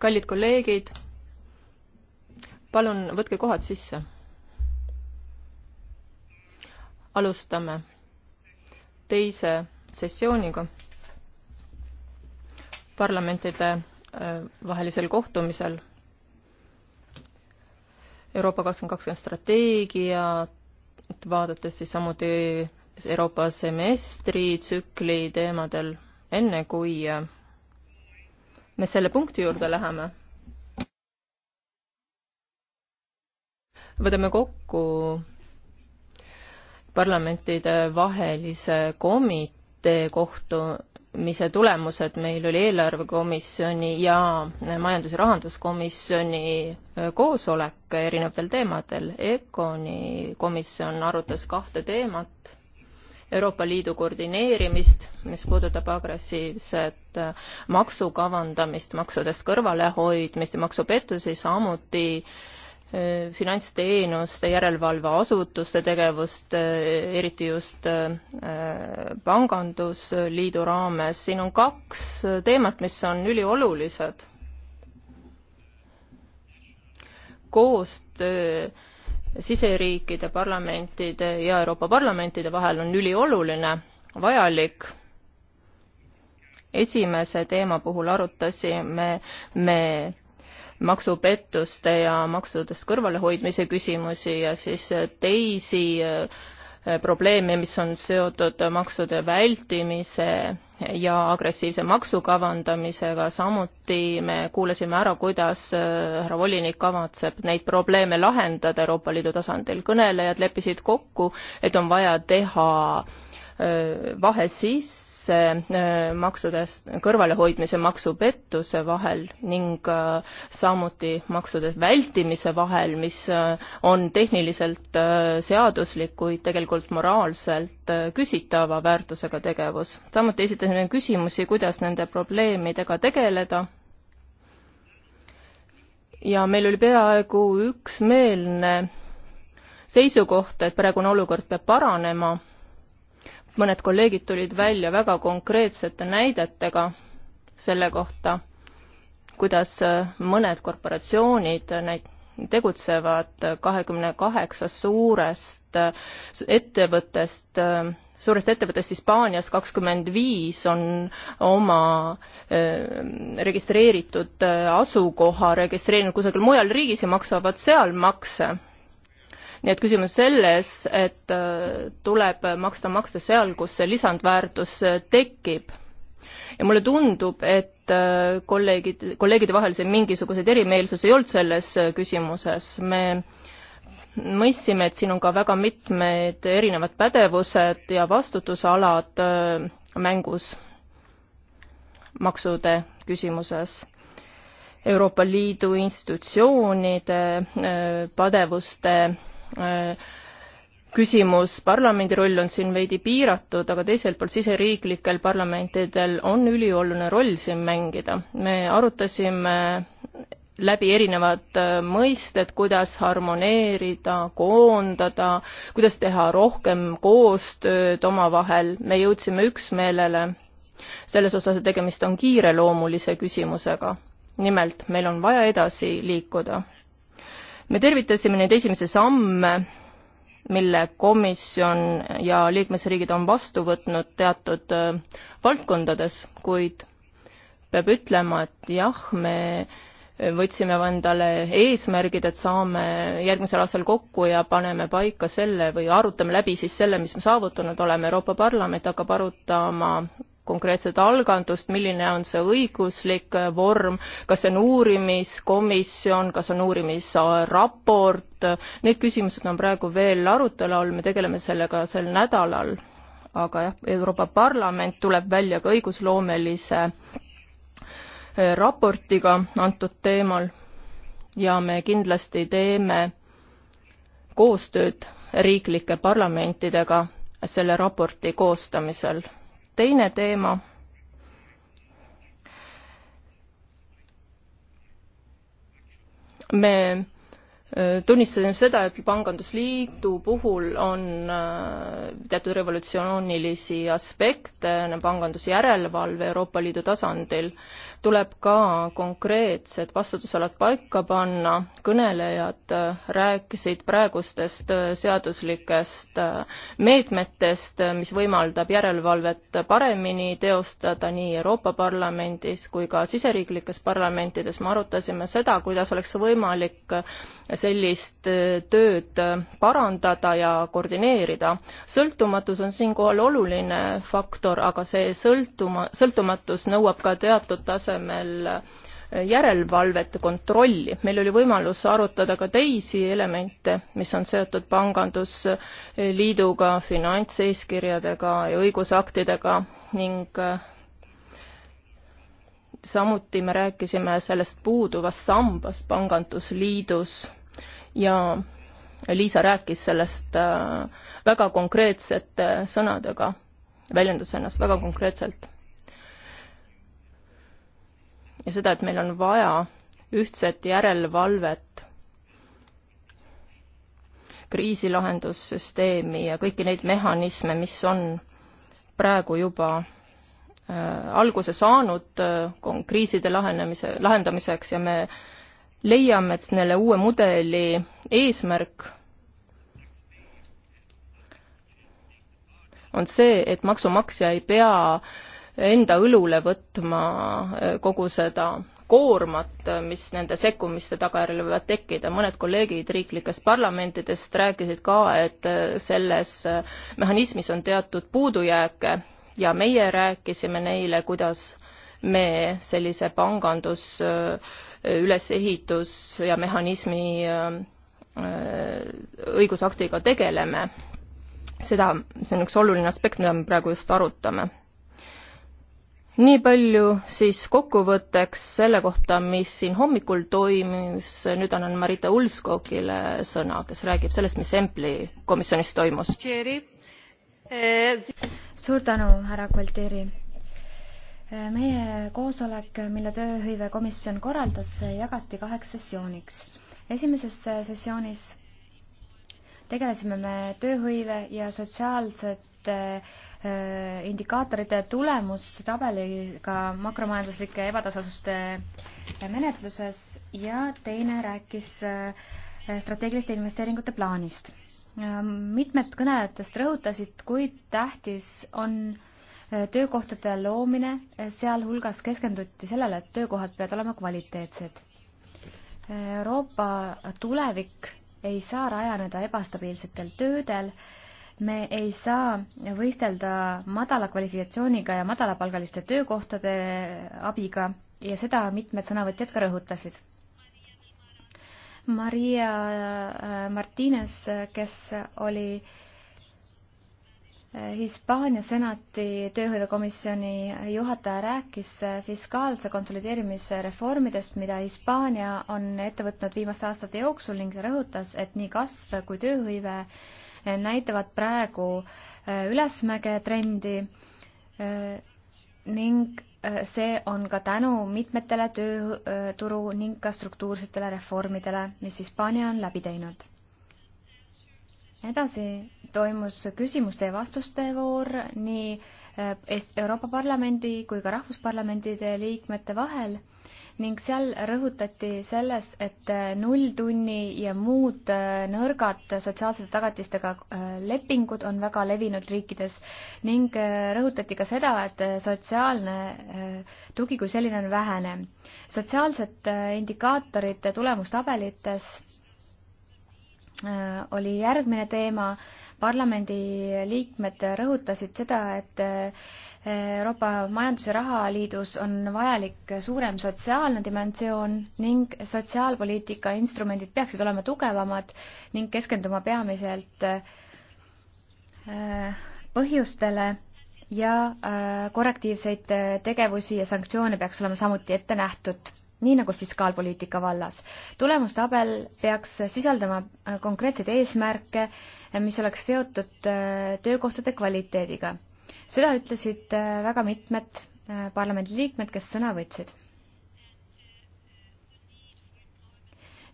kallid kolleegid, palun võtke kohad sisse. alustame teise sessiooniga parlamentide äh, vahelisel kohtumisel Euroopa kakskümmend kakskümmend strateegiat, vaadates siis samuti Euroopa semestri tsükli teemadel, enne kui äh, me selle punkti juurde läheme, võtame kokku parlamentide vahelise komitee kohtumise tulemused, meil oli eelarvekomisjoni ja majandus- ja rahanduskomisjoni koosolek erinevatel teemadel. EKONi komisjon arutas kahte teemat Euroopa Liidu koordineerimist, mis puudutab agressiivset äh, maksukavandamist, maksudest kõrvalehoidmist ja maksupettusi, samuti äh, finantsteenuste järelevalveasutuste tegevust, äh, eriti just pangandusliidu raames. siin on kaks teemat, mis on üliolulised. koostöö siseriikide parlamentide ja Euroopa parlamentide vahel on ülioluline, vajalik. esimese teema puhul arutasime me maksupettuste ja maksudest kõrvalehoidmise küsimusi ja siis teisi Äh, probleeme, mis on seotud maksude vältimise ja agressiivse maksukavandamisega, samuti me kuulasime ära, kuidas äh, härra volinik kavatseb neid probleeme lahendada Euroopa Liidu tasandil. kõnelejad leppisid kokku, et on vaja teha äh, vahe sisse sisse äh, maksudest kõrvalehoidmise maksupettuse vahel ning äh, samuti maksude vältimise vahel, mis äh, on tehniliselt seaduslik, kuid tegelikult moraalselt küsitava väärtusega tegevus. samuti esitasime küsimusi, kuidas nende probleemidega tegeleda ja meil oli peaaegu üksmeelne seisukoht, et praegune olukord peab paranema mõned kolleegid tulid välja väga konkreetsete näidetega selle kohta, kuidas äh, mõned korporatsioonid näit-, tegutsevad kahekümne kaheksast suurest äh, ettevõttest, äh, suurest ettevõttest Hispaanias kakskümmend viis on oma registreeritud asukoha registreerinud kusagil mujal riigis ja maksavad seal makse nii et küsimus selles, et äh, tuleb maksta makse seal, kus see lisandväärtus äh, tekib. ja mulle tundub, et äh, kolleegid, kolleegide vahel siin mingisuguseid erimeelsusi ei olnud selles küsimuses, me mõistsime, et siin on ka väga mitmed erinevad pädevused ja vastutusalad mängus maksude küsimuses. Euroopa Liidu institutsioonide pädevuste küsimus, parlamendi roll on siin veidi piiratud, aga teiselt poolt siseriiklikel parlamentidel on ülioluline roll siin mängida. me arutasime läbi erinevad äh, mõisted, kuidas harmoneerida, koondada, kuidas teha rohkem koostööd omavahel, me jõudsime üksmeelele selles osas, et tegemist on kiireloomulise küsimusega. nimelt, meil on vaja edasi liikuda me tervitasime neid esimesi samme, mille komisjon ja liikmesriigid on vastu võtnud teatud äh, valdkondades, kuid peab ütlema, et jah, me võtsime endale eesmärgid, et saame järgmisel aastal kokku ja paneme paika selle või arutame läbi siis selle, mis me saavutanud oleme, Euroopa Parlament hakkab arutama konkreetset algatust, milline on see õiguslik äh, vorm, kas see on uurimiskomisjon, kas on uurimisraport, need küsimused on praegu veel arutelu all, me tegeleme sellega sel nädalal. aga jah, Euroopa Parlament tuleb välja ka õigusloomelise äh, raportiga antud teemal ja me kindlasti teeme koostööd riiklike parlamentidega selle raporti koostamisel teine teema. me äh, tunnistasime seda, et pangandusliidu puhul on äh, teatud revolutsioonilisi aspekte pangandusjärelevalve Euroopa Liidu tasandil tuleb ka konkreetsed vastutusalad paika panna, kõnelejad äh, rääkisid praegustest äh, seaduslikest äh, meetmetest, mis võimaldab järelevalvet paremini teostada nii Euroopa Parlamendis kui ka siseriiklikes parlamentides, me arutasime seda, kuidas oleks võimalik sellist tööd parandada ja koordineerida. sõltumatus on siinkohal oluline faktor, aga see sõltuma, sõltumatus nõuab ka teatud tase tasemel järelevalvet ja kontrolli. meil oli võimalus arutada ka teisi elemente, mis on seotud pangandusliiduga, finantseeskirjadega ja õigusaktidega ning samuti me rääkisime sellest puuduvast sambast pangandusliidus ja Liisa rääkis sellest äh, väga konkreetsete sõnadega, väljendas ennast väga konkreetselt ja seda, et meil on vaja ühtset järelevalvet, kriisilahendussüsteemi ja kõiki neid mehhanisme, mis on praegu juba äh, alguse saanud äh, kriiside lahenemise, lahendamiseks ja me leiame, et selle uue mudeli eesmärk on see, et maksumaksja ei pea enda õlule võtma äh, kogu seda koormat, äh, mis nende sekkumiste tagajärjel võivad tekkida. mõned kolleegid riiklikest parlamentidest rääkisid ka, et äh, selles mehhanismis on teatud puudujääke ja meie rääkisime neile, kuidas me sellise pangandus ülesehitus ja mehhanismi õigusaktiga tegeleme. seda, see on üks oluline aspekt, mida me praegu just arutame nii palju siis kokkuvõtteks selle kohta, mis siin hommikul toimus, nüüd annan Marita Ulskogile sõna, kes räägib sellest, mis Empli komisjonis toimus. suur tänu, härra Gualtieri. meie koosolek, mille tööhõive komisjon korraldas, jagati kaheks sessiooniks. esimeses sessioonis tegelesime me tööhõive ja sotsiaalset Äh, indikaatorite tulemustabeliga makromajanduslike ebatasasuste menetluses ja teine rääkis äh, strateegiliste investeeringute plaanist. Äh, mitmed kõnelejatest rõhutasid, kui tähtis on töökohtade loomine, sealhulgas keskenduti sellele, et töökohad peavad olema kvaliteetsed. Euroopa tulevik ei saa rajaneda ebastabiilsetel töödel me ei saa võistelda madala kvalifikatsiooniga ja madalapalgaliste töökohtade abiga ja seda mitmed sõnavõtjad ka rõhutasid. Maria äh, Martines, kes oli äh, Hispaania senati tööhõivekomisjoni juhataja rääkis äh, fiskaalse konsolideerimise reformidest, mida Hispaania on ette võtnud viimaste aastate jooksul ning rõhutas, et nii kasv kui tööhõive äh, näitavad praegu äh, ülesmäge trendi äh, ning äh, see on ka tänu mitmetele tööturu ning ka struktuursetele reformidele, mis Hispaania on läbi teinud. edasi toimus küsimuste ja vastuste voor nii Euroopa Parlamendi kui ka Rahvusparlamentide liikmete vahel ning seal rõhutati selles, et äh, nulltunni ja muud äh, nõrgad sotsiaalsete tagatistega äh, lepingud on väga levinud riikides ning rõhutati ka seda, et sotsiaalne tugi kui selline on vähene. sotsiaalsed indikaatorid tulemustabelites oli järgmine teema parlamendi liikmed rõhutasid seda, et Euroopa Majandus- ja Rahaliidus on vajalik suurem sotsiaalne dimensioon ning sotsiaalpoliitika instrumendid peaksid olema tugevamad ning keskenduma peamiselt äh, põhjustele ja äh, korrektiivseid äh, tegevusi ja sanktsioone peaks olema samuti ette nähtud, nii nagu fiskaalpoliitika vallas. tulemustabel peaks sisaldama konkreetseid eesmärke, mis oleks seotud töökohtade kvaliteediga seda ütlesid äh, väga mitmed äh, parlamendiliikmed, kes sõna võtsid.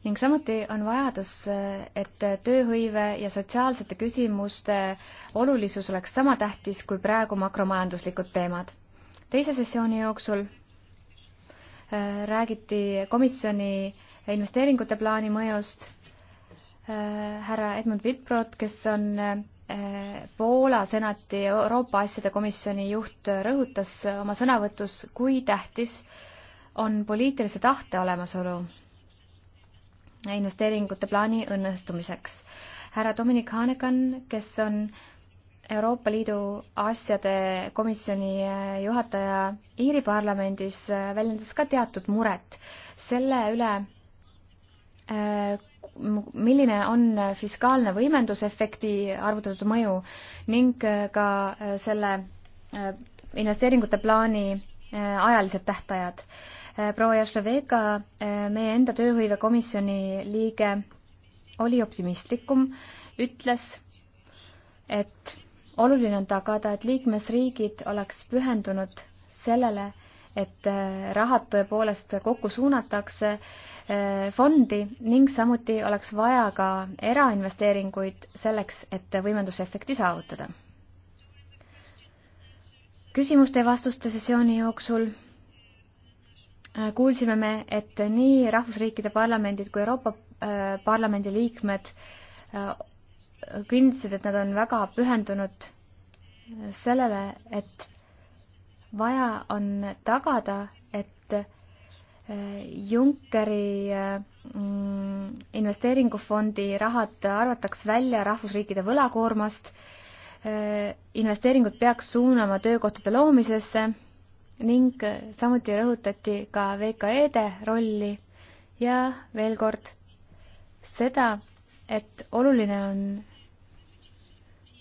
ning samuti on vajadus, äh, et tööhõive ja sotsiaalsete küsimuste olulisus oleks sama tähtis kui praegu makromajanduslikud teemad. teise sessiooni jooksul räägiti komisjoni investeeringute plaani mõjust härra Edmund Wittbrod, kes on Poola senati Euroopa asjade komisjoni juht rõhutas oma sõnavõtus, kui tähtis on poliitilise tahte olemasolu investeeringute plaani õnnestumiseks. härra Dominik Hanekan, kes on Euroopa Liidu asjade komisjoni juhataja Iiri parlamendis, väljendas ka teatud muret selle üle, milline on fiskaalne võimendusefekti arvutatud mõju ning ka selle äh, investeeringute plaani äh, ajalised tähtajad. Äh, proua Jašlevega, meie enda tööhõivekomisjoni liige, oli optimistlikum, ütles, et oluline on tagada, et liikmesriigid oleks pühendunud sellele, et äh, rahad tõepoolest kokku suunatakse äh, fondi ning samuti oleks vaja ka erainvesteeringuid selleks, et võimendusefekti saavutada. küsimuste ja vastuste sessiooni jooksul äh, kuulsime me, et nii rahvusriikide parlamendid kui Euroopa Parlamendi liikmed kinnitasid, et nad on väga pühendunud sellele, et vaja on tagada, et äh, Junckeri äh, mm, investeeringufondi rahad arvataks välja rahvusriikide võlakoormast, äh, investeeringud peaks suunama töökohtade loomisesse ning samuti rõhutati ka VKE-de rolli ja veel kord seda, et oluline on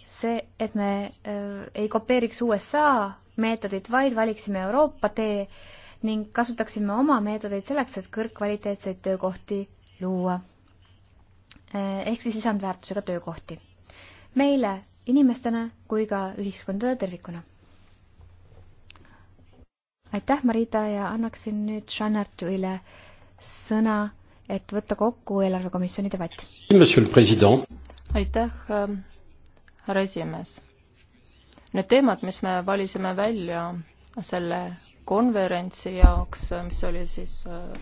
see, et me ei kopeeriks USA meetodit, vaid valiksime Euroopa tee ning kasutaksime oma meetodeid selleks, et kõrgkvaliteetseid töökohti luua. Eh, ehk siis lisandväärtusega töökohti. meile inimestena kui ka ühiskondade tervikuna. aitäh, Marita, ja annaksin nüüd Jean-Artuile sõna, et võtta kokku eelarvekomisjoni debatt. aitäh, ähm, härra esimees Need teemad, mis me valisime välja selle konverentsi jaoks, mis oli siis äh,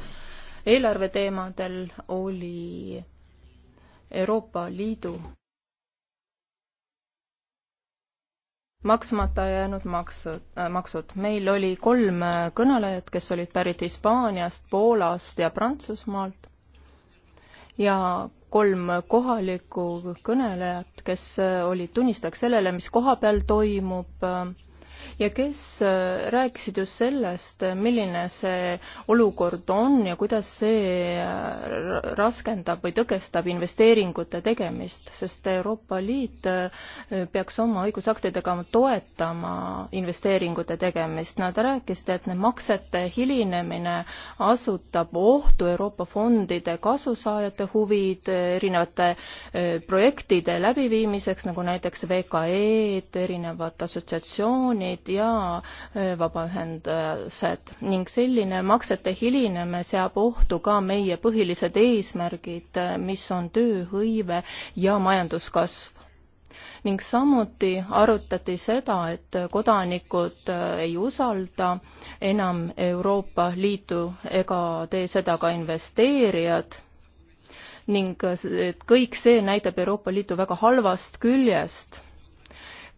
eelarve teemadel, oli Euroopa Liidu maksmata jäänud maksud äh,, maksud. meil oli kolm äh, kõnelejat, kes olid pärit Hispaaniast, Poolast ja Prantsusmaalt ja kolm kohalikku kõnelejat kes äh, olid tunnistajaks sellele, mis koha peal toimub äh, ja kes äh, rääkisid just sellest, milline see olukord on ja kuidas see äh, raskendab või tõkestab investeeringute tegemist, sest Euroopa Liit äh, peaks oma õigusaktidega toetama investeeringute tegemist. Nad rääkisid, et maksete hilinemine asutab ohtu Euroopa fondide kasusaajate huvid erinevate projektide läbiviimiseks, nagu näiteks VKE-d, erinevad assotsiatsioonid, kompaniid ja äh, vabaühendused ning selline maksete hilinemine seab ohtu ka meie põhilised eesmärgid, äh, mis on tööhõive ja majanduskasv ning samuti arutati seda, et kodanikud äh, ei usalda enam Euroopa Liitu ega tee seda ka investeerijad ning et kõik see näitab Euroopa Liitu väga halvast küljest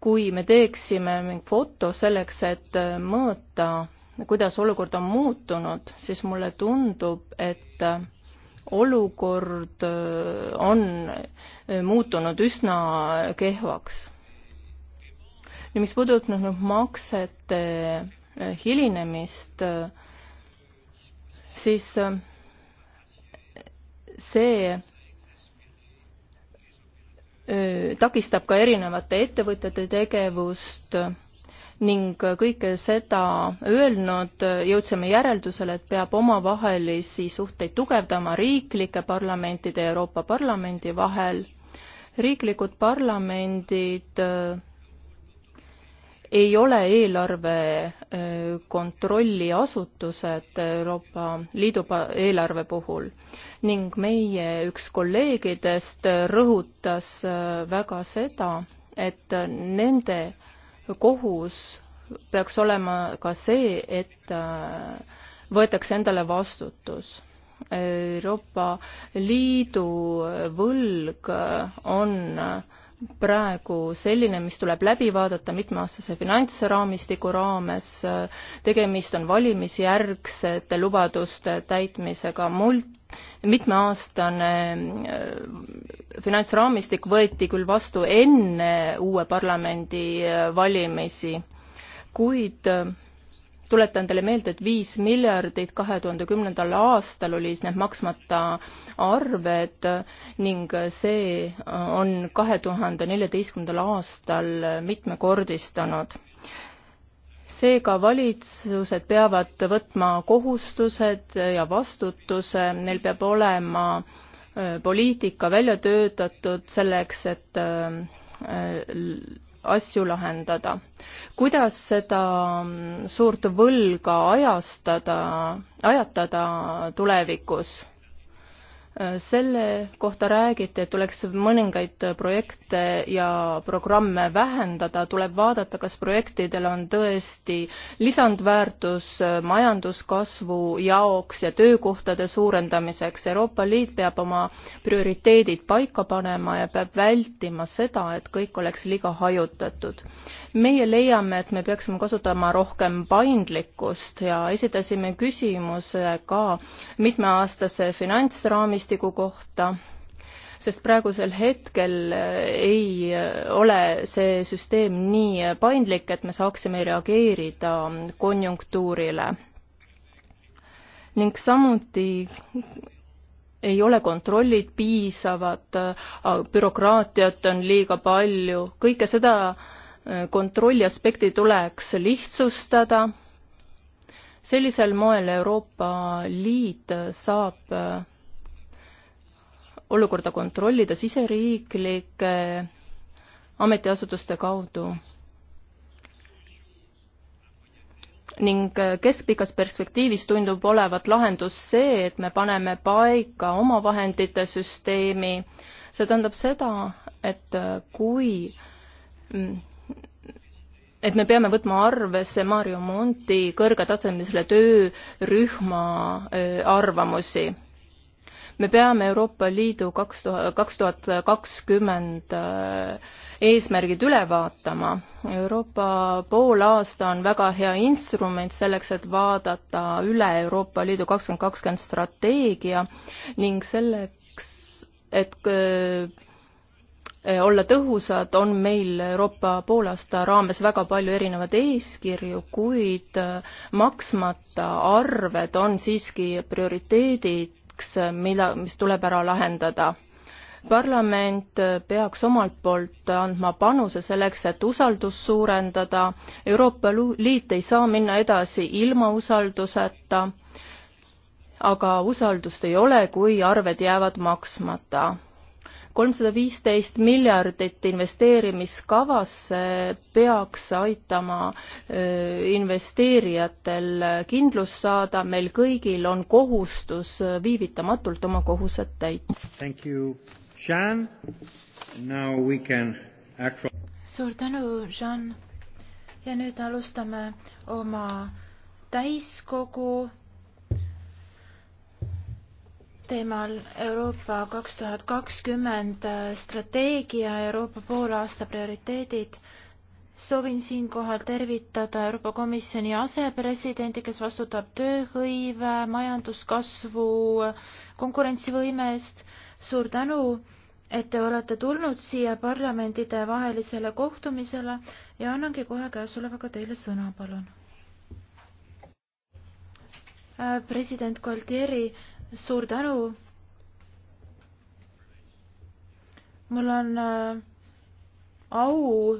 kui me teeksime mingi foto selleks, et mõõta, kuidas olukord on muutunud, siis mulle tundub, et olukord äh, on äh, muutunud üsna kehvaks. ja mis puudutab nüüd maksete äh, hilinemist, siis see takistab ka erinevate ettevõtjate tegevust ning kõike seda öelnud, jõudsime järeldusele, et peab omavahelisi suhteid tugevdama riiklike parlamentide ja Euroopa Parlamendi vahel. riiklikud parlamendid ei ole eelarve äh, kontrolliasutused Euroopa Liidu eelarve puhul ning meie üks kolleegidest rõhutas äh, väga seda, et nende kohus peaks olema ka see, et äh, võetakse endale vastutus Euroopa Liidu võlg on praegu selline, mis tuleb läbi vaadata mitmeaastase finantsraamistiku raames, tegemist on valimisjärgsete lubaduste täitmisega, mult-, mitmeaastane äh, finantsraamistik võeti küll vastu enne uue parlamendi äh, valimisi, kuid äh, tuletan teile meelde, et viis miljardit kahe tuhande kümnendal aastal oli siis need maksmata arved ning see on kahe tuhande neljateistkümnendal aastal mitmekordistanud. seega valitsused peavad võtma kohustused ja vastutuse, neil peab olema äh, poliitika välja töötatud selleks, et äh, asju lahendada. kuidas seda suurt võlga ajastada, ajatada tulevikus? selle kohta räägiti, et tuleks mõningaid projekte ja programme vähendada, tuleb vaadata, kas projektidel on tõesti lisandväärtus majanduskasvu jaoks ja töökohtade suurendamiseks. Euroopa Liit peab oma prioriteedid paika panema ja peab vältima seda, et kõik oleks liiga hajutatud. meie leiame, et me peaksime kasutama rohkem paindlikkust ja esitasime küsimuse ka mitmeaastase finantsraamistiku raamistiku kohta, sest praegusel hetkel eh, ei eh, ole see süsteem nii paindlik, et me saaksime reageerida konjunktuurile. ning samuti ei ole kontrollid piisavad, eh, bürokraatiat on liiga palju, kõike seda kontrolli aspekti tuleks lihtsustada. sellisel moel Euroopa Liit saab olukorda kontrollida siseriiklike eh, ametiasutuste kaudu. ning eh, keskpikas perspektiivis tundub olevat lahendus see, et me paneme paika omavahendite süsteemi. see tähendab seda, et eh, kui mm, et me peame võtma arvesse Mario Monti kõrgetasemelisele töörühma arvamusi me peame Euroopa Liidu kaks tuhat, kaks tuhat kakskümmend äh, eesmärgid üle vaatama. Euroopa poolaasta on väga hea instrument selleks, et vaadata üle Euroopa Liidu kakskümmend kakskümmend strateegia ning selleks, et äh, olla tõhusad, on meil Euroopa poolaasta raames väga palju erinevaid eeskirju, kuid äh, maksmata arved on siiski prioriteedid kaks, mille, mis tuleb ära lahendada. parlament peaks omalt poolt andma panuse selleks, et usaldust suurendada, Euroopa Liit ei saa minna edasi ilma usalduseta, aga usaldust ei ole, kui arved jäävad maksmata kolmsada viisteist miljardit investeerimiskavasse peaks aitama investeerijatel kindlust saada, meil kõigil on kohustus viivitamatult oma kohused täita. suur tänu, Jean. ja nüüd alustame oma täiskogu teemal Euroopa kaks tuhat kakskümmend strateegia Euroopa poolaasta prioriteedid. soovin siinkohal tervitada Euroopa Komisjoni asepresidenti, kes vastutab tööhõive, majanduskasvu, konkurentsivõime eest. suur tänu, et te olete tulnud siia parlamentide vahelisele kohtumisele ja annangi kohe käesolevaga teile sõna, palun. president Gualtieri suur tänu. mul on äh, au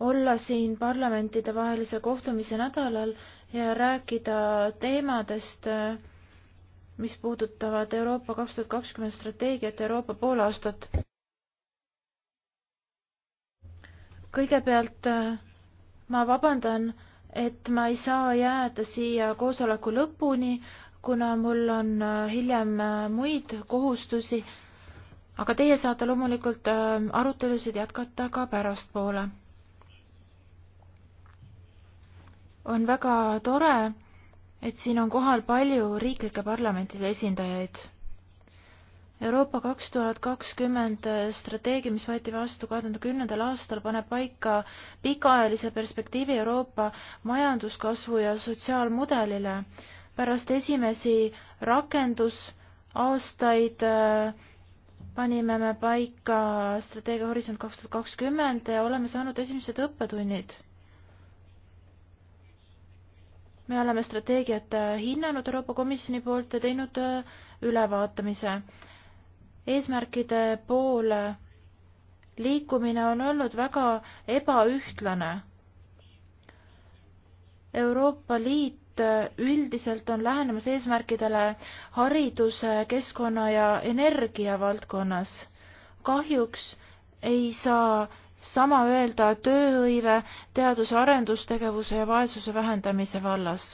olla siin parlamentidevahelise kohtumise nädalal ja rääkida teemadest, äh, mis puudutavad Euroopa kaks tuhat kakskümmend strateegiat, Euroopa poolaastat. kõigepealt äh, ma vabandan, et ma ei saa jääda siia koosoleku lõpuni, kuna mul on äh, hiljem äh, muid kohustusi, aga teie saate loomulikult äh, arutelusid jätkata ka pärastpoole. on väga tore, et siin on kohal palju riiklike parlamentide esindajaid Euroopa kaks tuhat kakskümmend strateegia, mis võeti vastu kahe tuhande kümnendal aastal, paneb paika pikaajalise perspektiivi Euroopa majanduskasvu ja sotsiaalmudelile pärast esimesi rakendusaastaid äh, panime me paika strateegia Horisont kaks tuhat kakskümmend ja oleme saanud esimesed õppetunnid. me oleme strateegiat äh, hinnanud Euroopa Komisjoni poolt ja teinud äh, ülevaatamise. eesmärkide poole liikumine on olnud väga ebaühtlane. Euroopa Liit et äh, üldiselt on lähenemas eesmärkidele hariduse, äh, keskkonna ja energia valdkonnas. kahjuks ei saa sama öelda tööhõive, teadus- ja arendustegevuse ja vaesuse vähendamise vallas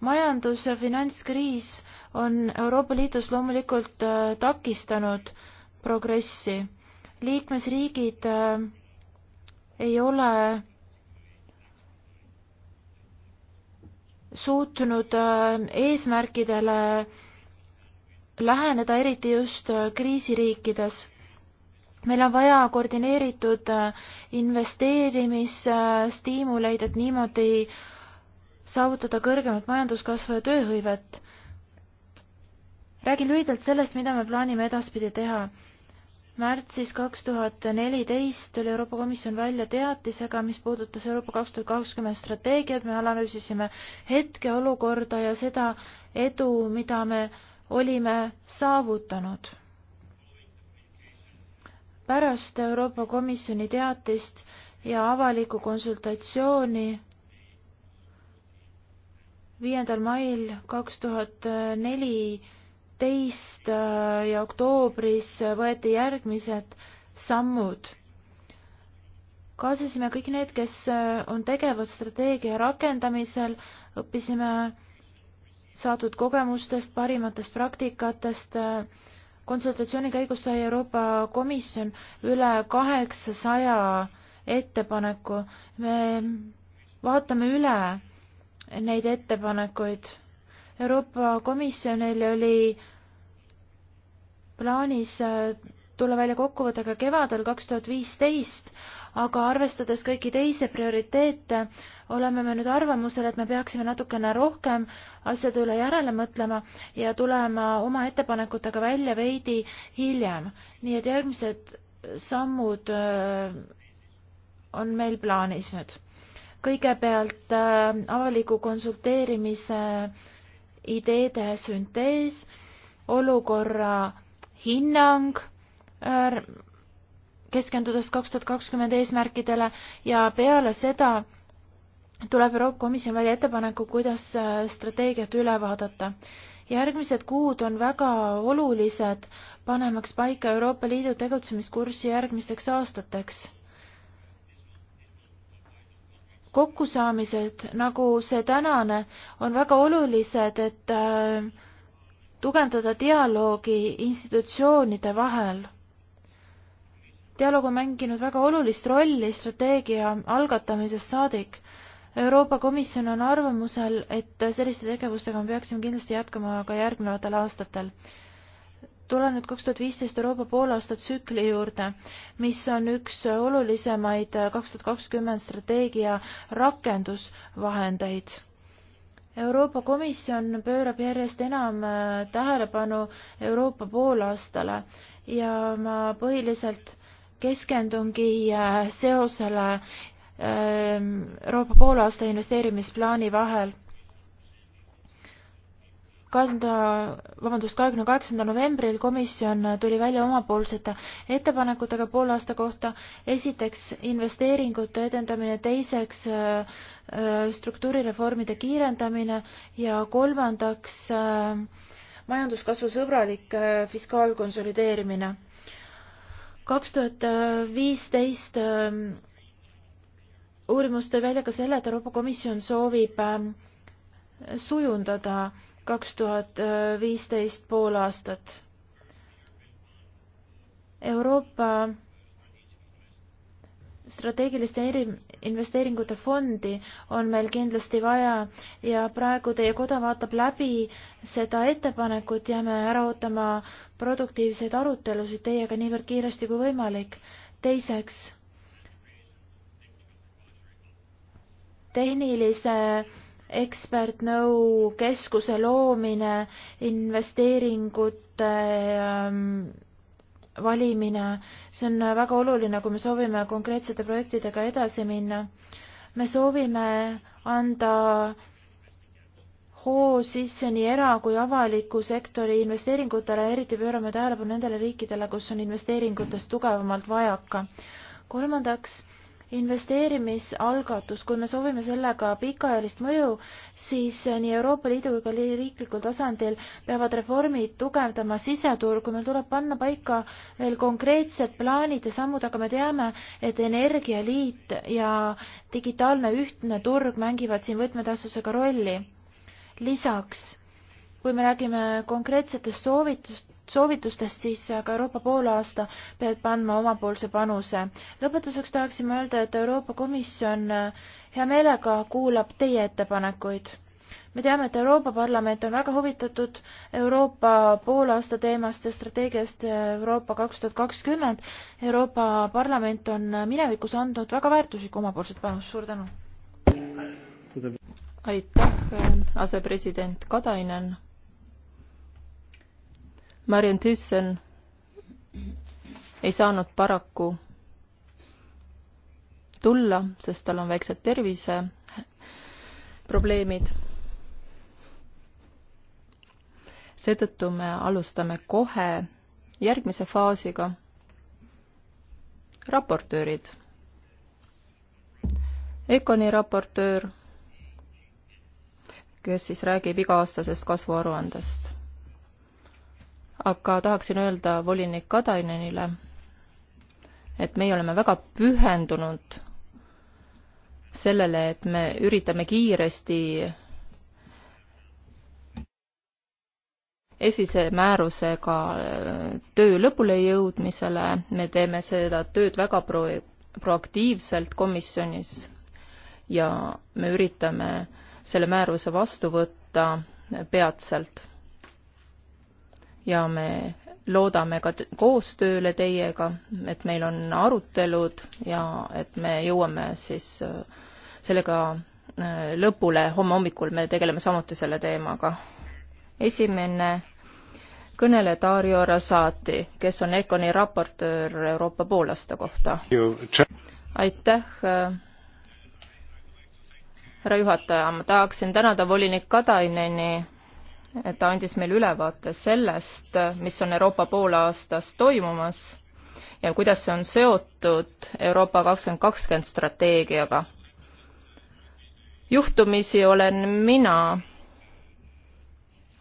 majandus. majandus- ja finantskriis on Euroopa Liidus loomulikult äh, takistanud progressi. liikmesriigid ei ole suutnud äh, eesmärkidele läheneda, eriti just äh, kriisiriikides. meil on vaja koordineeritud äh, investeerimisstiimuleid, et niimoodi saavutada kõrgemat majanduskasvu ja tööhõivet. räägin lühidalt sellest, mida me plaanime edaspidi teha märtsis kaks tuhat neliteist tuli Euroopa Komisjon välja teatisega, mis puudutas Euroopa kaks tuhat kakskümmend strateegiat, me analüüsisime hetkeolukorda ja seda edu, mida me olime saavutanud. pärast Euroopa Komisjoni teatist ja avalikku konsultatsiooni viiendal mail kaks tuhat neli teist äh, ja oktoobris võeti järgmised sammud. kaasasime kõik need, kes äh, on tegevad strateegia rakendamisel, õppisime saadud kogemustest, parimatest praktikatest, äh, konsultatsiooni käigus sai Euroopa Komisjon üle kaheksasaja ettepaneku. me vaatame üle neid ettepanekuid Euroopa Komisjonil oli plaanis äh, tulla välja kokkuvõttega kevadel kaks tuhat viisteist, aga arvestades kõiki teisi prioriteete, oleme me nüüd arvamusel, et me peaksime natukene rohkem asjade üle järele mõtlema ja tulema oma ettepanekutega välja veidi hiljem. nii et järgmised sammud äh, on meil plaanis nüüd. kõigepealt äh, avaliku konsulteerimise ideede süntees, olukorra hinnang äh, keskendudes kaks tuhat kakskümmend eesmärkidele ja peale seda tuleb Euroopa Komisjon välja ettepaneku, kuidas äh, strateegiat üle vaadata. järgmised kuud on väga olulised, panemaks paika Euroopa Liidu tegutsemiskurssi järgmisteks aastateks. kokkusaamised, nagu see tänane, on väga olulised, et äh, tugevdada dialoogi institutsioonide vahel. dialoog on mänginud väga olulist rolli strateegia algatamisest saadik. Euroopa Komisjon on arvamusel, et selliste tegevustega me peaksime kindlasti jätkama ka järgnevatel aastatel tulen nüüd kaks tuhat viisteist Euroopa poolaasta tsükli juurde, mis on üks olulisemaid kaks tuhat kakskümmend strateegia rakendusvahendeid Euroopa Komisjon pöörab järjest enam äh, tähelepanu Euroopa poolaastale ja ma põhiliselt keskendungi äh, seosele äh, Euroopa poolaasta investeerimisplaani vahel kahekümnenda, vabandust, kahekümne kaheksandal novembril komisjon tuli välja omapoolsete ettepanekutega poole aasta kohta. esiteks investeeringute edendamine, teiseks äh, äh, struktuurireformide kiirendamine ja kolmandaks äh, majanduskasvu sõbralik fiskaalkonsolideerimine. kaks tuhat viisteist uurimus tõi välja ka selle, et Euroopa Komisjon soovib sujundada kaks tuhat viisteist pool aastat. Euroopa strateegiliste investeeringute fondi on meil kindlasti vaja ja praegu teie koda vaatab läbi seda ettepanekut, jääme ära ootama produktiivseid arutelusid teiega niivõrd kiiresti kui võimalik. teiseks, tehnilise ekspertnõu keskuse loomine, investeeringute ähm, valimine, see on väga oluline, kui me soovime konkreetsete projektidega edasi minna. me soovime anda hoo sisse nii era- kui avaliku sektori investeeringutele, eriti pöörame tähelepanu nendele riikidele, kus on investeeringutest tugevamalt vajaka. kolmandaks investeerimisalgatus, kui me soovime sellega pikaajalist mõju, siis nii Euroopa Liidu kui ka riiklikul tasandil peavad reformid tugevdama siseturgu, meil tuleb panna paika veel konkreetsed plaanid ja sammud, aga me teame, et energialiit ja digitaalne ühtne turg mängivad siin võtmetähtsusega rolli. lisaks kui me räägime konkreetsetest soovitust, soovitustest, siis ka Euroopa poolaasta peab andma omapoolse panuse. lõpetuseks tahaksime öelda, et Euroopa Komisjon äh, hea meelega kuulab teie ettepanekuid. me teame, et Euroopa Parlament on väga huvitatud Euroopa poolaasta teemast ja strateegiast Euroopa kaks tuhat kakskümmend. Euroopa Parlament on minevikus andnud väga väärtuslikku omapoolset panust, suur tänu! aitäh, äh, asepresident Katainen Marion Thyssen ei saanud paraku tulla, sest tal on väiksed terviseprobleemid. seetõttu me alustame kohe järgmise faasiga. raportöörid. Econi raportöör, kes siis räägib iga-aastasest kasvuaruandest aga tahaksin öelda volinik Katainenile, et meie oleme väga pühendunud sellele, et me üritame kiiresti EFISe määrusega töö lõpule jõudmisele, me teeme seda tööd väga pro-, proaktiivselt komisjonis ja me üritame selle määruse vastu võtta peatselt ja me loodame ka koostööle teiega, et meil on arutelud ja et me jõuame siis äh, sellega äh, lõpule, homme hommikul me tegeleme samuti selle teemaga. esimene kõneleja Dario Rosati, kes on ECONi raportöör Euroopa poolaasta kohta. aitäh, äh, härra juhataja, ma tahaksin tänada volinik Kataineni ta andis meile ülevaate sellest, mis on Euroopa poolaastas toimumas ja kuidas see on seotud Euroopa kakskümmend kakskümmend strateegiaga. juhtumisi olen mina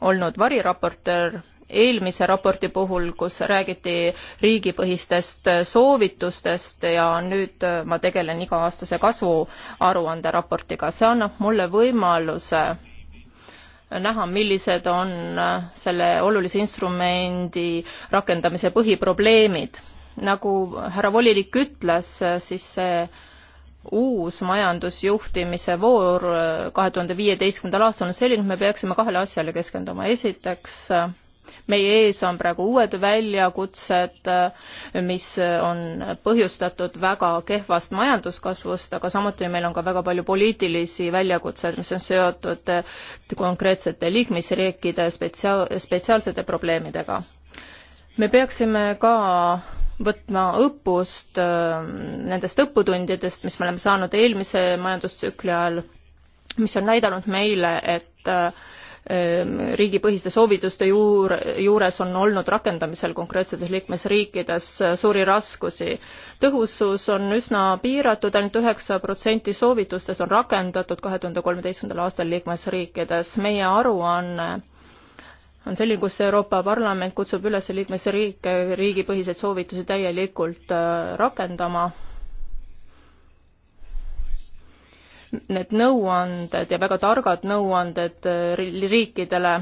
olnud variraportöör eelmise raporti puhul, kus räägiti riigipõhistest soovitustest ja nüüd ma tegelen iga-aastase kasvuaruande raportiga. see annab mulle võimaluse näha, millised on äh, selle olulise instrumendi rakendamise põhiprobleemid. nagu härra volinik ütles, äh, siis see uus majandusjuhtimise voor äh, kahe tuhande viieteistkümnendal aastal on selline, et me peaksime kahele asjale keskenduma. esiteks meie ees on praegu uued väljakutsed, mis on põhjustatud väga kehvast majanduskasvust, aga samuti meil on ka väga palju poliitilisi väljakutseid, mis on seotud konkreetsete liikmesriikide spetsia-, spetsiaalsete probleemidega. me peaksime ka võtma õppust ähm, nendest õpputundidest, mis me oleme saanud eelmise majandustsükli ajal, mis on näidanud meile, et äh, Ehm, riigipõhiste soovituste juur, juures on olnud rakendamisel konkreetsetes liikmesriikides äh, suuri raskusi. tõhusus on üsna piiratud ainult, ainult üheksa protsenti soovitustest on rakendatud kahe tuhande kolmeteistkümnendal aastal liikmesriikides. meie aruanne on, on selline, kus Euroopa Parlament kutsub üles liikmesriike riigipõhiseid soovitusi täielikult äh, rakendama need nõuanded ja väga targad nõuanded äh, riikidele,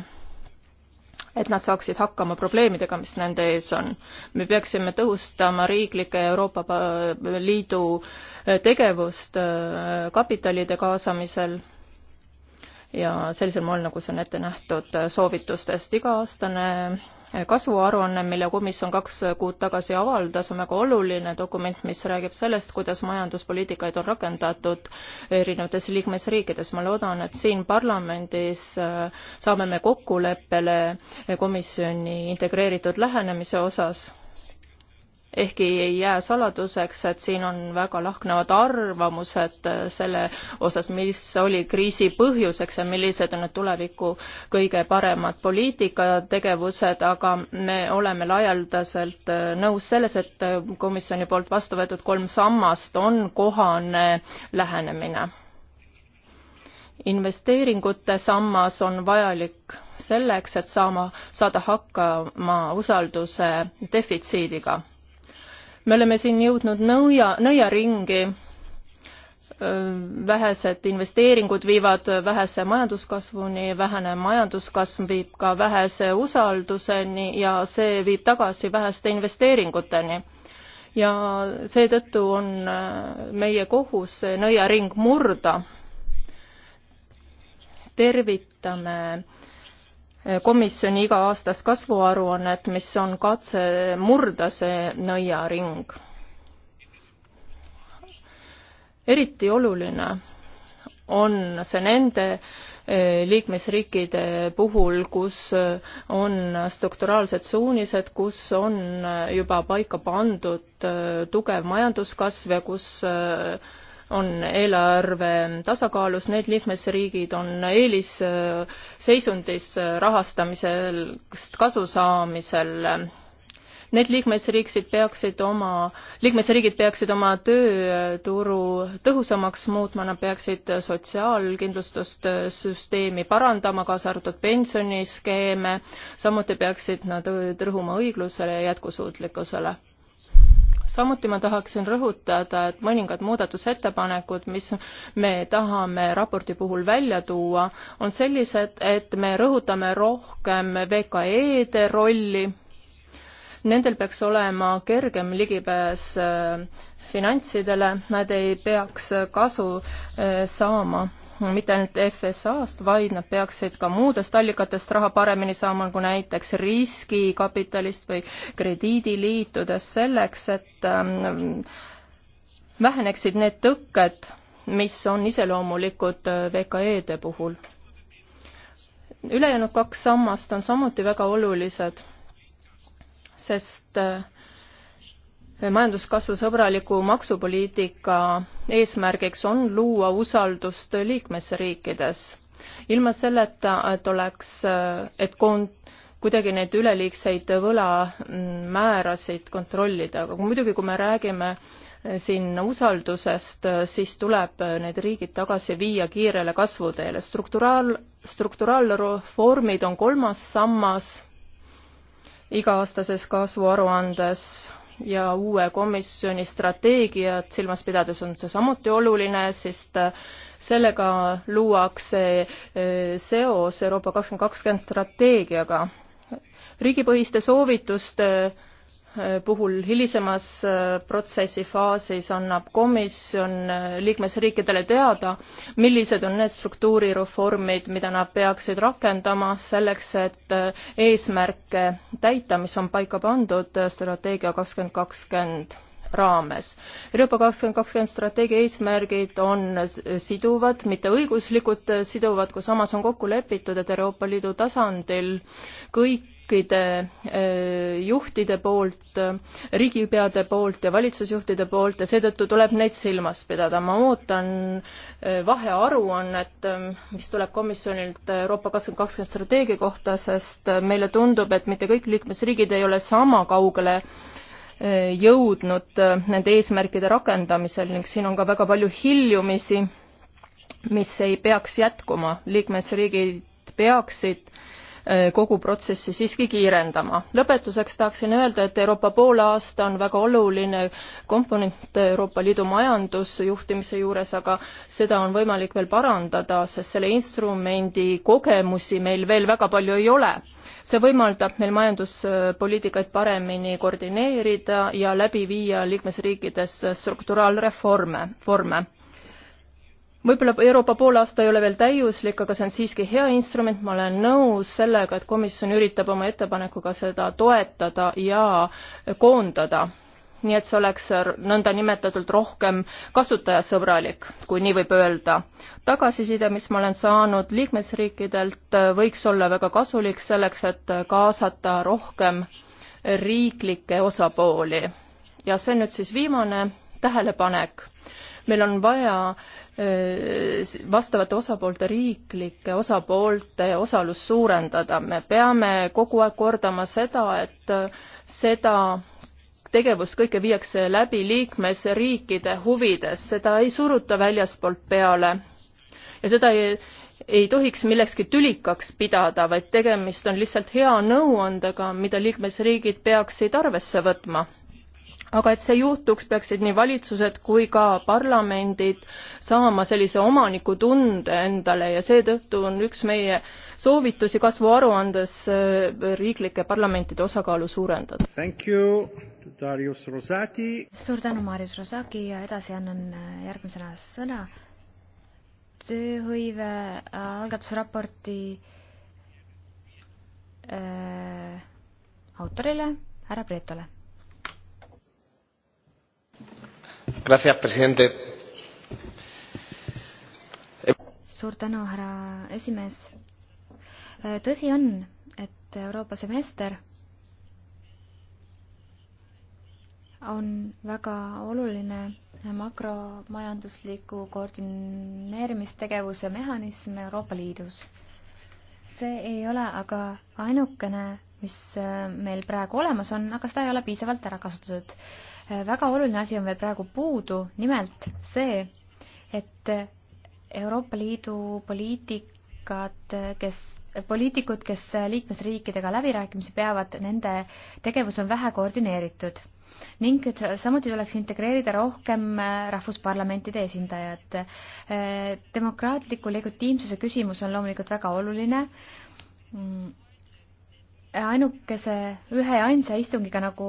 et nad saaksid hakkama probleemidega, mis nende ees on. me peaksime tõhustama riiklike Euroopa Liidu äh, tegevust äh, kapitalide kaasamisel ja sellisel moel, nagu see on ette nähtud soovitustest. iga-aastane kasuaruanne, mille komisjon kaks kuud tagasi avaldas, on väga oluline dokument, mis räägib sellest, kuidas majanduspoliitikaid on rakendatud erinevates liikmesriikides. ma loodan, et siin parlamendis äh, saame me kokkuleppele komisjoni integreeritud lähenemise osas ehkki ei jää saladuseks, et siin on väga lahknevad arvamused äh, selle osas, mis oli kriisi põhjuseks ja millised on need tuleviku kõige paremad poliitikategevused, aga me oleme laialdaselt äh, nõus selles, et äh, komisjoni poolt vastu võetud kolm sammast on kohane lähenemine investeeringute sammas on vajalik selleks, et saama, saada hakkama usalduse defitsiidiga me oleme siin jõudnud nõia, nõiaringi, vähesed investeeringud viivad vähese majanduskasvuni, vähene majanduskasv viib ka vähese usalduseni ja see viib tagasi väheste investeeringuteni. ja seetõttu on meie kohus see nõiaring murda. tervitame komisjoni iga-aastast kasvuaruannet, mis on katse murda see nõiaring. eriti oluline on see nende eh, liikmesriikide puhul, kus eh, on strukturaalsed suunised, kus on eh, juba paika pandud tugev majanduskasv ja kus on eelarve tasakaalus, need liikmesriigid on eelisseisundis rahastamisest kasu saamisel. Need liikmesriigid peaksid oma, liikmesriigid peaksid oma tööturu tõhusamaks muutma, nad peaksid sotsiaalkindlustussüsteemi parandama, kaasa arvatud pensioniskeeme, samuti peaksid nad rõhuma õiglusele ja jätkusuutlikkusele samuti ma tahaksin rõhutada, et mõningad muudatusettepanekud, mis me tahame raporti puhul välja tuua, on sellised, et me rõhutame rohkem VKE-de rolli, nendel peaks olema kergem ligipääs äh, finantsidele, nad ei peaks kasu äh, saama mitte ainult FSA-st, vaid nad peaksid ka muudest allikatest raha paremini saama, nagu näiteks riskikapitalist või krediidiliitudest, selleks et ähm, väheneksid need tõkked, mis on iseloomulikud äh, VKE-de puhul. ülejäänud kaks sammast on samuti väga olulised, sest äh, majanduskasvu sõbraliku maksupoliitika eesmärgiks on luua usaldust liikmesriikides. ilma selleta, et oleks, et kon-, kuidagi neid üleliigseid võlamäärasid mm, kontrollida, aga muidugi, kui me räägime eh, siin usaldusest, eh, siis tuleb eh, need riigid tagasi viia kiirele kasvuteele. strukturaal, strukturaalreformid on kolmas sammas iga-aastases kasvuaruandes ja uue komisjoni strateegiat silmas pidades on see samuti oluline, sest äh, sellega luuakse äh, seos Euroopa kakskümmend kakskümmend strateegiaga. riigipõhiste soovituste puhul hilisemas äh, protsessi faasis annab komisjon äh, liikmesriikidele teada, millised on need struktuurireformid, mida nad peaksid rakendama selleks, et äh, eesmärke täita, mis on paika pandud strateegia kakskümmend kakskümmend raames. Euroopa kakskümmend kakskümmend strateegia eesmärgid on siduvad, mitte õiguslikult siduvad, kui samas on kokku lepitud, et Euroopa Liidu tasandil kõik kõikide äh, juhtide poolt, riigipeade poolt ja valitsusjuhtide poolt ja seetõttu tuleb neid silmas pidada. ma ootan äh, vahearuannet, äh, mis tuleb komisjonilt Euroopa kakskümmend kakskümmend strateegia kohta, sest meile tundub, et mitte kõik liikmesriigid ei ole sama kaugele jõudnud nende eesmärkide rakendamisel ning siin on ka väga palju hiljumisi, mis ei peaks jätkuma. liikmesriigid peaksid äh, Äh, kogu protsessi siiski kiirendama. lõpetuseks tahaksin öelda, et Euroopa poolaasta on väga oluline komponent Euroopa Liidu majandusjuhtimise juures, aga seda on võimalik veel parandada, sest selle instrumendi kogemusi meil veel väga palju ei ole. see võimaldab meil majanduspoliitikaid paremini koordineerida ja läbi viia liikmesriikides strukturaalreforme, forme võib-olla Euroopa poolaasta ei ole veel täiuslik, aga see on siiski hea instrument, ma olen nõus sellega, et komisjon üritab oma ettepanekuga seda toetada ja koondada. nii et see oleks nõndanimitatult rohkem kasutajasõbralik, kui nii võib öelda. tagasiside, mis ma olen saanud liikmesriikidelt, võiks olla väga kasulik selleks, et kaasata rohkem riiklikke osapooli. ja see on nüüd siis viimane tähelepanek meil on vaja vastavate osapoolte, riiklike osapoolte osalust suurendada. me peame kogu aeg kordama seda, et seda tegevust kõike viiakse läbi liikmesriikide huvides, seda ei suruta väljaspoolt peale. ja seda ei, ei tohiks millekski tülikaks pidada, vaid tegemist on lihtsalt hea nõuandega, mida liikmesriigid peaksid arvesse võtma aga et see juhtuks, peaksid nii valitsused kui ka parlamendid saama sellise omanikutunde endale ja seetõttu on üks meie soovitusi kasvuaruandes äh, riiklike parlamentide osakaalu suurendada. suur tänu, Marius Rosati ja edasi annan äh, järgmisena sõna tööhõive äh, algatusraporti äh, autorile, härra Pretole Gracias, presidente. suur tänu, härra esimees. Äh, tõsi on, et Euroopa semester on väga oluline makromajandusliku koordineerimistegevuse mehhanism Euroopa Liidus. see ei ole aga ainukene, mis äh, meil praegu olemas on, aga seda ei ole piisavalt ära kasutatud väga oluline asi on veel praegu puudu, nimelt see, et Euroopa Liidu poliitikad, kes, poliitikud, kes liikmesriikidega läbirääkimisi peavad, nende tegevus on vähe koordineeritud ning samuti tuleks integreerida rohkem rahvusparlamentide esindajad. demokraatliku legitiimsuse küsimus on loomulikult väga oluline ainukese ühe ja ainsa istungiga nagu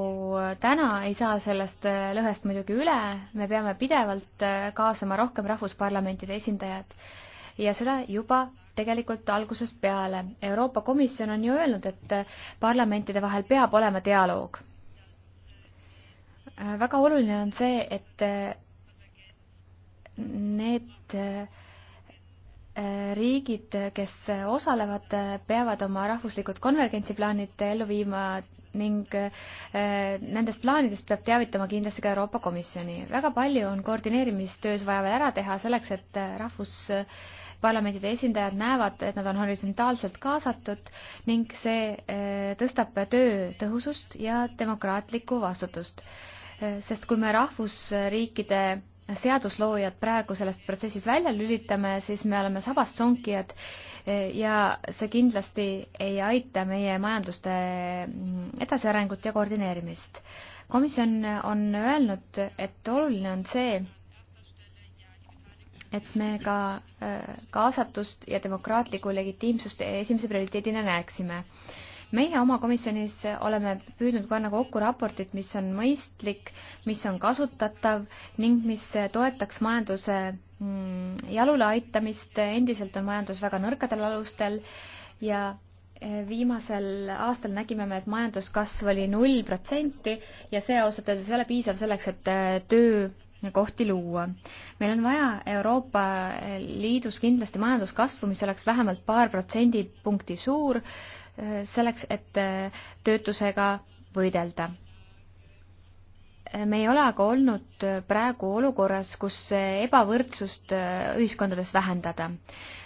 täna ei saa sellest äh, lõhest muidugi üle, me peame pidevalt äh, kaasama rohkem rahvusparlamentide esindajad ja seda juba tegelikult algusest peale. Euroopa Komisjon on ju öelnud, et äh, parlamentide vahel peab olema dialoog. väga oluline on see, et need riigid, kes osalevad, peavad oma rahvuslikud konvergentsiplaanid ellu viima ning eh, nendest plaanidest peab teavitama kindlasti ka Euroopa Komisjoni. väga palju on koordineerimistöös vaja veel ära teha selleks, et rahvusparlamentide esindajad näevad, et nad on horisontaalselt kaasatud ning see eh, tõstab töö tõhusust ja demokraatlikku vastutust. Eh, sest kui me rahvusriikide seadusloojad praegu sellest protsessis välja lülitame, siis me oleme sabast sonkijad e, ja see kindlasti ei aita meie majanduste mm, edasiarengut ja koordineerimist. komisjon on öelnud, et oluline on see, et me ka e, kaasatust ja demokraatlikku legitiimsust esimese prioriteedina näeksime meie oma komisjonis oleme püüdnud panna kokku raportit, mis on mõistlik, mis on kasutatav ning mis toetaks majanduse mm, jalule aitamist, endiselt on majandus väga nõrkadel alustel ja e, viimasel aastal nägime me, et majanduskasv oli null protsenti ja see ausalt öeldes ei ole piisav selleks, et e, töökohti luua. meil on vaja Euroopa Liidus kindlasti majanduskasvu, mis oleks vähemalt paar protsendipunkti suur selleks, et äh, töötusega võidelda. me ei ole aga olnud praegu olukorras, kus ebavõrdsust äh, ühiskondades vähendada.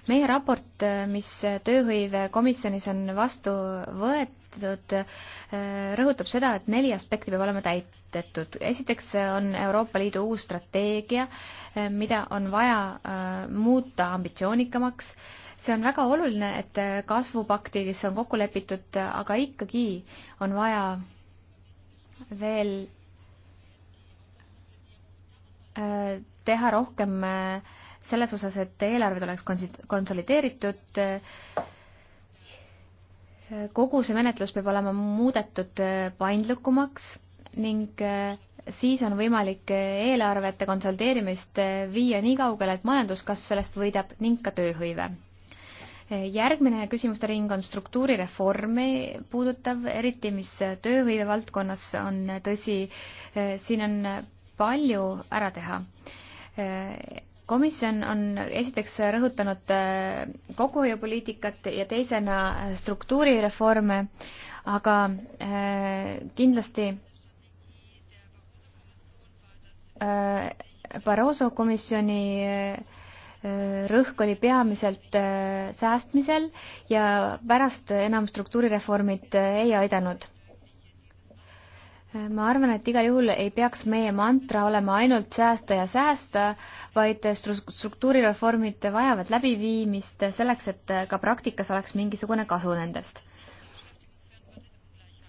meie raport, äh, mis tööhõivekomisjonis on vastu võetud, rõhutab seda, et neli aspekti peab olema täidetud. esiteks on Euroopa Liidu uus strateegia, mida on vaja muuta ambitsioonikamaks see on väga oluline, et kasvupaktis on kokku lepitud, aga ikkagi on vaja veel äh, teha rohkem äh, selles osas, et eelarved oleks konsolideeritud. kogu see menetlus peab olema muudetud äh, paindlikumaks ning siis on võimalik eelarvete konsolideerimist viia nii kaugele, et majanduskasv sellest võidab ning ka tööhõive järgmine küsimuste ring on struktuurireformi puudutav, eriti mis tööhõive valdkonnas on tõsi, siin on palju ära teha komisjon on esiteks rõhutanud kokkuhoiupoliitikat ja teisena struktuurireforme, aga äh, kindlasti äh, Barroso komisjoni äh, rõhk oli peamiselt äh, säästmisel ja pärast enam struktuurireformid äh, ei aidanud. ma arvan, et igal juhul ei peaks meie mantra olema ainult säästa ja säästa, vaid struktuurireformid vajavad läbiviimist selleks, et ka praktikas oleks mingisugune kasu nendest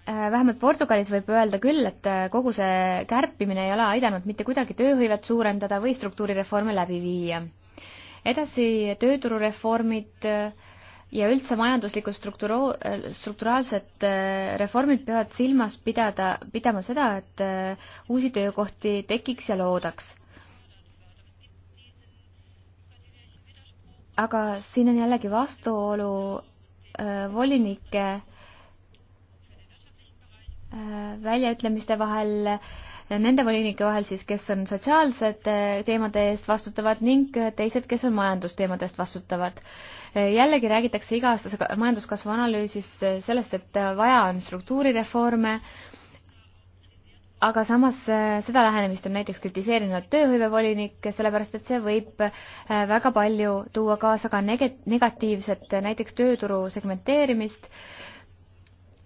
äh, vähemalt Portugalis võib öelda küll, et kogu see kärpimine ei ole aidanud mitte kuidagi tööhõivet suurendada või struktuurireforme läbi viia edasi tööturureformid äh, ja üldse majanduslikud strukturo-, strukturaalsed äh, reformid peavad silmas pidada, pidama seda, et äh, uusi töökohti tekiks ja loodaks. aga siin on jällegi vastuolu volinike väljaütlemiste vahel äh, nende volinike vahel siis, kes on sotsiaalsete teemade eest vastutavad ning teised, kes on majandusteemade eest vastutavad. jällegi räägitakse iga-aastase majanduskasvu analüüsis sellest, et vaja on struktuurireforme, aga samas äh, seda lähenemist on näiteks kritiseerinud tööhõivevolinik, sellepärast et see võib äh, väga palju tuua kaasa ka negatiivset näiteks tööturu segmenteerimist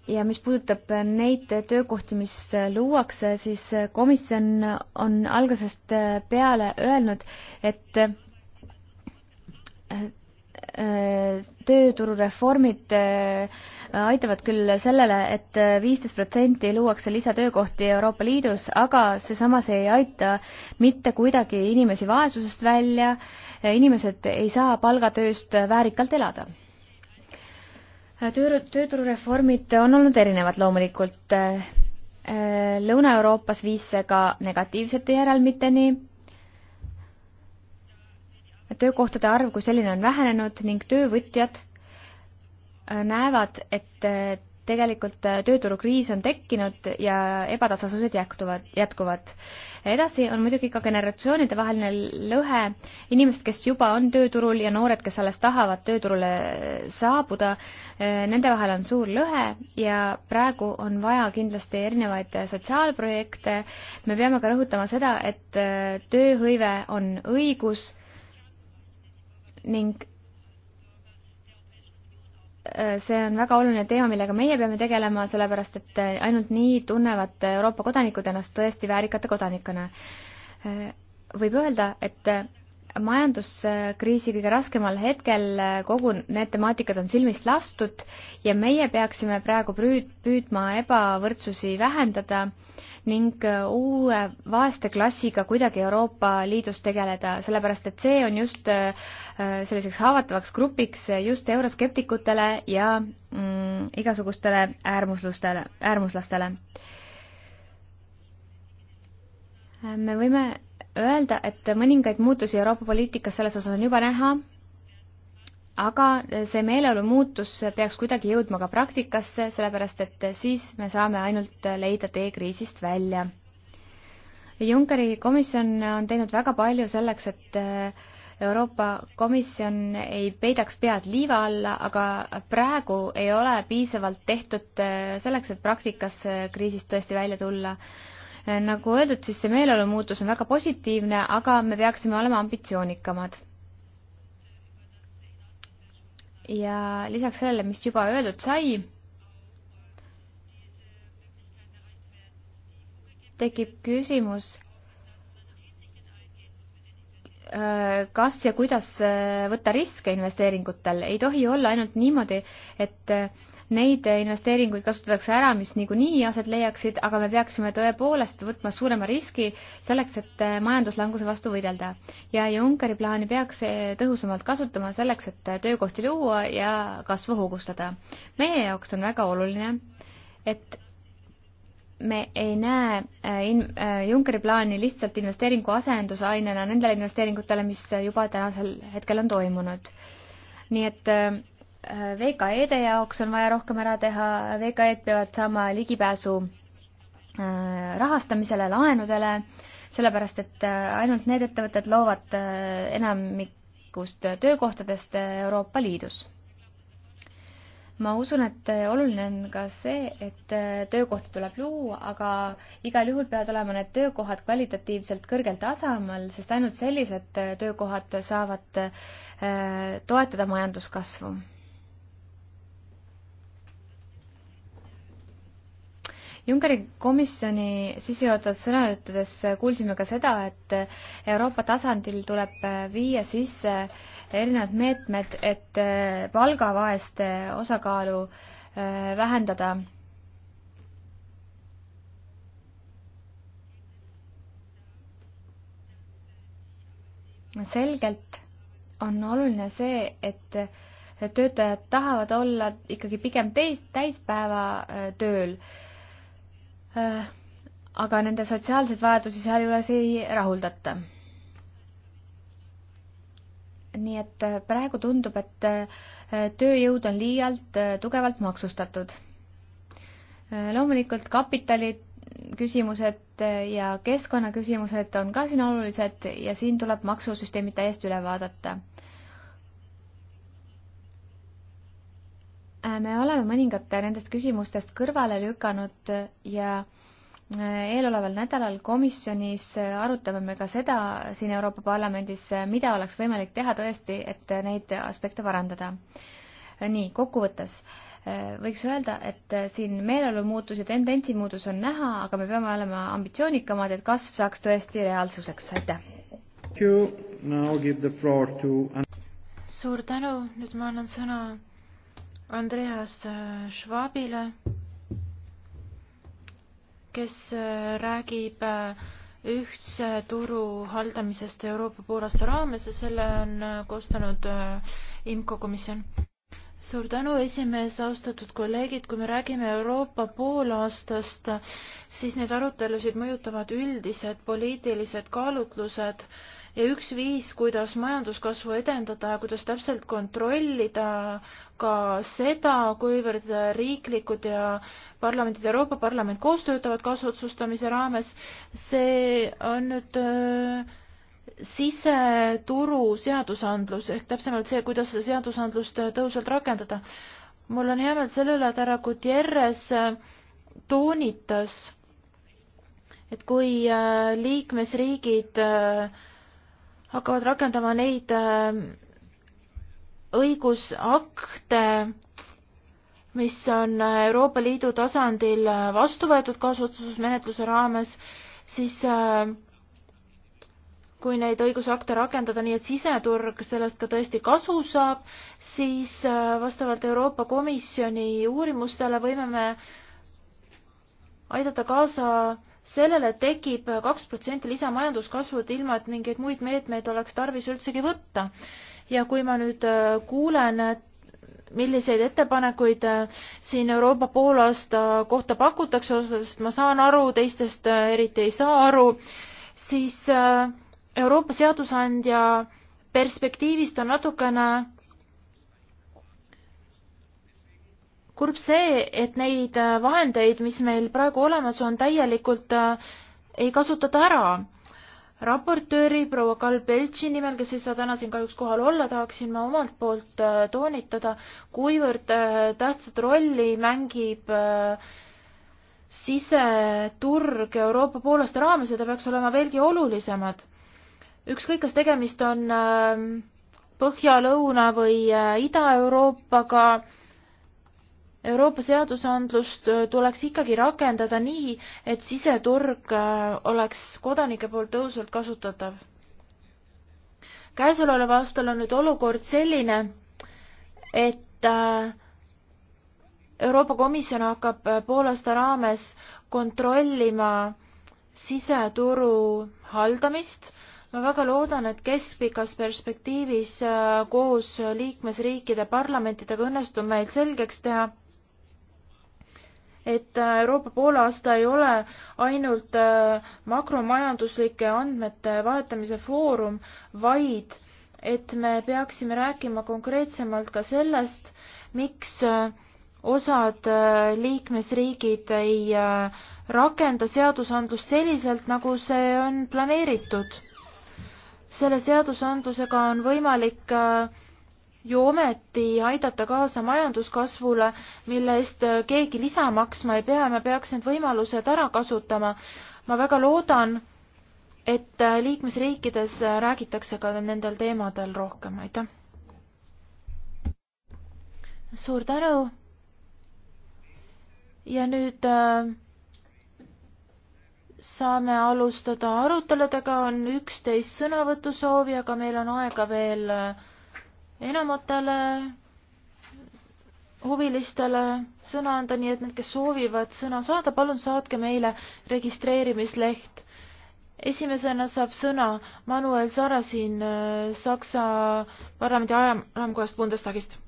ja mis puudutab neid töökohti, mis luuakse, siis komisjon on algusest peale öelnud, et äh, tööturureformid äh, aitavad küll sellele et, et viisteist protsenti luuakse lisatöökohti Euroopa Liidus, aga see samas ei aita mitte kuidagi inimesi vaesusest välja, inimesed ei saa palgatööst väärikalt elada töö, tööturureformid on olnud erinevad loomulikult. Äh, äh, Lõuna-Euroopas viis see ka negatiivsete järelmiteni. töökohtade arv kui selline on vähenenud ning töövõtjad äh, näevad, et tegelikult äh, tööturukriis on tekkinud ja ebatasasused jätkuvad, jätkuvad. edasi on muidugi ka generatsioonide vaheline lõhe, inimesed, kes juba on tööturul ja noored, kes alles tahavad tööturule äh, saabuda, äh, nende vahel on suur lõhe ja praegu on vaja kindlasti erinevaid sotsiaalprojekte, me peame ka rõhutama seda, et tööhõive on õigus ning Äh, see on väga oluline teema, millega meie peame tegelema, sellepärast et äh, ainult nii tunnevad äh, Euroopa kodanikud ennast tõesti väärikate kodanikena. võib öelda, et majanduskriisi kõige raskemal hetkel kogu need temaatikad on silmist lastud ja meie peaksime praegu prüüd-, püüdma ebavõrdsusi vähendada äh, ning äh, uue vaesteklassiga kuidagi Euroopa Liidus tegeleda, sellepärast et see on just äh, äh, selliseks haavatavaks grupiks just euroskeptikutele ja mm, igasugustele äärmuslustele, äärmuslastele. me võime öelda, et mõningaid muutusi Euroopa poliitikas selles osas on juba näha aga see meeleolu muutus peaks kuidagi jõudma ka praktikasse, sellepärast et siis me saame ainult leida tee kriisist välja. Junckeri komisjon on teinud väga palju selleks, et äh, Euroopa Komisjon ei peidaks pead liiva alla, aga praegu ei ole piisavalt tehtud äh, selleks, et praktikas äh, kriisist tõesti välja tulla. nagu öeldud, siis see meeleolu muutus on väga positiivne, aga me peaksime olema ambitsioonikamad ja lisaks sellele, mis juba öeldud sai, tekib küsimus, äh, kas ja kuidas äh, võtta riske investeeringutel, ei tohi olla ainult niimoodi, et äh, neid investeeringuid kasutatakse ära, mis niikuinii aset leiaksid, aga me peaksime tõepoolest võtma suurema riski selleks, et eh, majanduslanguse vastu võidelda. ja Junckeri plaani peaks eh, tõhusamalt kasutama selleks, et eh, töökohti luua ja kasvu hoogustada. meie jaoks on väga oluline, et me ei näe in-, Junckeri plaani lihtsalt investeeringu asendusainena nendele investeeringutele, mis juba tänasel hetkel on toimunud. nii et VKE-de jaoks on vaja rohkem ära teha, VKE-d peavad saama ligipääsu äh, rahastamisele, laenudele, sellepärast et äh, ainult need ettevõtted loovad äh, enamikust töökohtadest Euroopa Liidus. ma usun, et oluline on ka see, et töökohti tuleb luua, aga igal juhul peavad olema need töökohad kvalitatiivselt kõrgel tasemel, sest ainult sellised töökohad saavad toetada majanduskasvu Junckeri komisjoni sissejuhatavates sõnavõttudes kuulsime ka seda, et Euroopa tasandil tuleb viia sisse erinevad meetmed, et palgavaeste osakaalu äh, vähendada. selgelt on oluline see, et töötajad tahavad olla ikkagi pigem teis, täispäeva äh, tööl Äh, aga nende sotsiaalseid vajadusi sealjuures ei rahuldata. nii et äh, praegu tundub, et äh, tööjõud on liialt tugevalt maksustatud. loomulikult kapitali küsimused ja keskkonnaküsimused on ka siin olulised ja siin tuleb maksusüsteemid täiesti üle vaadata me oleme mõningate nendest küsimustest kõrvale lükanud ja äh, eeloleval nädalal komisjonis äh, arutame me ka seda siin Euroopa Parlamendis, äh, mida oleks võimalik teha tõesti, et neid aspekte parandada. nii, kokkuvõttes võiks öelda, et siin meeleolu muutus ja tendentsi muutus on näha, aga me peame olema ambitsioonikamad, et kasv saaks tõesti reaalsuseks, aitäh! suur tänu, nüüd ma annan sõna Andreas äh, Schwabile, kes äh, räägib äh, ühtse turu haldamisest Euroopa poolaasta raames ja selle on koostanud IMCO komisjon. suur tänu, esimees, austatud kolleegid, kui me räägime Euroopa poolaastast, siis neid arutelusid mõjutavad üldised poliitilised kaalutlused ja üks viis, kuidas majanduskasvu edendada ja kuidas täpselt kontrollida ka seda, kuivõrd riiklikud ja parlamendid, Euroopa Parlament koos töötavad kaasotsustamise raames, see on nüüd äh, siseturu seadusandlus ehk täpsemalt see, kuidas seda seadusandlust äh, tõhusalt rakendada. mul on hea meel selle üle, et härra Gutierrez äh, toonitas, et kui äh, liikmesriigid äh, hakkavad rakendama neid äh, õigusakte, mis on äh, Euroopa Liidu tasandil äh, vastu võetud kaasotsusmenetluse raames, siis kui neid õigusakte rakendada nii, et siseturg sellest ka tõesti kasu saab, siis vastavalt Euroopa Komisjoni uurimustele võime me aidata kaasa sellele tekib kaks protsenti lisamajanduskasvud, ilma et mingeid muid meetmeid oleks tarvis üldsegi võtta. ja kui ma nüüd äh, kuulen, et milliseid ettepanekuid äh, siin Euroopa poolaasta kohta pakutakse, sest ma saan aru, teistest äh, eriti ei saa aru, siis Euroopa seadusandja perspektiivist on natukene kurb see, et neid äh, vahendeid, mis meil praegu olemas on, täielikult äh, ei kasutata ära. raportööri proua Karl Beltši nimel, kes ei saa täna siin kahjuks kohal olla, tahaksin ma omalt poolt äh, toonitada, kuivõrd tähtsat rolli mängib siseturg Euroopa poolaste raames ja ta peaks olema veelgi olulisemad. ükskõik, kas tegemist on Põhja, Lõuna või Ida-Euroopaga, Euroopa seadusandlust äh, tuleks ikkagi rakendada nii, et siseturg äh, oleks kodanike poolt tõhusalt kasutatav. käesoleval aastal on nüüd olukord selline, et äh, Euroopa Komisjon hakkab poolaasta raames kontrollima siseturu haldamist. ma väga loodan, et keskpikas perspektiivis koos liikmesriikide parlamentidega õnnestub meil selgeks teha et äh, Euroopa poolaasta ei ole ainult äh, makromajanduslike andmete vahetamise foorum, vaid et me peaksime rääkima konkreetsemalt ka sellest, miks äh, osad liikmesriigid ei rakenda seadusandlust selliselt, nagu see on planeeritud. selle seadusandlusega on võimalik äh, ju ometi aidata kaasa majanduskasvule, mille eest keegi lisa maksma ei pea ja me peaks need võimalused ära kasutama. ma väga loodan, et liikmesriikides räägitakse ka nendel teemadel rohkem, aitäh. suur tänu. ja nüüd äh, saame alustada aruteludega, on üksteist sõnavõtusoovi, aga meil on aega veel äh, enamatele huvilistele sõna anda, nii et need, kes soovivad sõna saada, palun saatke meile registreerimisleht. esimesena saab sõna Manuel Sarasin äh, Saksa parlamendi alamkojast Bundestagist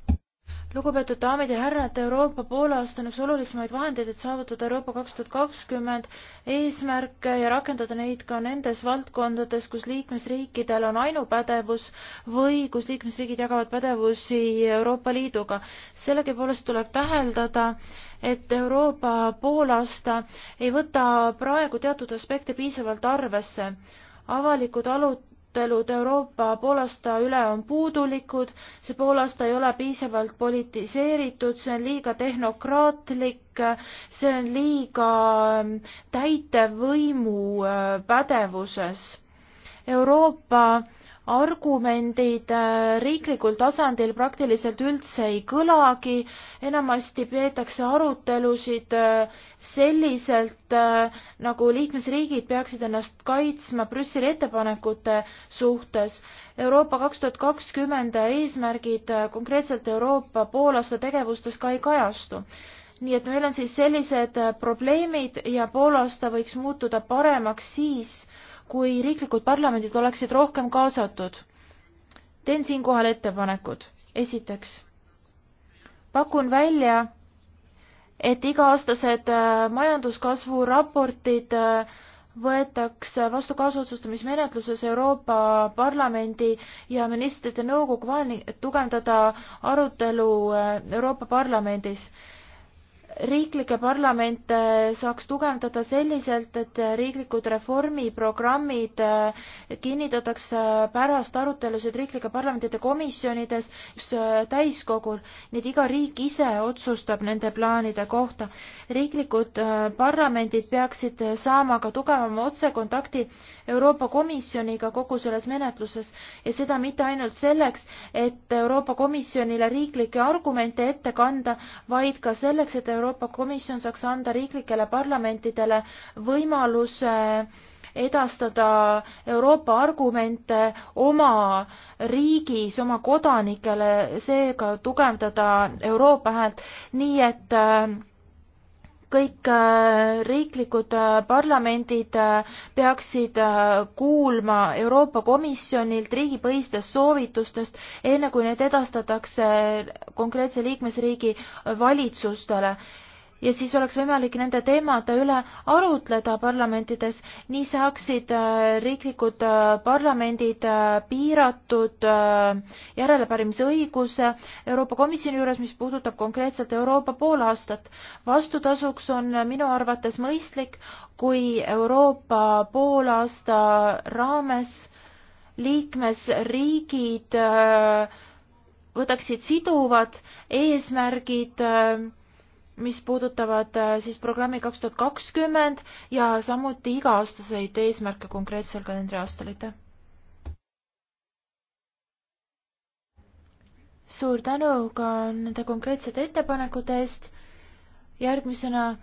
lugupeetud daamid ja härrad, Euroopa poolaasta on üks olulisemaid vahendeid, et saavutada Euroopa kaks tuhat kakskümmend eesmärke ja rakendada neid ka nendes valdkondades, kus liikmesriikidel on ainupädevus või kus liikmesriigid jagavad pädevusi Euroopa Liiduga. sellegipoolest tuleb täheldada, et Euroopa poolaasta ei võta praegu teatud aspekte piisavalt arvesse avalikud alu-, arutelud Euroopa poolaasta üle on puudulikud, see poolaasta ei ole piisavalt politiseeritud, see on liiga tehnokraatlik, see on liiga ähm, täitevvõimu äh, pädevuses. Euroopa argumendid äh, riiklikul tasandil praktiliselt üldse ei kõlagi, enamasti peetakse arutelusid äh, selliselt, äh, nagu liikmesriigid peaksid ennast kaitsma Brüsseli ettepanekute suhtes. Euroopa kaks tuhat kakskümmend eesmärgid konkreetselt Euroopa poolaasta tegevustes ka ei kajastu nii et meil on siis sellised probleemid ja poolaasta võiks muutuda paremaks siis, kui riiklikud parlamendid oleksid rohkem kaasatud. teen siinkohal ettepanekud. esiteks, pakun välja, et iga-aastased äh, majanduskasvu raportid äh, võetakse vastu kaasotsustamismenetluses Euroopa Parlamendi ja ministrite nõukogu vahel, et tugevdada arutelu äh, Euroopa Parlamendis riiklikke parlamente saaks tugevdada selliselt, et riiklikud reformiprogrammid äh, kinnitatakse pärast arutelusid riiklike parlamentide komisjonides äh, täiskogul, nii et iga riik ise otsustab nende plaanide kohta. riiklikud äh, parlamendid peaksid saama ka tugevama otsekontakti Euroopa Komisjoniga kogu selles menetluses ja seda mitte ainult selleks, et Euroopa Komisjonile riiklikke argumente ette kanda, vaid ka selleks, et Euroopa Euroopa Komisjon saaks anda riiklikele parlamentidele võimaluse edastada Euroopa argumente oma riigis, oma kodanikele, seega tugevdada Euroopa häält, nii et äh, kõik äh, riiklikud äh, parlamendid äh, peaksid kuulma Euroopa Komisjonilt riigipõhistest soovitustest, enne kui need edastatakse konkreetse liikmesriigi valitsustele ja siis oleks võimalik nende teemade üle arutleda parlamentides. nii saaksid äh, riiklikud äh, parlamendid äh, piiratud järelepärimisõiguse Euroopa Komisjoni juures, mis puudutab konkreetselt Euroopa poolaastat. vastutasuks on minu arvates mõistlik, kui Euroopa poolaasta raames liikmesriigid võtaksid siduvad eesmärgid äh, mis puudutavad äh, siis programmi kaks tuhat kakskümmend ja samuti iga-aastaseid eesmärke konkreetsel kalendriaastal, aitäh! suur tänu ka nende konkreetsete ettepanekute eest. järgmisena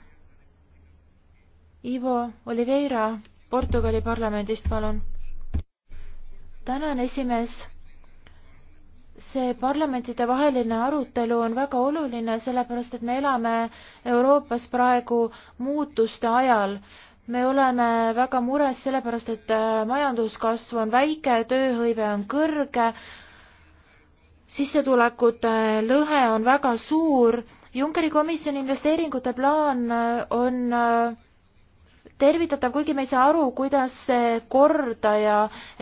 Ivo Oliveira Portugali parlamendist, palun. tänan, esimees see parlamentidevaheline arutelu on väga oluline, sellepärast et me elame Euroopas praegu muutuste ajal. me oleme väga mures sellepärast, et äh, majanduskasv on väike, tööhõive on kõrge, sissetulekute äh, lõhe on väga suur. Junckeri komisjoni investeeringute plaan äh, on tervitatav, kuigi me ei saa aru, kuidas see kordaja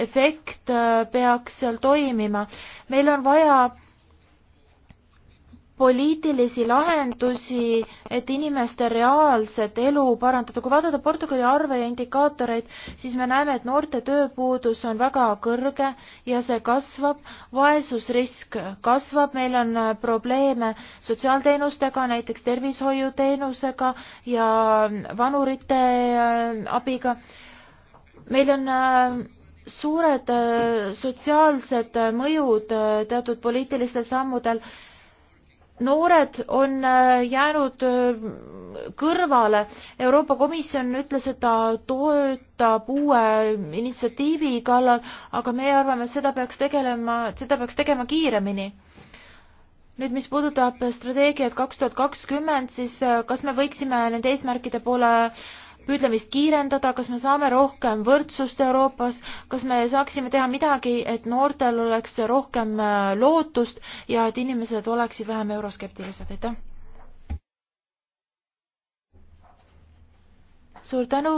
efekt äh, peaks seal toimima. meil on vaja poliitilisi lahendusi, et inimeste reaalset elu parandada. kui vaadata Portugali arve ja indikaatoreid, siis me näeme, et noorte tööpuudus on väga kõrge ja see kasvab, vaesusrisk kasvab, meil on äh, probleeme sotsiaalteenustega, näiteks tervishoiuteenusega ja äh, vanurite äh, abiga. meil on suured sotsiaalsed mõjud teatud poliitilistel sammudel noored on äh, jäänud äh, kõrvale. Euroopa Komisjon ütles, et ta toetab uue initsiatiivi kallal, aga meie arvame, et seda peaks tegelema, seda peaks tegema kiiremini. nüüd, mis puudutab strateegiat kaks tuhat kakskümmend, siis äh, kas me võiksime nende eesmärkide poole püüdlemist kiirendada, kas me saame rohkem võrdsust Euroopas, kas me saaksime teha midagi, et noortel oleks rohkem äh, lootust ja et inimesed oleksid vähem euroskeptilised, aitäh! suur tänu!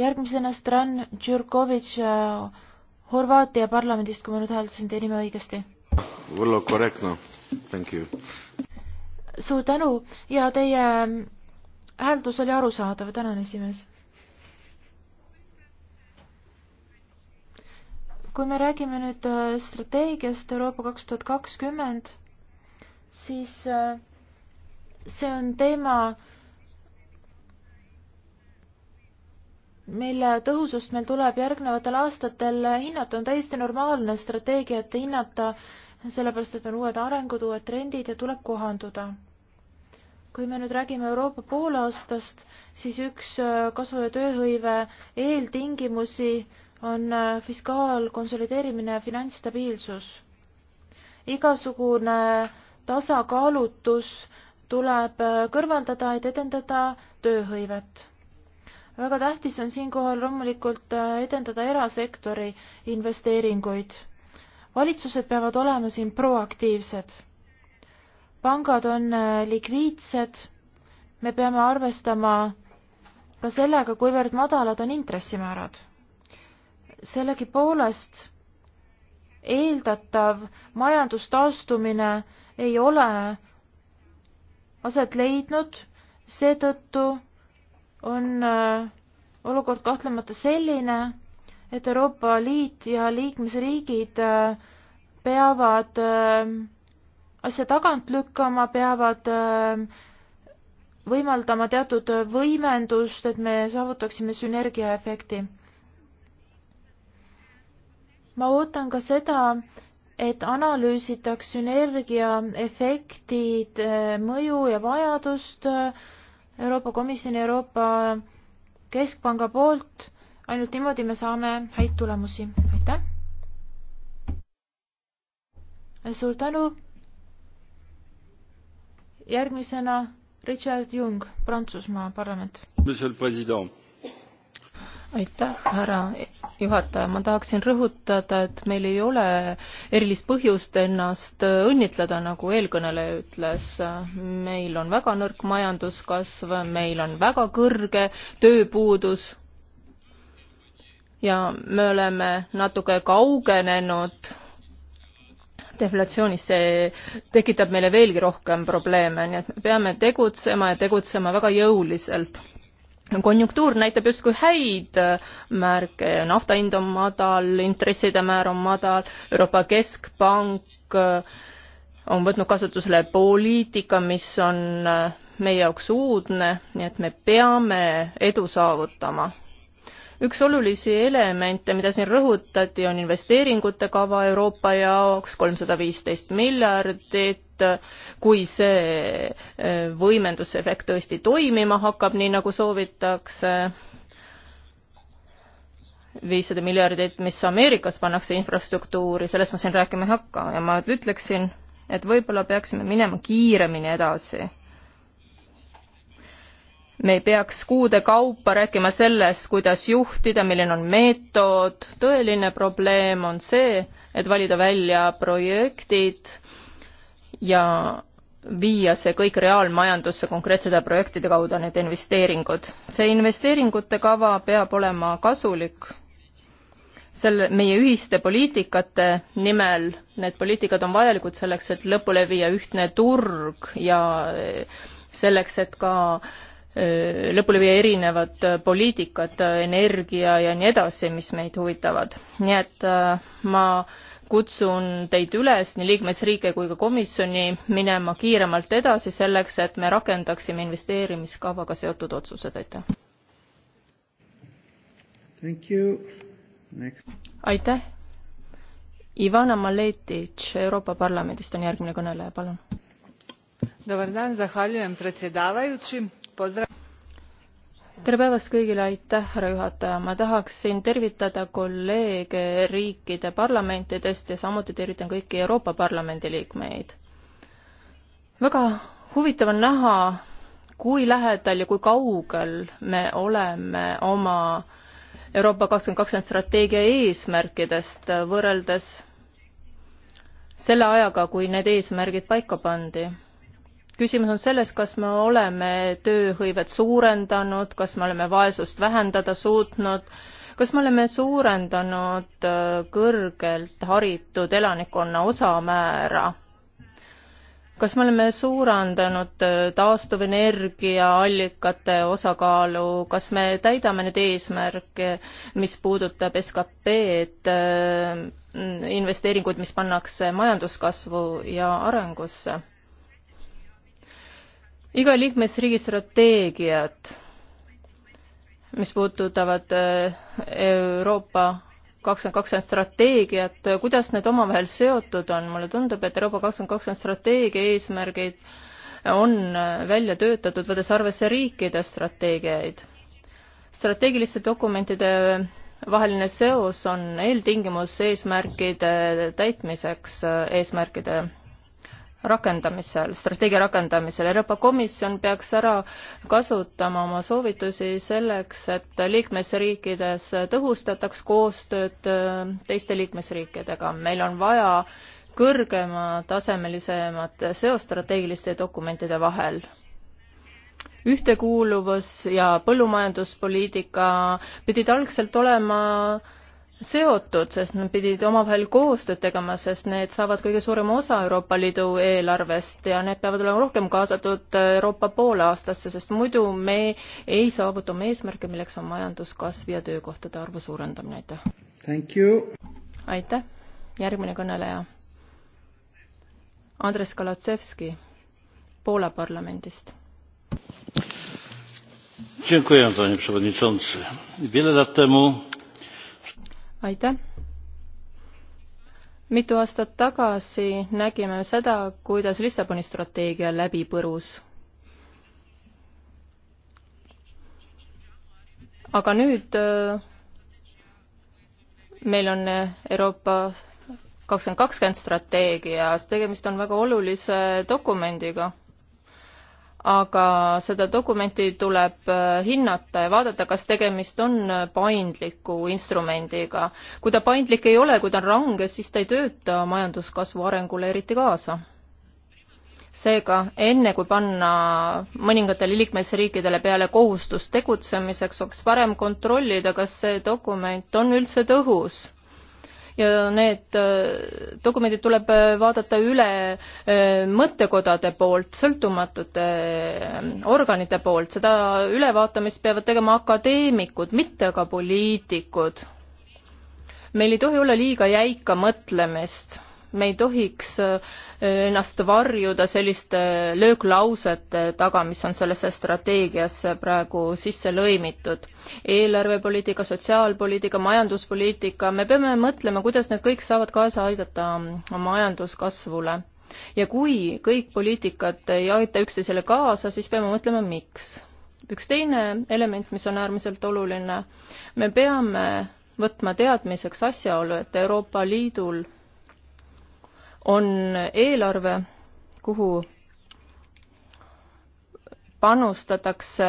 järgmisena Stran Djurkovic äh, Horvaatia parlamendist, kui ma nüüd hääldasin teie nime õigesti. suur tänu ja teie hääldus oli arusaadav, tänan, esimees. kui me räägime nüüd äh, strateegiast Euroopa kaks tuhat kakskümmend, siis äh, see on teema, mille tõhusust meil tuleb järgnevatel aastatel hinnata, on täiesti normaalne strateegiat hinnata, sellepärast et on uued arengud, uued trendid ja tuleb kohanduda kui me nüüd räägime Euroopa poolaastast, siis üks äh, kasvu- ja tööhõive eeltingimusi on äh, fiskaalkonsolideerimine ja finantsstabiilsus. igasugune tasakaalutus tuleb äh, kõrvaldada, et edendada tööhõivet. väga tähtis on siinkohal loomulikult edendada erasektori investeeringuid. valitsused peavad olema siin proaktiivsed pangad on äh, likviidsed, me peame arvestama ka sellega, kuivõrd madalad on intressimäärad. sellegipoolest eeldatav majandustaastumine ei ole aset leidnud, seetõttu on äh, olukord kahtlemata selline, et Euroopa Liit ja liikmesriigid äh, peavad asja tagant lükkama, peavad äh, võimaldama teatud võimendust, et me saavutaksime sünergiaefekti. ma ootan ka seda, et analüüsitaks sünergiaefektid, äh, mõju ja vajadust äh, Euroopa Komisjoni, Euroopa Keskpanga poolt. ainult niimoodi me saame häid tulemusi. aitäh! suur tänu! järgmisena Richard Jung, Prantsusmaa parlament. aitäh, härra juhataja, ma tahaksin rõhutada, et meil ei ole erilist põhjust ennast õnnitleda, nagu eelkõneleja ütles. meil on väga nõrk majanduskasv, meil on väga kõrge tööpuudus ja me oleme natuke kaugenenud deflatsioonist, see tekitab meile veelgi rohkem probleeme, nii et me peame tegutsema ja tegutsema väga jõuliselt konjunktuur näitab justkui häid äh, märke, nafta hind on madal, intresside määr on madal, Euroopa Keskpank äh, on võtnud kasutusele poliitika, mis on äh, meie jaoks uudne, nii et me peame edu saavutama üks olulisi elemente, mida siin rõhutati, on investeeringute kava Euroopa jaoks, kolmsada viisteist miljardit, kui see e, võimendusefekt tõesti toimima hakkab, nii nagu soovitakse, viissada miljardit, mis Ameerikas pannakse infrastruktuuri, sellest ma siin rääkima ei hakka ja ma ütleksin, et võib-olla peaksime minema kiiremini edasi me ei peaks kuude kaupa rääkima sellest, kuidas juhtida, milline on meetod, tõeline probleem on see, et valida välja projektid ja viia see kõik reaalmajandusse konkreetsete projektide kaudu, need investeeringud. see investeeringute kava peab olema kasulik selle, meie ühiste poliitikate nimel, need poliitikad on vajalikud selleks, et lõpule viia ühtne turg ja selleks, et ka äh, Äh, lõpule viia erinevad äh, poliitikad, äh, energia ja nii edasi, mis meid huvitavad. nii et ma kutsun teid üles, nii liikmesriike kui ka komisjoni, minema kiiremalt edasi selleks, et me rakendaksime investeerimiskavaga seotud otsused, aitäh. aitäh. Ivana Maletitš Euroopa Parlamendist on järgmine kõneleja, palun. Dobar dan, zahvaljujem predsjedavajući tere päevast kõigile, aitäh, härra juhataja. ma tahaksin tervitada kolleege riikide parlamentidest ja samuti tervitan kõiki Euroopa Parlamendi liikmeid. väga huvitav on näha, kui lähedal ja kui kaugel me oleme oma Euroopa kakskümmend kakskümmend strateegia eesmärkidest võrreldes selle ajaga, kui need eesmärgid paika pandi küsimus on selles, kas me oleme tööhõivet suurendanud, kas me oleme vaesust vähendada suutnud, kas me oleme suurendanud äh, kõrgelt haritud elanikkonna osamäära, kas me oleme suurendanud äh, taastuvenergiaallikate osakaalu, kas me täidame neid eesmärke, mis puudutab SKP-d, äh, investeeringuid, mis pannakse majanduskasvu ja arengusse iga liikmesriigi strateegiat, mis puudutavad äh, Euroopa kakskümmend kakskümmend strateegiat, kuidas need omavahel seotud on, mulle tundub, et Euroopa kakskümmend kakskümmend strateegia eesmärgid on äh, välja töötatud, võttes arvesse riikide strateegiaid. strateegiliste dokumentide vaheline seos on eeltingimus eesmärkide täitmiseks, äh, eesmärkide rakendamisel, strateegia rakendamisel. Euroopa Komisjon peaks ära kasutama oma soovitusi selleks, et liikmesriikides tõhustataks koostööd äh, teiste liikmesriikidega. meil on vaja kõrgematasemelisemat seost strateegiliste dokumentide vahel ühtekuuluvus ja põllumajanduspoliitika pidid algselt olema seotud, sest nad pidid omavahel koostööd tegema, sest need saavad kõige suurema osa Euroopa Liidu eelarvest ja need peavad olema rohkem kaasatud Euroopa poolaastasse, sest muidu me ei saavuta oma eesmärke, milleks on majanduskasv ja töökohtade arvu suurendamine, aitäh! aitäh, järgmine kõneleja. Andres Kalatsevski Poola parlamendist. Dziękuję panie przewodniczący. Wiele lat temu aitäh! mitu aastat tagasi nägime seda, kuidas Lissaboni strateegia läbi põrus. aga nüüd äh, meil on Euroopa kakskümmend kakskümmend strateegias, tegemist on väga olulise dokumendiga aga seda dokumenti tuleb äh, hinnata ja vaadata, kas tegemist on äh, paindliku instrumendiga. kui ta paindlik ei ole, kui ta on range, siis ta ei tööta majanduskasvu arengule eriti kaasa. seega, enne kui panna mõningatele liikmesriikidele peale kohustus tegutsemiseks, oleks parem kontrollida, kas see dokument on üldse tõhus ja need äh, dokumendid tuleb äh, vaadata üle äh, mõttekodade poolt, sõltumatute organite poolt, seda ülevaatamist peavad tegema akadeemikud, mitte aga poliitikud. meil ei tohi olla liiga jäika mõtlemist me ei tohiks äh, ennast varjuda selliste äh, lööklausete taga, mis on sellesse strateegiasse praegu sisse lõimitud. eelarvepoliitika, sotsiaalpoliitika, majanduspoliitika, me peame mõtlema, kuidas need kõik saavad kaasa aidata mm, majanduskasvule. ja kui kõik poliitikad ei aita üksteisele kaasa, siis peame mõtlema, miks. üks teine element, mis on äärmiselt oluline, me peame võtma teadmiseks asjaolu, et Euroopa Liidul on eelarve, kuhu panustatakse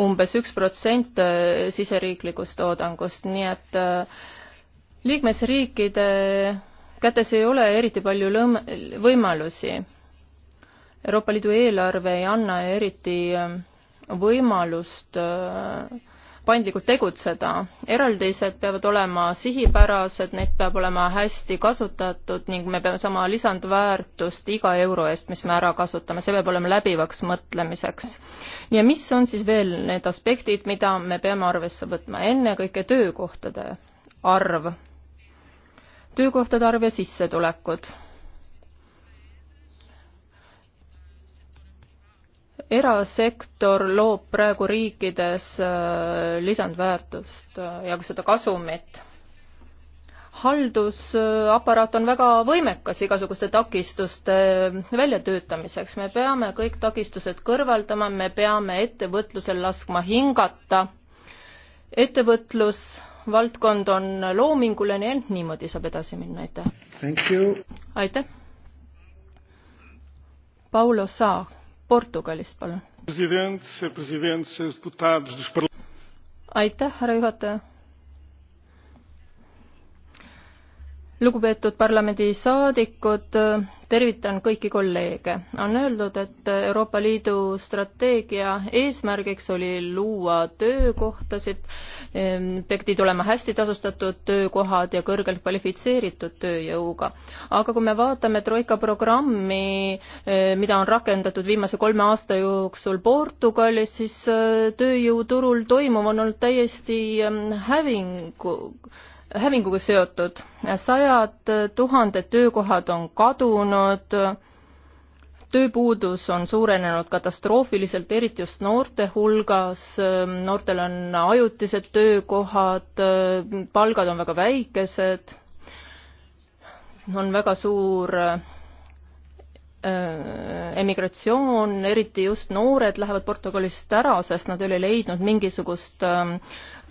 umbes üks protsent siseriiklikust toodangust, nii et äh, liikmesriikide kätes ei ole eriti palju lõm-, võimalusi. Euroopa Liidu eelarve ei anna eriti äh, võimalust äh, paindlikult tegutseda. eraldised peavad olema sihipärased, neid peab olema hästi kasutatud ning me peame saama lisandväärtust iga euro eest, mis me ära kasutame, see peab olema läbivaks mõtlemiseks. ja mis on siis veel need aspektid, mida me peame arvesse võtma, ennekõike töökohtade arv, töökohtade arv ja sissetulekud erasektor loob praegu riikides äh, lisandväärtust äh, ja ka seda kasumit. haldusaparaat on väga võimekas igasuguste takistuste väljatöötamiseks, me peame kõik takistused kõrvaldama, me peame ettevõtlusel laskma hingata, ettevõtlus valdkond on loominguline, ent niimoodi saab edasi minna, aitäh! aitäh! Paulo Saag Portugalist, palun. aitäh, härra juhataja. lugupeetud parlamendisaadikud tervitan kõiki kolleege. on öeldud, et Euroopa Liidu strateegia eesmärgiks oli luua töökohtasid, pidid olema hästi tasustatud töökohad ja kõrgelt kvalifitseeritud tööjõuga. aga kui me vaatame Troika programmi, e, mida on rakendatud viimase kolme aasta jooksul Portugalis, siis e, tööjõuturul toimuv on olnud täiesti häving hävinguga seotud. sajad tuhanded töökohad on kadunud, tööpuudus on suurenenud katastroofiliselt, eriti just noorte hulgas, noortel on ajutised töökohad, palgad on väga väikesed, on väga suur Äh, emigratsioon, eriti just noored lähevad Portugalist ära, sest nad ei ole leidnud mingisugust ähm,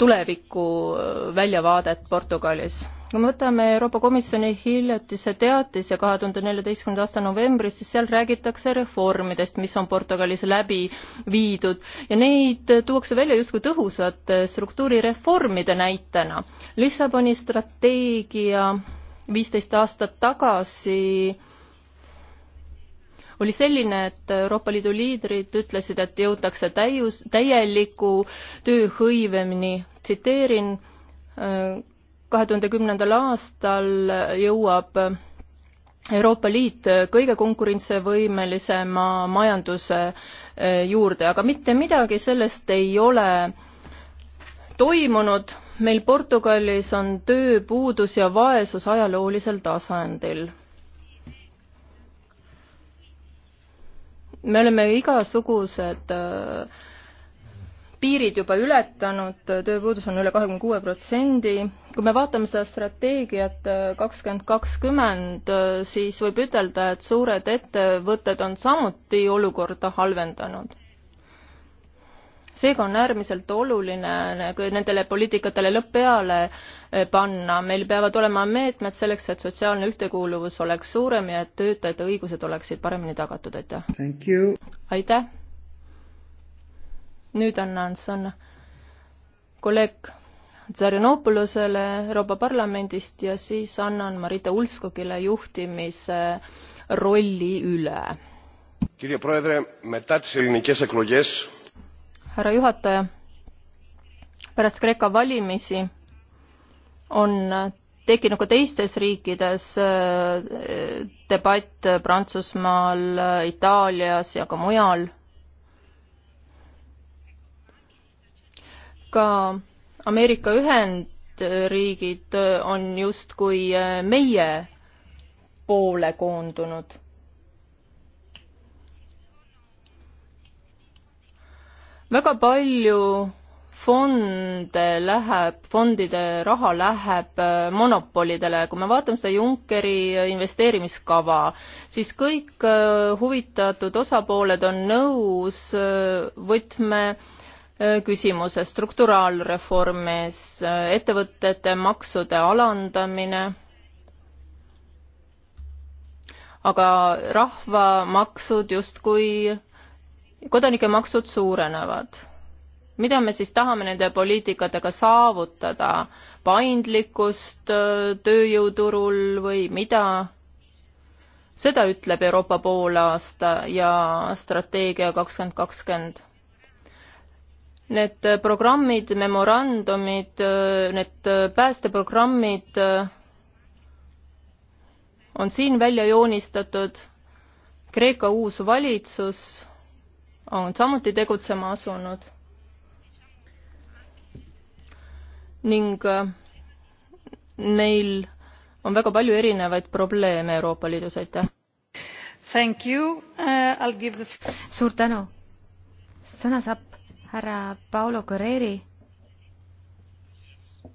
tuleviku äh, väljavaadet Portugalis. kui me võtame Euroopa Komisjoni hiljutise teatise kahe tuhande neljateistkümnenda aasta novembris, siis seal räägitakse reformidest, mis on Portugalis läbi viidud ja neid tuuakse välja justkui tõhusate struktuurireformide näitena. Lissaboni strateegia viisteist aastat tagasi oli selline, et Euroopa Liidu liidrid ütlesid, et jõutakse täius, täieliku tööhõiveni. tsiteerin, äh, kahe tuhande kümnendal aastal jõuab Euroopa Liit kõige konkurentsivõimelisema majanduse äh, juurde, aga mitte midagi sellest ei ole toimunud, meil Portugalis on tööpuudus ja vaesus ajaloolisel tasandil. me oleme igasugused äh, piirid juba ületanud, tööpuudus on üle kahekümne kuue protsendi. kui me vaatame seda strateegiat äh, kakskümmend kakskümmend, äh, siis võib ütelda, et suured ettevõtted on samuti olukorda halvendanud seega on äärmiselt oluline nagu nendele poliitikatele lõpp peale eh, panna, meil peavad olema meetmed selleks, et sotsiaalne ühtekuuluvus oleks suurem ja et töötajate õigused oleksid paremini tagatud, aitäh! aitäh! nüüd annan sõna kolleeg Tsarinopoulosele Euroopa Parlamendist ja siis annan Marita Ulskogile juhtimise rolli üle härra juhataja. pärast Kreeka valimisi on tekkinud ka teistes riikides äh, debatt Prantsusmaal, Itaalias ja ka mujal. ka Ameerika Ühendriigid on justkui meie poole koondunud väga palju fonde läheb, fondide raha läheb äh, monopolidele, kui me vaatame seda Junckeri äh, investeerimiskava, siis kõik äh, huvitatud osapooled on nõus võtme küsimuses, strukturaalreformis, ettevõtete maksude alandamine, aga rahvamaksud justkui kodanike maksud suurenevad. mida me siis tahame nende poliitikatega saavutada, paindlikkust äh, tööjõuturul või mida? seda ütleb Euroopa poolaasta ja strateegia kakskümmend kakskümmend. Need programmid, memorandumid, äh, need äh, päästeprogrammid on siin välja joonistatud. Kreeka uus valitsus on samuti tegutsema asunud ning äh, neil on väga palju erinevaid probleeme Euroopa Liidus, aitäh! Thank you uh,, I will give the suur tänu! sõna saab härra Paolo Guerreri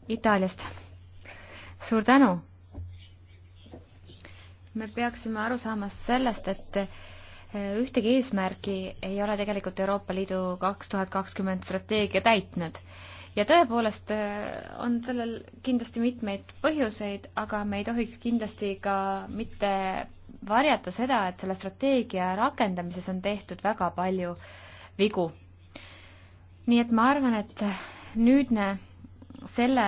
Itaaliast. suur tänu! me peaksime aru saama sellest, et ühtegi eesmärki ei ole tegelikult Euroopa Liidu kaks tuhat kakskümmend strateegia täitnud. ja tõepoolest äh, on sellel kindlasti mitmeid põhjuseid, aga me ei tohiks kindlasti ka mitte varjata seda, et selle strateegia rakendamises on tehtud väga palju vigu. nii et ma arvan, et nüüdne selle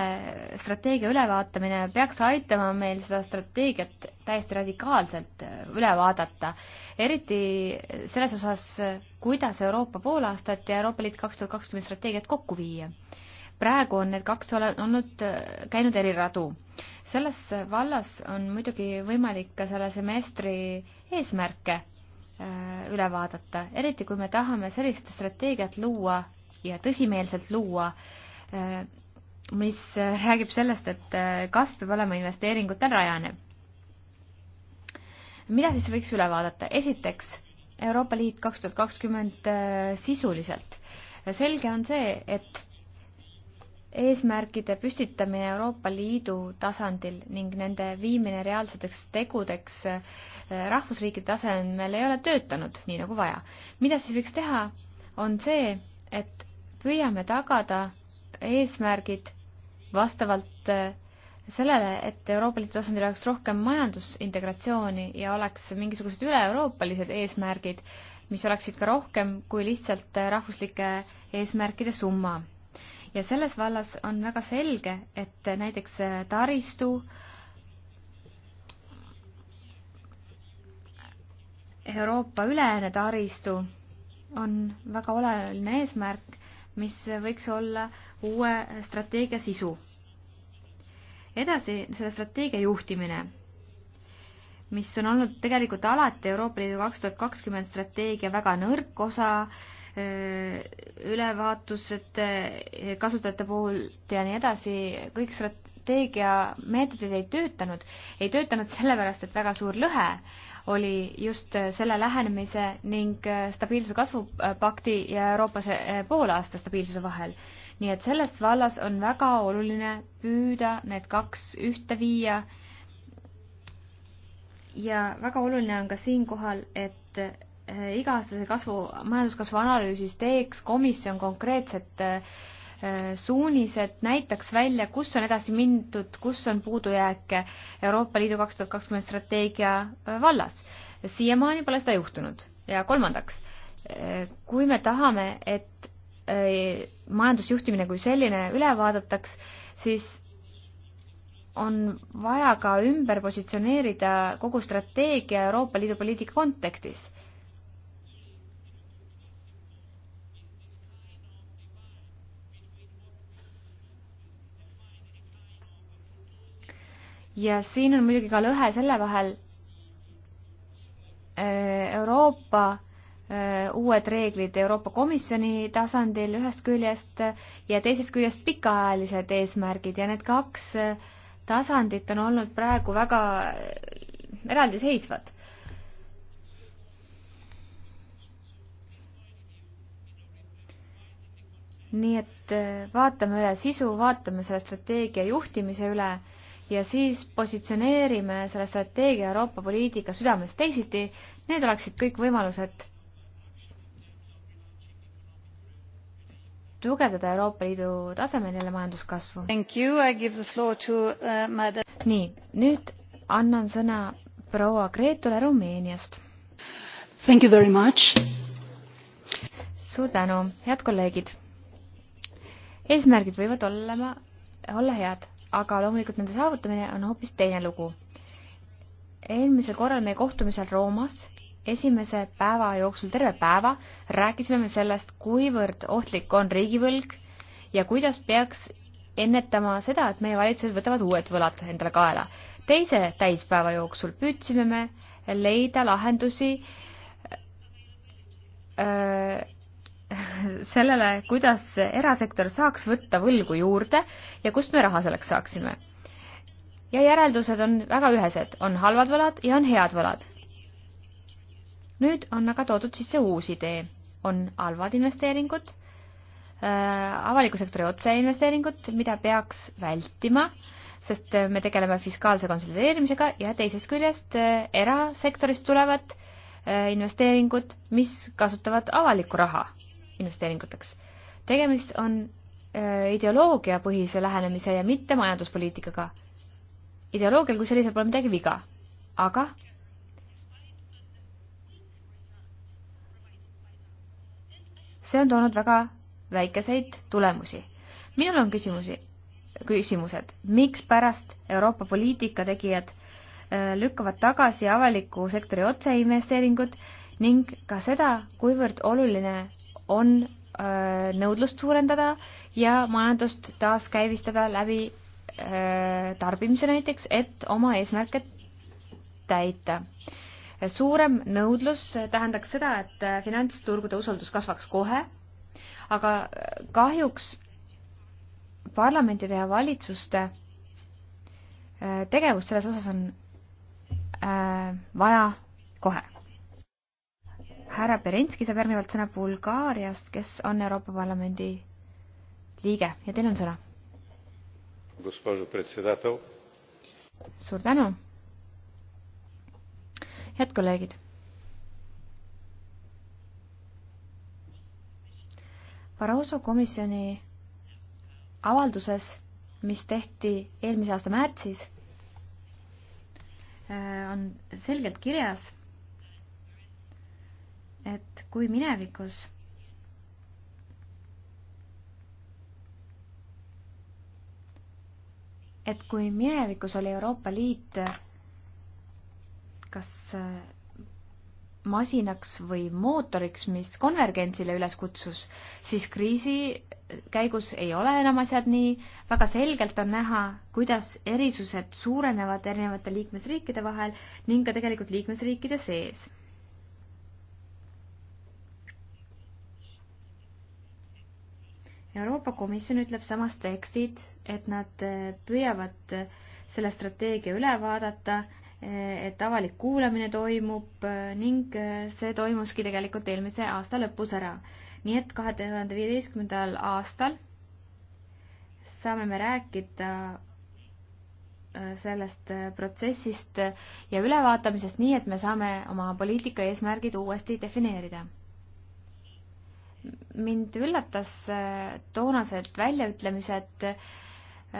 strateegia ülevaatamine peaks aitama meil seda strateegiat täiesti radikaalselt äh, üle vaadata. eriti selles osas, kuidas Euroopa poolaastat ja Euroopa Liit kaks tuhat kakskümmend strateegiat kokku viia. praegu on need kaks ole-, olnud, äh, käinud eri radu. selles vallas on muidugi võimalik ka selle semestri eesmärke äh, üle vaadata, eriti kui me tahame sellist strateegiat luua ja tõsimeelselt luua, mis äh, räägib sellest, et äh, kasv peab olema investeeringutel rajanev. mida siis võiks üle vaadata? esiteks, Euroopa Liit kaks tuhat kakskümmend äh, sisuliselt. selge on see, et eesmärkide püstitamine Euroopa Liidu tasandil ning nende viimine reaalseteks tegudeks rahvusriikide tasemel ei ole töötanud nii nagu vaja. mida siis võiks teha, on see, et püüame tagada eesmärgid vastavalt äh, sellele, et Euroopa Liidu tasandil oleks rohkem majandusintegratsiooni ja oleks mingisugused üle-euroopalised eesmärgid, mis oleksid ka rohkem kui lihtsalt äh, rahvuslike eesmärkide summa. ja selles vallas on väga selge, et äh, näiteks taristu Euroopa ülene taristu on väga oluline eesmärk mis võiks olla uue strateegia sisu. edasi, selle strateegia juhtimine, mis on olnud tegelikult alati Euroopa Liidu kaks tuhat kakskümmend strateegia väga nõrk osa, ülevaatused kasutajate poolt ja nii edasi, kõik strateegia meetodid ei töötanud, ei töötanud sellepärast, et väga suur lõhe oli just äh, selle lähenemise ning äh, stabiilsuse kasvupakti ja Euroopa äh, poolaasta stabiilsuse vahel. nii et selles vallas on väga oluline püüda need kaks ühte viia. ja väga oluline on ka siinkohal, et iga-aastase kasvu, majanduskasvu analüüsis teeks komisjon konkreetset äh, Äh, suunised näitaks välja, kus on edasi mindud, kus on puudujääke Euroopa Liidu kaks tuhat kakskümmend strateegia äh, vallas. siiamaani pole seda juhtunud. ja kolmandaks, äh, kui me tahame, et majandusjuhtimine kui selline üle vaadataks, siis on vaja ka ümber positsioneerida kogu strateegia Euroopa Liidu poliitika kontekstis. ja siin on muidugi ka lõhe selle vahel äh, Euroopa äh, uued reeglid Euroopa Komisjoni tasandil ühest küljest ja teisest küljest pikaajalised eesmärgid ja need kaks äh, tasandit on olnud praegu väga eraldiseisvad. nii et vaatame üle sisu, vaatame selle strateegia juhtimise üle ja siis positsioneerime selle strateegia Euroopa poliitika südames teisiti, need oleksid kõik võimalused tugevdada Euroopa Liidu tasemel jälle majanduskasvu. Uh, nii, nüüd annan sõna proua Gretule Rumeeniast. suur tänu, head kolleegid. eesmärgid võivad olema, olla head aga loomulikult nende saavutamine on hoopis teine lugu. eelmisel korral meie kohtumisel Roomas esimese päeva jooksul, terve päeva, rääkisime me sellest, kuivõrd ohtlik on riigivõlg ja kuidas peaks ennetama seda, et meie valitsused võtavad uued võlad endale kaela. teise täispäeva jooksul püüdsime me leida lahendusi öö, äh, sellele, kuidas erasektor saaks võtta võlgu juurde ja kust me raha selleks saaksime. ja järeldused on väga ühesed, on halvad võlad ja on head võlad. nüüd on aga toodud sisse uus idee, on halvad investeeringud, äh, avaliku sektori otseinvesteeringud, mida peaks vältima, sest äh, me tegeleme fiskaalse konsolideerimisega ja teisest küljest äh, erasektorist tulevad investeeringud, mis kasutavad avalikku raha investeeringuteks. tegemist on äh, ideoloogiapõhise lähenemise ja mitte majanduspoliitikaga. ideoloogial kui sellisel pole midagi viga, aga see on toonud väga väikeseid tulemusi. minul on küsimusi, küsimused, mikspärast Euroopa poliitika tegijad äh, lükkavad tagasi avaliku sektori otseinvesteeringud ning ka seda, kuivõrd oluline on äh, nõudlust suurendada ja majandust taaskäivistada läbi äh, tarbimise näiteks, et oma eesmärke täita. suurem nõudlus tähendaks seda, et äh, finantsturgude usaldus kasvaks kohe, aga kahjuks parlamentide ja valitsuste tegevus selles osas on vaja kohe härra Berenski saab järgnevalt sõna Bulgaariast, kes on Euroopa Parlamendi liige ja teil on sõna. suur tänu. head kolleegid. Barroso komisjoni avalduses, mis tehti eelmise aasta märtsis, äh, on selgelt kirjas et kui minevikus et kui minevikus oli Euroopa Liit kas äh, masinaks või mootoriks, mis konvergentsile üles kutsus, siis kriisi käigus ei ole enam asjad nii, väga selgelt on näha, kuidas erisused suurenevad erinevate liikmesriikide vahel ning ka tegelikult liikmesriikide sees Euroopa Komisjon ütleb samas tekstid, et nad äh, püüavad äh, selle strateegia üle vaadata, äh, et avalik kuulamine toimub ning see toimuski tegelikult eelmise aasta lõpus ära. nii et kahe tuhande viieteistkümnendal aastal saame me rääkida sellest protsessist ja ülevaatamisest nii, et me saame oma poliitika eesmärgid uuesti defineerida mind üllatas äh, toonased väljaütlemised äh,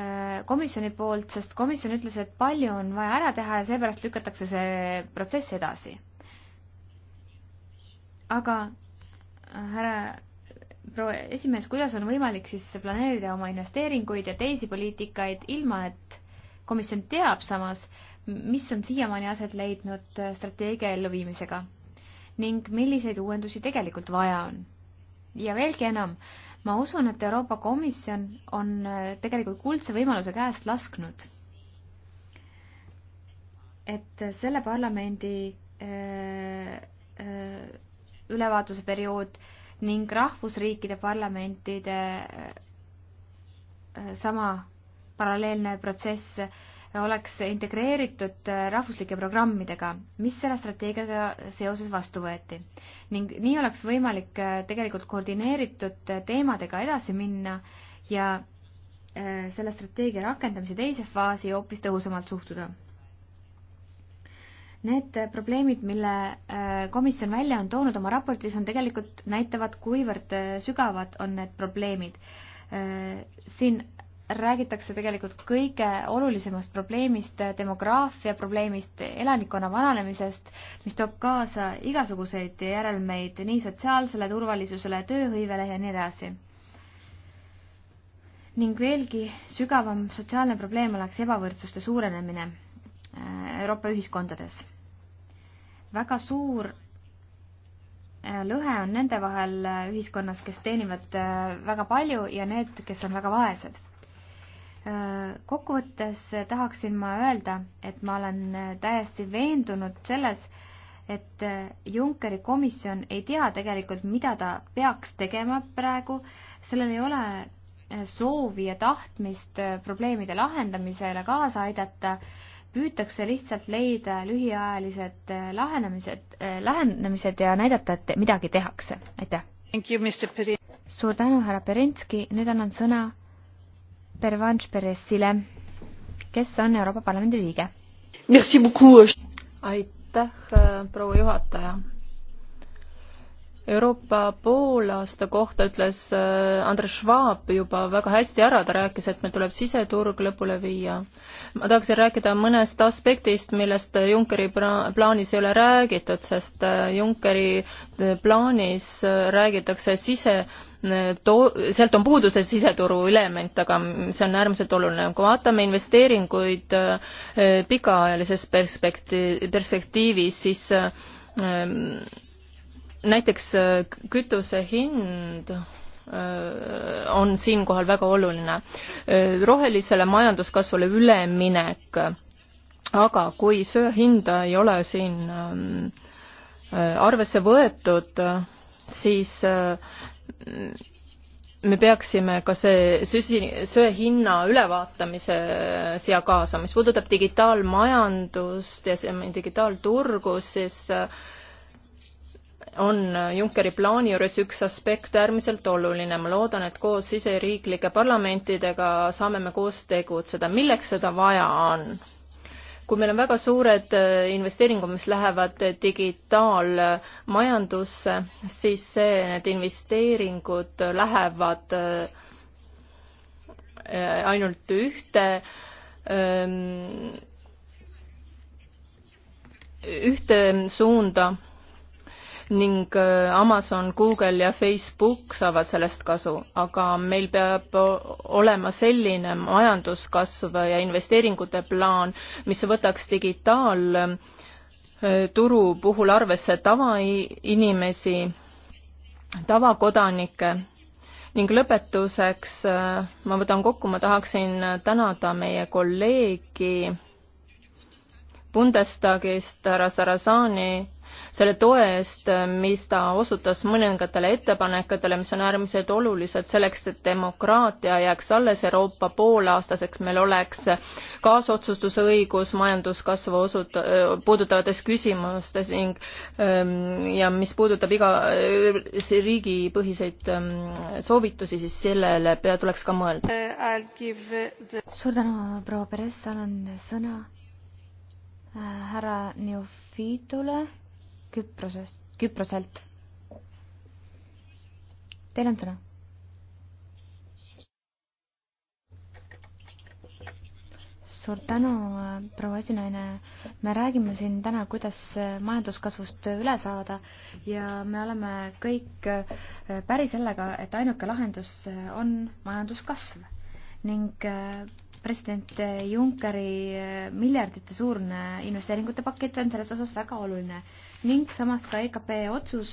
komisjoni poolt, sest komisjon ütles, et palju on vaja ära teha ja seepärast lükatakse see protsess edasi. aga äh, härra proua esimees, kuidas on võimalik siis planeerida oma investeeringuid ja teisi poliitikaid, ilma et komisjon teab samas, mis on siiamaani aset leidnud strateegia elluviimisega ning milliseid uuendusi tegelikult vaja on ja veelgi enam, ma usun, et Euroopa Komisjon on äh, tegelikult kuldse võimaluse käest lasknud. et selle parlamendi äh, äh, ülevaatuse periood ning rahvusriikide parlamentide sama paralleelne protsess oleks integreeritud äh, rahvuslike programmidega, mis selle strateegiaga seoses vastu võeti. ning nii oleks võimalik äh, tegelikult koordineeritud äh, teemadega edasi minna ja selle strateegia rakendamise teise faasi hoopis tõhusamalt suhtuda. Need probleemid, mille komisjon välja on toonud oma raportis, on tegelikult, näitavad, kuivõrd sügavad on need probleemid. siin räägitakse tegelikult kõige olulisemast probleemist, demograafia probleemist, elanikkonna vananemisest, mis toob kaasa igasuguseid järelmeid nii sotsiaalsele turvalisusele, tööhõivele ja nii edasi. ning veelgi sügavam sotsiaalne probleem oleks ebavõrdsuste suurenemine äh, Euroopa ühiskondades. väga suur äh, lõhe on nende vahel äh, ühiskonnas, kes teenivad väga palju ja need, kes on väga vaesed kokkuvõttes tahaksin ma öelda, et ma olen täiesti veendunud selles, et Junckeri komisjon ei tea tegelikult, mida ta peaks tegema praegu, sellel ei ole soovi ja tahtmist probleemide lahendamisele kaasa aidata, püütakse lihtsalt leida lühiajalised lahenemised, lahenemised ja näidata, et midagi tehakse. aitäh! suur tänu, härra Berinski, nüüd annan sõna Pervanš Peressile, kes on Euroopa Parlamendi liige. aitäh, proua juhataja Euroopa poolaasta kohta ütles äh, Andres Schwab juba väga hästi ära, ta rääkis, et meil tuleb siseturg lõpule viia. ma tahaksin rääkida mõnest aspektist, millest Junckeri plaanis ei ole räägitud, sest äh, Junckeri äh, plaanis räägitakse sise to-, sealt on puudu see siseturu element, aga see on äärmiselt oluline. kui vaatame investeeringuid äh, pikaajalises perspekti-, perspektiivis, siis äh, näiteks äh, kütuse hind on siinkohal väga oluline. rohelisele majanduskasvule üleminek, aga kui söe hinda ei ole siin arvesse võetud, siis me peaksime ka see süsi-, söe hinna ülevaatamise siia kaasa. mis puudutab digitaalmajandust ja digitaalturgu, siis on Junckeri plaani juures üks aspekt äärmiselt oluline. ma loodan, et koos siseriiklike parlamentidega saame me koos tegutseda. milleks seda vaja on? kui meil on väga suured äh, investeeringud, mis lähevad äh, digitaalmajandusse, siis see, need investeeringud lähevad äh, ainult ühte ähm, ühte suunda ning äh, Amazon, Google ja Facebook saavad sellest kasu, aga meil peab olema selline majanduskasv ja investeeringute plaan, mis võtaks digitaalturu äh, puhul arvesse tavainimesi, tavakodanikke ning lõpetuseks äh, ma võtan kokku, ma tahaksin tänada meie kolleegi Bundestagist härra Sarasani selle toe eest, mis ta osutas mõningatele ettepanekutele, mis on äärmiselt olulised selleks, et demokraatia jääks alles Euroopa poolaastaseks, meil oleks kaasotsustusõigus majanduskasvu osut-, puudutavates küsimustes ning ähm, ja mis puudutab iga riigipõhiseid ähm, soovitusi, siis sellele pea tuleks ka mõelda. The... suur tänu, proua Peres, annan sõna äh, härra Neofitule Küprosest, Küproselt. Teil on sõna. suur tänu, proua esinaine. me räägime siin täna, kuidas majanduskasvust üle saada ja me oleme kõik päri sellega, et ainuke lahendus on majanduskasv ning eh, president Junckeri miljardite suurune investeeringute pakett on selles osas väga oluline ning samas ka EKP otsus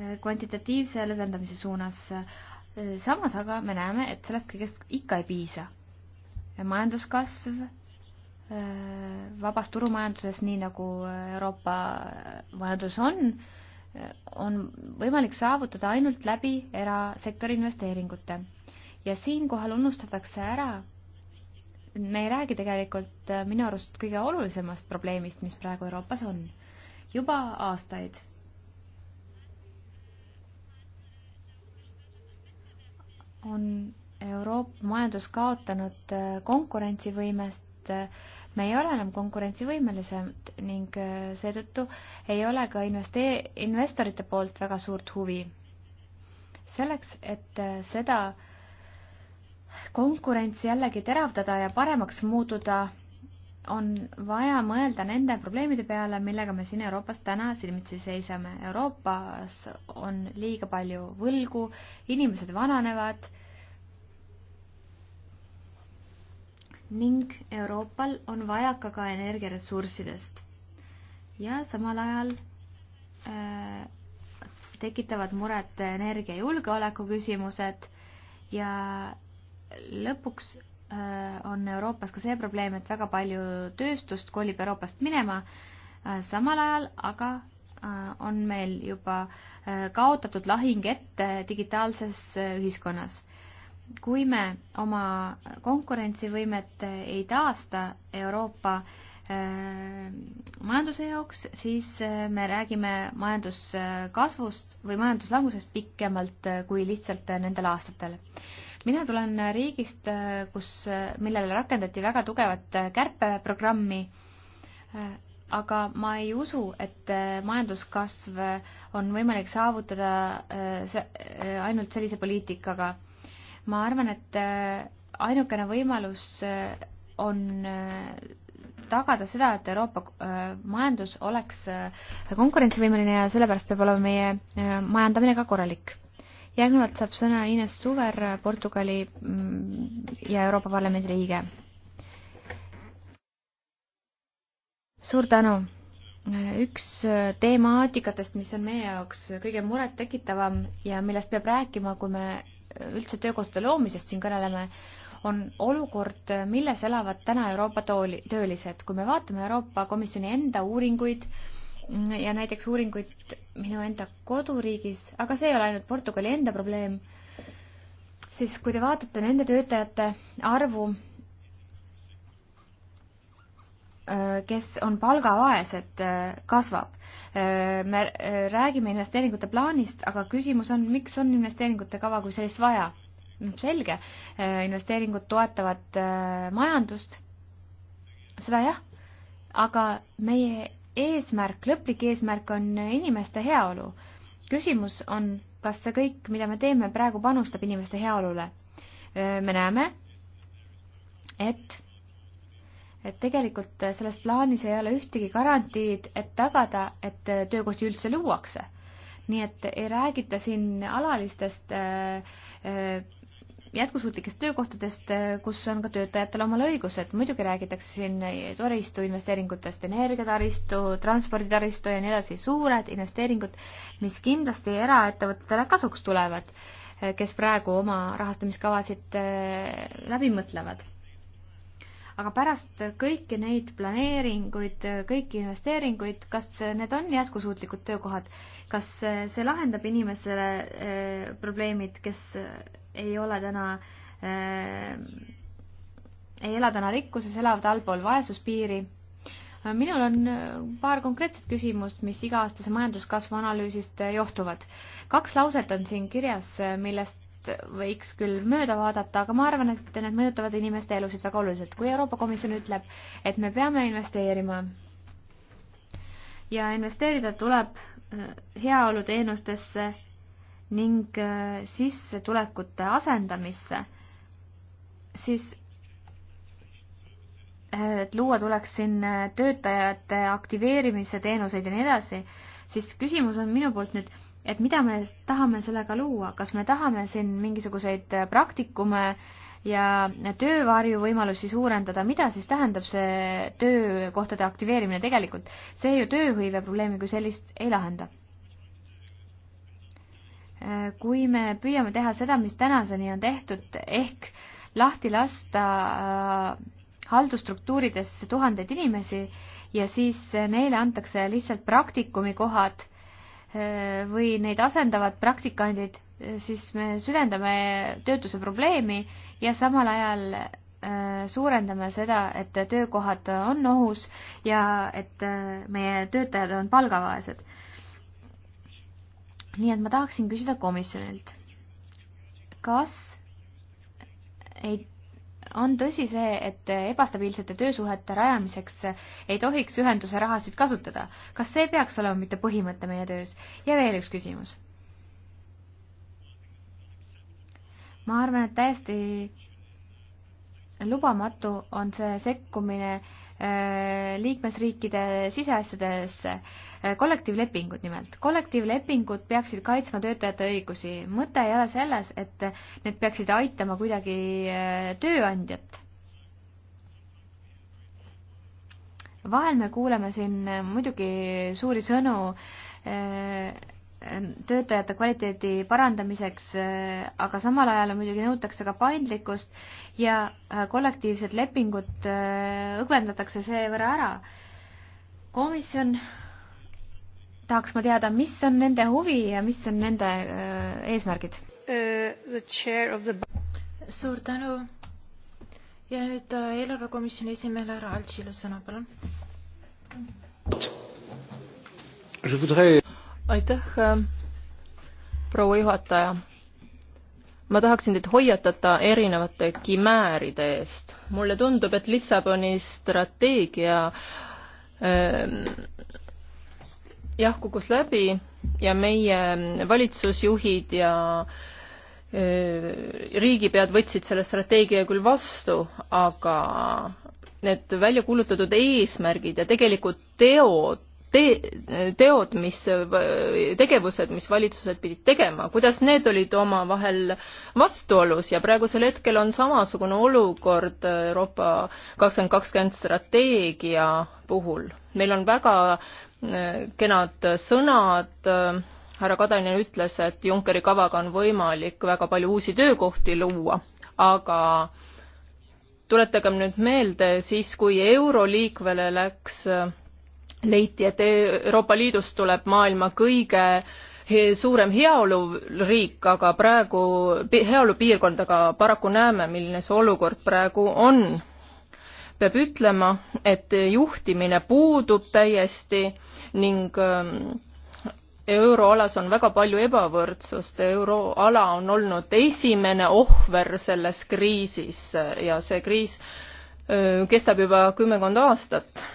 äh, kvantitatiivse lõdvendamise suunas. Äh, samas aga me näeme, et sellest kõigest ikka ei piisa. majanduskasv äh, vabas turumajanduses, nii nagu Euroopa majandus on, on võimalik saavutada ainult läbi erasektori investeeringute. ja siinkohal unustatakse ära, me ei räägi tegelikult äh, minu arust kõige olulisemast probleemist, mis praegu Euroopas on. juba aastaid. on Euroopa majandus kaotanud äh, konkurentsivõimest, me ei ole enam konkurentsivõimelisemad ning äh, seetõttu ei ole ka investee-, investorite poolt väga suurt huvi. selleks, et seda äh, konkurentsi jällegi teravdada ja paremaks muutuda, on vaja mõelda nende probleemide peale, millega me siin Euroopas täna silmitsi seisame. Euroopas on liiga palju võlgu, inimesed vananevad ning Euroopal on vajaka ka energiaressurssidest. ja samal ajal äh, tekitavad muret energiajulgeoleku küsimused ja lõpuks äh, on Euroopas ka see probleem, et väga palju tööstust kolib Euroopast minema, äh, samal ajal aga äh, on meil juba kaotatud lahing ette digitaalses ühiskonnas. kui me oma konkurentsivõimet ei taasta Euroopa majanduse jaoks, siis me räägime majanduskasvust või majanduslangusest pikemalt kui lihtsalt nendel aastatel mina tulen riigist, kus, millele rakendati väga tugevat kärpeprogrammi, aga ma ei usu, et majanduskasv on võimalik saavutada ainult sellise poliitikaga. ma arvan, et ainukene võimalus on tagada seda, et Euroopa äh, majandus oleks konkurentsivõimeline ja sellepärast peab olema meie äh, majandamine ka korralik järgnevalt saab sõna Ines Suver, Portugali mm, ja Euroopa Parlamendi liige. suur tänu. üks temaatikatest, mis on meie jaoks kõige murettekitavam ja millest peab rääkima, kui me üldse töökohtade loomisest siin kõneleme, on olukord, milles elavad täna Euroopa tooli, töölised. kui me vaatame Euroopa Komisjoni enda uuringuid, ja näiteks uuringuid minu enda koduriigis, aga see ei ole ainult Portugali enda probleem, siis kui te vaatate nende töötajate arvu, äh, kes on palgavaesed, äh, kasvab. Äh, me räägime investeeringute plaanist, aga küsimus on, miks on investeeringute kava kui sellist vaja? selge, investeeringud toetavad majandust, seda jah, aga meie eesmärk, lõplik eesmärk on inimeste heaolu. küsimus on, kas see kõik, mida me teeme praegu, panustab inimeste heaolule. me näeme, et et tegelikult selles plaanis ei ole ühtegi garantiid, et tagada, et töökohti üldse luuakse. nii et ei räägita siin alalistest äh, äh, jätkusuutlikest töökohtadest, eh, kus on ka töötajatel omal õigused. muidugi räägitakse siin eh, taristu investeeringutest, energiataristu, transporditaristu ja nii edasi, suured investeeringud, mis kindlasti eraettevõtetele kasuks tulevad, eh, kes praegu oma rahastamiskavasid läbi mõtlevad. aga pärast kõiki neid planeeringuid, kõiki investeeringuid, kas need on jätkusuutlikud töökohad, kas see lahendab inimesele probleemid, kes ei ole täna äh,, ei ela täna rikkuses, elavad allpool vaesuspiiri. Äh, minul on äh, paar konkreetset küsimust, mis iga-aastase majanduskasvu analüüsist äh, johtuvad. kaks lauset on siin kirjas, millest võiks küll mööda vaadata, aga ma arvan, et need mõjutavad inimeste elusid väga oluliselt. kui Euroopa Komisjon ütleb, et me peame investeerima ja investeerida tuleb heaoluteenustesse ning äh, sissetulekute asendamisse, siis äh, et luua tuleks siin äh, töötajate aktiveerimise teenuseid ja nii edasi, siis küsimus on minu poolt nüüd, et mida me tahame sellega luua, kas me tahame siin mingisuguseid praktikume ja töövarju võimalusi suurendada, mida siis tähendab see töökohtade aktiveerimine tegelikult? see ju tööhõive probleemi kui sellist ei lahenda kui me püüame teha seda, mis tänaseni on tehtud, ehk lahti lasta äh, haldusstruktuuridesse tuhandeid inimesi ja siis neile antakse lihtsalt praktikumikohad äh, või neid asendavad praktikandid, äh, siis me süvendame töötuse probleemi ja samal ajal suurendame seda, et töökohad on ohus ja et meie töötajad on palgavaesed nii et ma tahaksin küsida komisjonilt, kas ei, on tõsi see, et ebastabiilsete töösuhete rajamiseks ei tohiks ühenduse rahasid kasutada, kas see peaks olema mitte põhimõte meie töös? ja veel üks küsimus. ma arvan, et täiesti lubamatu on see sekkumine äh, liikmesriikide siseasjadesse kollektiivlepingud nimelt. kollektiivlepingud peaksid kaitsma töötajate õigusi. mõte ei ole selles, et need peaksid aitama kuidagi äh, tööandjat. vahel me kuuleme siin äh, muidugi suuri sõnu äh, töötajate kvaliteedi parandamiseks, aga samal ajal muidugi nõutakse ka paindlikkust ja kollektiivsed lepingud õgvendatakse seevõrra ära. komisjon tahaks ma teada, mis on nende huvi ja mis on nende äh, eesmärgid uh,? The... suur tänu. ja nüüd äh, eelarvekomisjoni esimehele härra Altšile sõna, palun. aitäh, äh, proua juhataja ma tahaksin teid hoiatada erinevate kimääride eest. mulle tundub, et Lissaboni strateegia ähm, jah kukkus läbi ja meie valitsusjuhid ja riigipead võtsid selle strateegia küll vastu, aga need välja kuulutatud eesmärgid ja tegelikult teod, te-, teod, mis, tegevused, mis valitsused pidid tegema, kuidas need olid omavahel vastuolus ja praegusel hetkel on samasugune olukord Euroopa kakskümmend kakskümmend strateegia puhul. meil on väga kenad sõnad. härra Kadanen ütles, et Junckeri kavaga on võimalik väga palju uusi töökohti luua, aga tuletagem nüüd meelde, siis kui euroliikvele läks, leiti, et Euroopa Liidust tuleb maailma kõige suurem heaoluriik, aga praegu, heaolupiirkond, aga paraku näeme, milline see olukord praegu on peab ütlema, et juhtimine puudub täiesti ning ähm, euroalas on väga palju ebavõrdsust, euroala on olnud esimene ohver selles kriisis ja see kriis äh, kestab juba kümmekond aastat.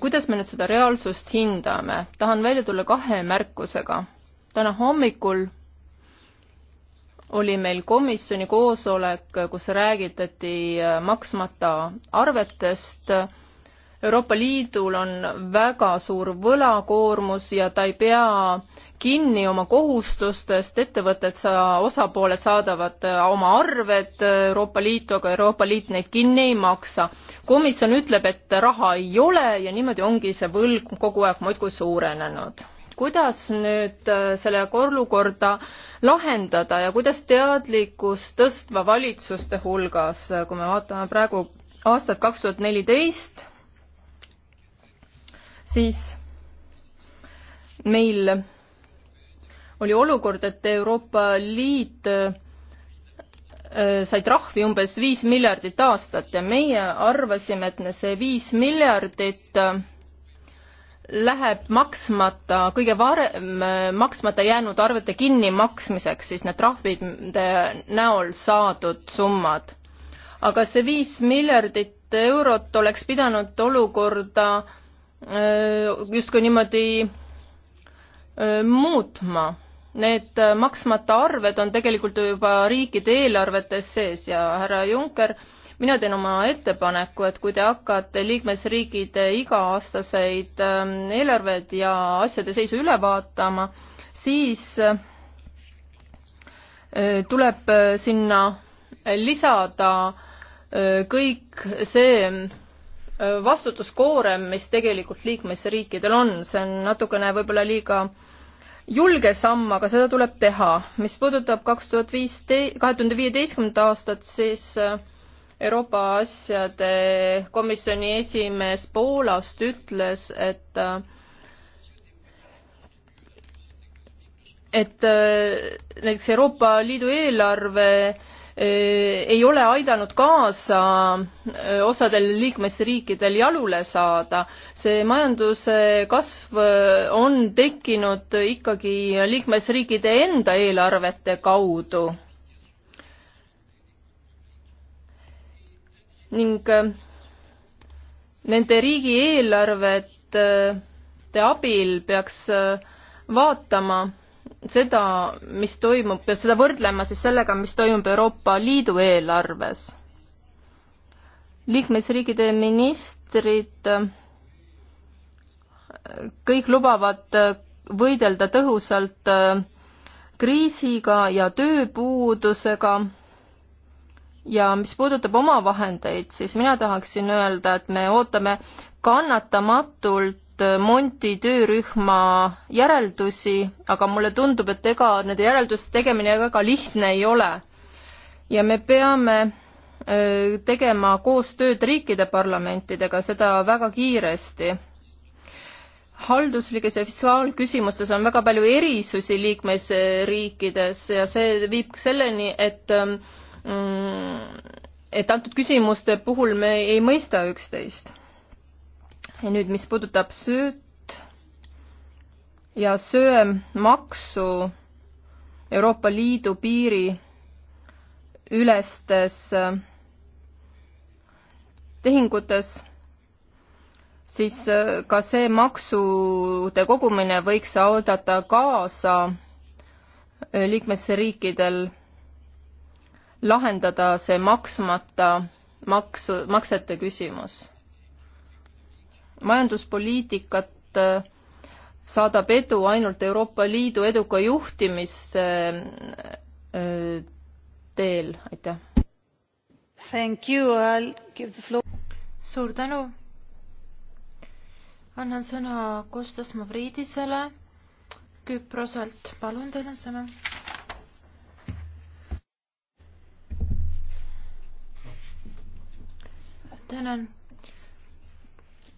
kuidas me nüüd seda reaalsust hindame? tahan välja tulla kahe märkusega. täna hommikul oli meil komisjoni koosolek, kus räägitati äh, maksmata arvetest Euroopa Liidul on väga suur võlakoormus ja ta ei pea kinni oma kohustustest, ettevõtted sa, osapooled saadavad äh, oma arved Euroopa Liitu, aga Euroopa Liit neid kinni ei maksa. komisjon ütleb, et raha ei ole ja niimoodi ongi see võlg kogu aeg muudkui suurenenud. kuidas nüüd äh, selle olukorda lahendada ja kuidas teadlikkust tõstva valitsuste hulgas, äh, kui me vaatame praegu aastat kaks tuhat neliteist, siis meil oli olukord, et Euroopa Liit äh, sai trahvi umbes viis miljardit aastat ja meie arvasime, et see viis miljardit äh, läheb maksmata, kõige varem äh, maksmata jäänud arvete kinnimaksmiseks, siis need trahvide näol saadud summad. aga see viis miljardit eurot oleks pidanud olukorda äh, Äh, justkui niimoodi äh, muutma. Need äh, maksmata arved on tegelikult juba riikide eelarvetes sees ja härra Juncker, mina teen oma ettepaneku, et kui te hakkate liikmesriikide iga-aastaseid ähm, eelarved ja asjade seisu üle vaatama, siis tuleb sinna lisada kõik see, vastutuskoorem, mis tegelikult liikmesriikidel on, see on natukene võib-olla liiga julge samm, aga seda tuleb teha. mis puudutab kaks tuhat viisteist, kahe tuhande viieteistkümnendat aastat, siis äh, Euroopa asjade komisjoni esimees Poolast ütles, et äh, et äh, näiteks Euroopa Liidu eelarve äh, Äh, ei ole aidanud kaasa äh, osadel liikmesriikidel jalule saada. see majanduse kasv äh, on tekkinud ikkagi liikmesriikide enda eelarvete kaudu. ning nende riigieelarvete abil peaks vaatama, seda, mis toimub, seda võrdlema siis sellega, mis toimub Euroopa Liidu eelarves. liikmesriikide ministrid kõik lubavad võidelda tõhusalt äh, kriisiga ja tööpuudusega ja mis puudutab omavahendeid, siis mina tahaksin öelda, et me ootame kannatamatult poolt äh, Monti töörühma järeldusi, aga mulle tundub, et ega nende järelduste tegemine väga lihtne ei ole. ja me peame äh, tegema koostööd riikide parlamentidega, seda väga kiiresti halduslikes ja fiskaalküsimustes on väga palju erisusi liikmesriikides ja see viib selleni, et ähm, et antud küsimuste puhul me ei mõista üksteist ja nüüd, mis puudutab sööt ja söömaksu Euroopa Liidu piiri ülestes äh, tehingutes, siis äh, ka see maksude kogumine võiks aidata kaasa äh, liikmesriikidel lahendada see maksmata maksu, maksete küsimus majanduspoliitikat äh, saadab edu ainult Euroopa Liidu eduka juhtimise äh, teel, aitäh. Thank you, I'll give the floor. suur tänu. annan sõna Kostas Mavridisele Küproselt, palun, teil on sõna. tänan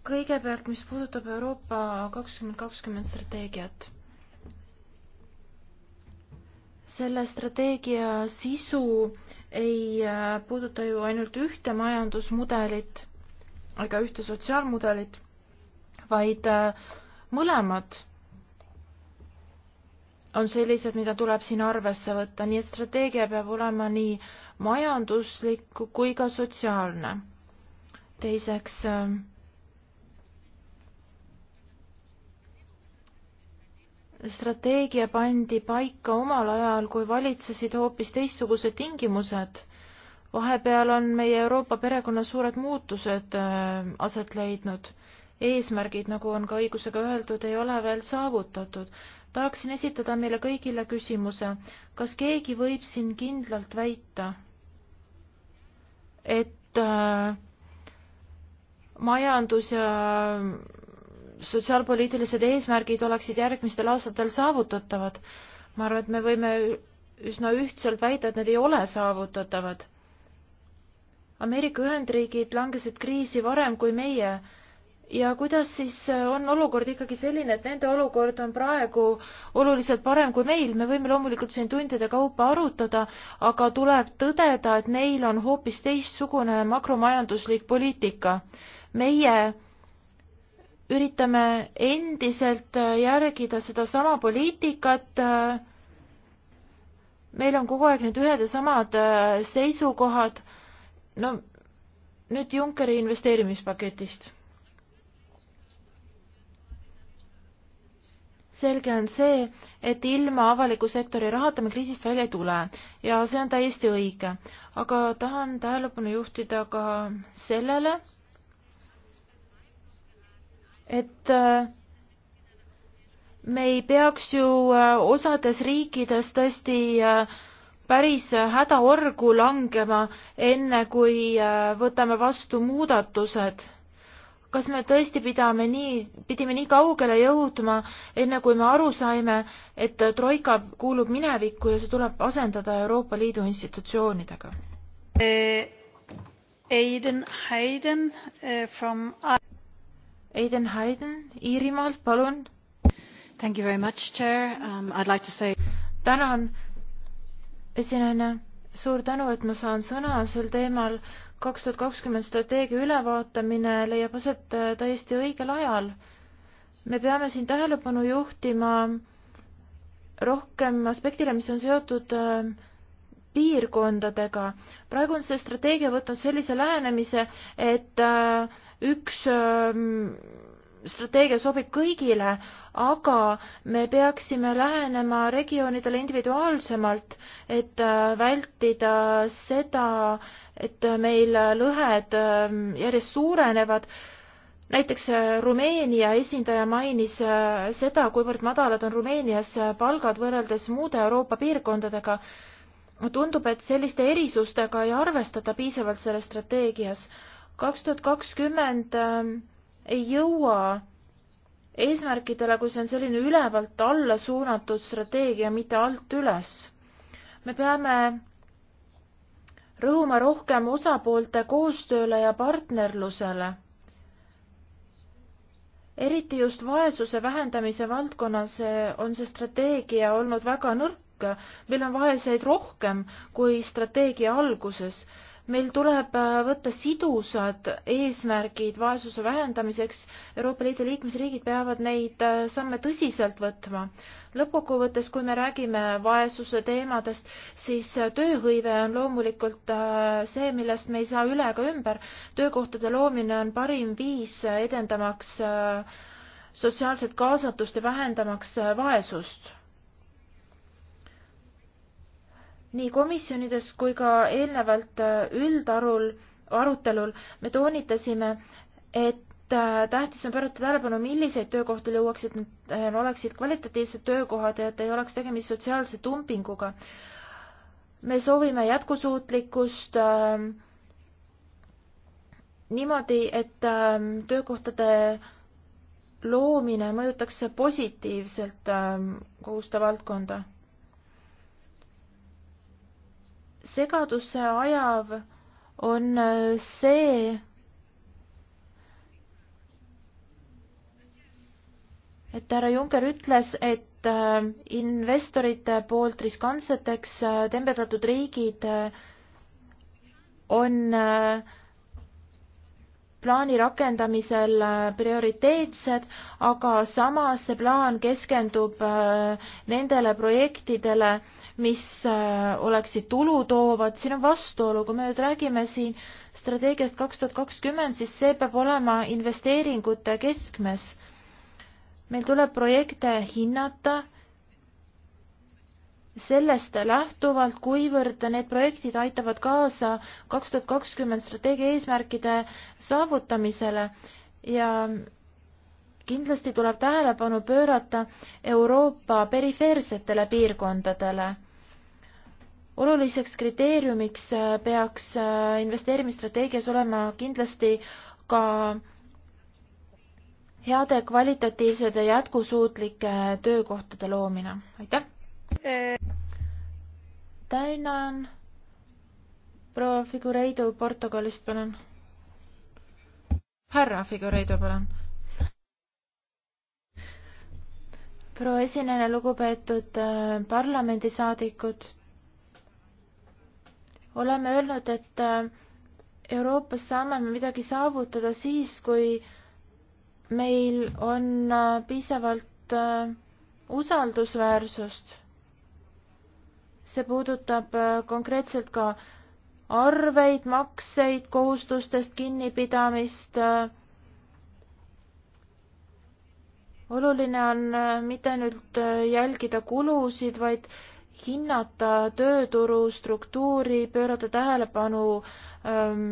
kõigepealt, mis puudutab Euroopa kakskümmend kakskümmend strateegiat. selle strateegia sisu ei äh, puuduta ju ainult ühte majandusmudelit ega ühte sotsiaalmudelit, vaid äh, mõlemad on sellised, mida tuleb siin arvesse võtta, nii et strateegia peab olema nii majanduslik kui ka sotsiaalne. teiseks äh, strateegia pandi paika omal ajal, kui valitsesid hoopis teistsugused tingimused. vahepeal on meie Euroopa perekonnas suured muutused äh, aset leidnud. eesmärgid, nagu on ka õigusega öeldud, ei ole veel saavutatud. tahaksin esitada meile kõigile küsimuse, kas keegi võib siin kindlalt väita, et äh, majandus ja sotsiaalpoliitilised eesmärgid oleksid järgmistel aastatel saavutatavad. ma arvan, et me võime üsna ühtselt väita, et need ei ole saavutatavad. Ameerika Ühendriigid langesid kriisi varem kui meie ja kuidas siis on olukord ikkagi selline, et nende olukord on praegu oluliselt parem kui meil, me võime loomulikult siin tundide kaupa arutada, aga tuleb tõdeda, et neil on hoopis teistsugune makromajanduslik poliitika. meie üritame endiselt äh, järgida sedasama poliitikat. Äh, meil on kogu aeg need ühed ja samad äh, seisukohad. no nüüd Junckeri investeerimispaketist. selge on see, et ilma avaliku sektori rahata me kriisist välja ei tule ja see on täiesti õige, aga tahan tähelepanu juhtida ka sellele, et äh, me ei peaks ju äh, osades riikides tõesti äh, päris hädaorgu langema, enne kui võtame vastu muudatused. kas me tõesti pidame nii, pidime nii kaugele jõudma, enne kui me aru saime, et troika kuulub minevikku ja see tuleb asendada Euroopa Liidu institutsioonidega? Aiden Hayden from Aiden Hayden Iirimaalt, palun. Thank you very much, chair um,. I would like to say. tänan, esinejana. suur tänu, et ma saan sõna sel teemal. kaks tuhat kakskümmend strateegia ülevaatamine leiab aset äh, täiesti õigel ajal. me peame siin tähelepanu juhtima rohkem aspektile, mis on seotud äh, piirkondadega. praegu on see strateegia võtnud sellise lähenemise, et äh, üks ähm, strateegia sobib kõigile, aga me peaksime lähenema regioonidele individuaalsemalt, et äh, vältida seda, et meil lõhed ähm, järjest suurenevad. näiteks äh, Rumeenia esindaja mainis seda, kuivõrd madalad on Rumeenias palgad võrreldes muude Euroopa piirkondadega tundub, et selliste erisustega ei arvestata piisavalt selles strateegias. kaks tuhat kakskümmend ähm, ei jõua eesmärkidele, kui see on selline ülevalt alla suunatud strateegia, mitte alt üles. me peame rõhuma rohkem osapoolte koostööle ja partnerlusele. eriti just vaesuse vähendamise valdkonnas äh, on see strateegia olnud väga nõrk riike. meil on vaeseid rohkem kui strateegia alguses. meil tuleb äh, võtta sidusad eesmärgid vaesuse vähendamiseks. Euroopa Liidu liikmesriigid peavad neid äh, samme tõsiselt võtma. lõppkokkuvõttes, kui me räägime vaesuse teemadest, siis äh, tööhõive on loomulikult see, millest me ei saa üle ega ümber. töökohtade loomine on parim viis edendamaks sotsiaalset kaasatust ja vähendamaks vaesust nii komisjonides kui ka eelnevalt äh, üldarul, arutelul me toonitasime, et äh, tähtis on pöörata tähelepanu, milliseid töökohti luuakse, et need äh, oleksid kvalitatiivsed töökohad ja et ei oleks tegemist sotsiaalse dumpinguga. me soovime jätkusuutlikkust äh, niimoodi, et äh, töökohtade loomine mõjutaks positiivselt äh, kogu seda valdkonda segadusse ajav on äh, see, et härra Juncker ütles, et äh, investorite poolt riskantseteks äh, tembeldatud riigid on äh, plaani rakendamisel äh, prioriteetsed, aga samas see plaan keskendub äh, nendele projektidele, mis äh, oleksid tulutoovad, siin on vastuolu, kui me nüüd räägime siin strateegiast kaks tuhat kakskümmend, siis see peab olema investeeringute keskmes. meil tuleb projekte hinnata sellest lähtuvalt, kuivõrd need projektid aitavad kaasa kaks tuhat kakskümmend strateegia eesmärkide saavutamisele ja kindlasti tuleb tähelepanu pöörata Euroopa perifeersetele piirkondadele. oluliseks kriteeriumiks peaks investeerimisstrateegias olema kindlasti ka heade kvalitatiivsete jätkusuutlike töökohtade loomine. aitäh! tänan. proua Figureidu Portugalist, palun. härra Figureidu, palun. proua esineja, lugupeetud äh, parlamendisaadikud. oleme öelnud, et äh, Euroopas saame me midagi saavutada siis, kui meil on äh, piisavalt usaldusväärsust see puudutab äh, konkreetselt ka arveid, makseid, kohustustest kinnipidamist. Äh. oluline on äh, mitte ainult jälgida kulusid, vaid hinnata tööturu struktuuri, pöörata tähelepanu ähm,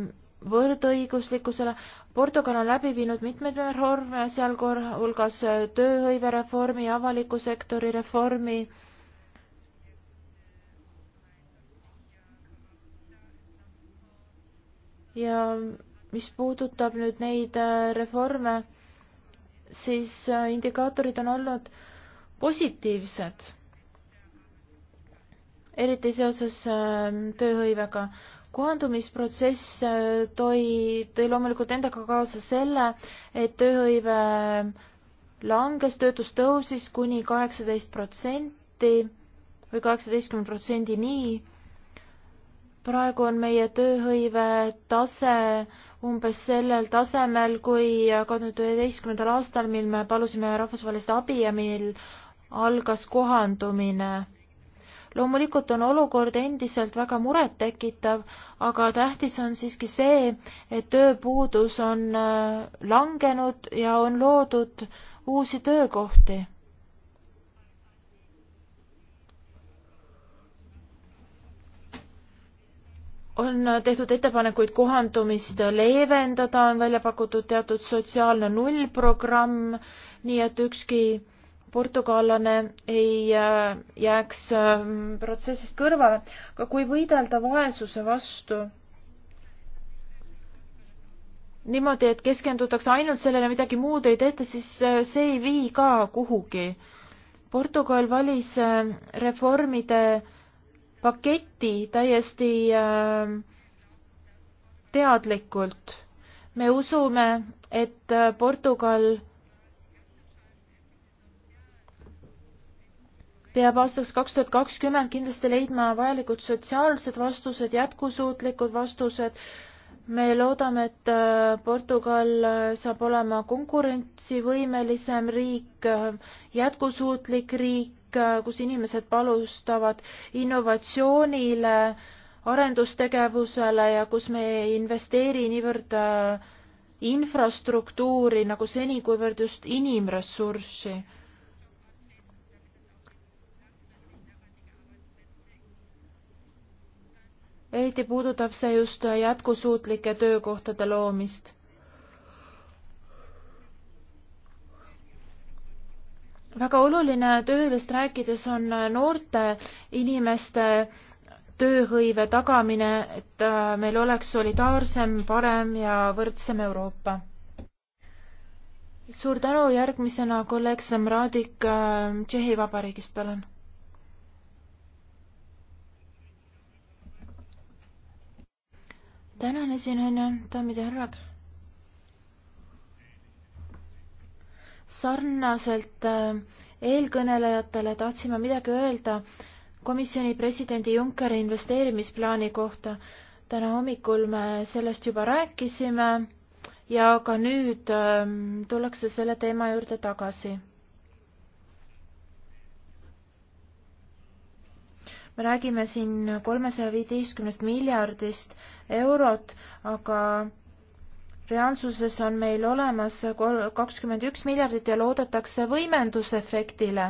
võrdõiguslikkusele. Portugal on läbi viinud mitmeid reforme, sealhulgas tööhõivereformi, avaliku sektori reformi, reformi ja mis puudutab nüüd neid äh, reforme, siis äh, indikaatorid on olnud positiivsed, eriti seoses ähm, tööhõivega. kohandumisprotsess äh, toi, tõi loomulikult endaga kaasa selle, et tööhõive ähm, langes, töötus tõusis kuni kaheksateist protsenti või kaheksateistkümne protsendini praegu on meie tööhõive tase umbes sellel tasemel, kui kadunud üheteistkümnendal aastal, mil me palusime rahvusvahelist abi ja mil algas kohandumine. loomulikult on olukord endiselt väga murettekitav, aga tähtis on siiski see, et tööpuudus on äh, langenud ja on loodud uusi töökohti. on tehtud ettepanekuid kohandumist leevendada, on välja pakutud teatud sotsiaalne nullprogramm, nii et ükski portugallane ei äh, jääks ähm, protsessist kõrvale. aga kui võidelda vaesuse vastu niimoodi, et keskendutakse ainult sellele, midagi muud ei tehta, siis äh, see ei vii ka kuhugi. Portugal valis äh, reformide paketti täiesti äh, teadlikult. me usume, et äh, Portugal peab aastaks kaks tuhat kakskümmend kindlasti leidma vajalikud sotsiaalsed vastused, jätkusuutlikud vastused. me loodame, et äh, Portugal äh, saab olema konkurentsivõimelisem riik, jätkusuutlik riik riik, kus inimesed panustavad innovatsioonile, arendustegevusele ja kus me ei investeeri niivõrd äh, infrastruktuuri nagu seni, kuivõrd just inimressurssi eriti puudutab see just jätkusuutlike töökohtade loomist. väga oluline tööhõivest rääkides on noorte inimeste tööhõive tagamine, et äh, meil oleks solidaarsem, parem ja võrdsem Euroopa. suur tänu, järgmisena kolleeg Samradik äh, Tšehhi Vabariigist, palun. tänan, esineja, daamid ja härrad sarnaselt äh, eelkõnelejatele tahtsime midagi öelda komisjoni presidendi Junckeri investeerimisplaani kohta. täna hommikul me sellest juba rääkisime ja ka nüüd ähm, tullakse selle teema juurde tagasi. me räägime siin kolmesaja viieteistkümnest miljardist eurot, aga reaalsuses on meil olemas kakskümmend üks miljardit ja loodetakse võimendusefektile.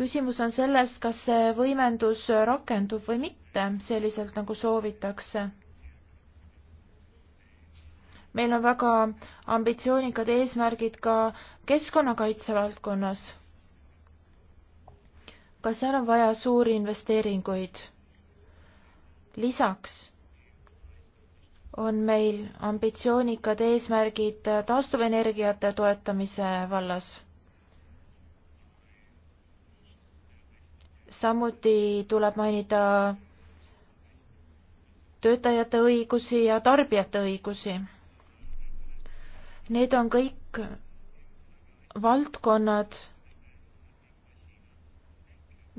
küsimus on selles, kas see võimendus rakendub või mitte selliselt, nagu soovitakse. meil on väga ambitsioonikad eesmärgid ka keskkonnakaitse valdkonnas. ka seal on vaja suuri investeeringuid. lisaks on meil ambitsioonikad eesmärgid taastuvenergiate toetamise vallas. samuti tuleb mainida töötajate õigusi ja tarbijate õigusi. Need on kõik valdkonnad,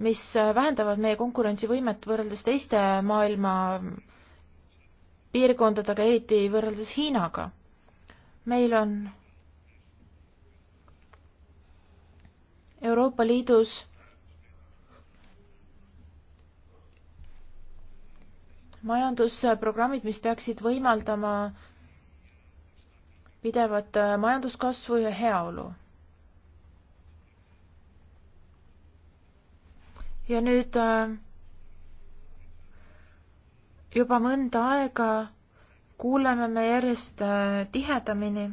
mis vähendavad meie konkurentsivõimet võrreldes teiste maailma piirkondadega, eriti võrreldes Hiinaga. meil on Euroopa Liidus majandusprogrammid, mis peaksid võimaldama pidevat majanduskasvu ja heaolu. ja nüüd äh, juba mõnda aega kuuleme me järjest äh, tihedamini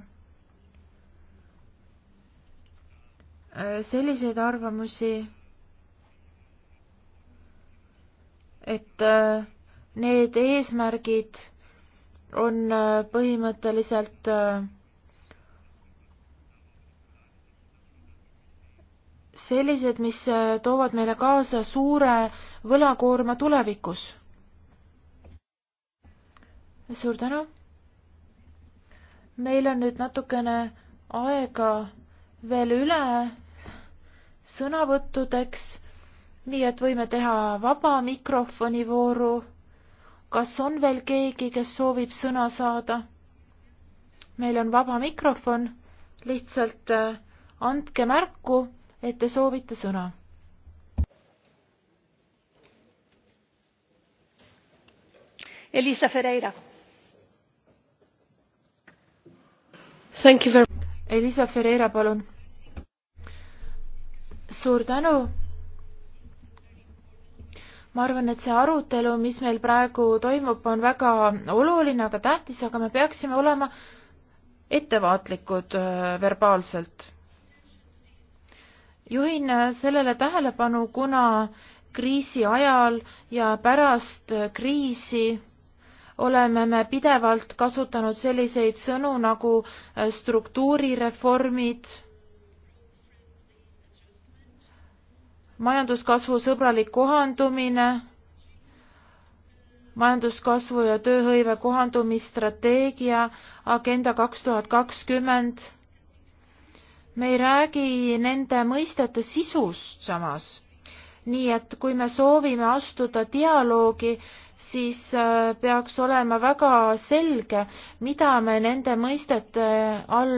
äh, selliseid arvamusi, et äh, need eesmärgid on põhimõtteliselt sellised, mis toovad meile kaasa suure võlakoorma tulevikus suur tänu. meil on nüüd natukene aega veel üle sõnavõttudeks, nii et võime teha vaba mikrofoni vooru. kas on veel keegi, kes soovib sõna saada? meil on vaba mikrofon, lihtsalt äh, andke märku, et te soovite sõna elisa ferreira Elisa Ferreira, palun. suur tänu. ma arvan, et see arutelu, mis meil praegu toimub, on väga oluline, aga tähtis, aga me peaksime olema ettevaatlikud äh, verbaalselt. juhin äh, sellele tähelepanu, kuna kriisi ajal ja pärast äh, kriisi oleme me pidevalt kasutanud selliseid sõnu nagu äh, struktuurireformid, majanduskasvu sõbralik kohandumine, majanduskasvu ja tööhõive kohandumisstrateegia, agenda kaks tuhat kakskümmend. me ei räägi nende mõistete sisust samas nii et kui me soovime astuda dialoogi siis äh, peaks olema väga selge, mida me nende mõistete all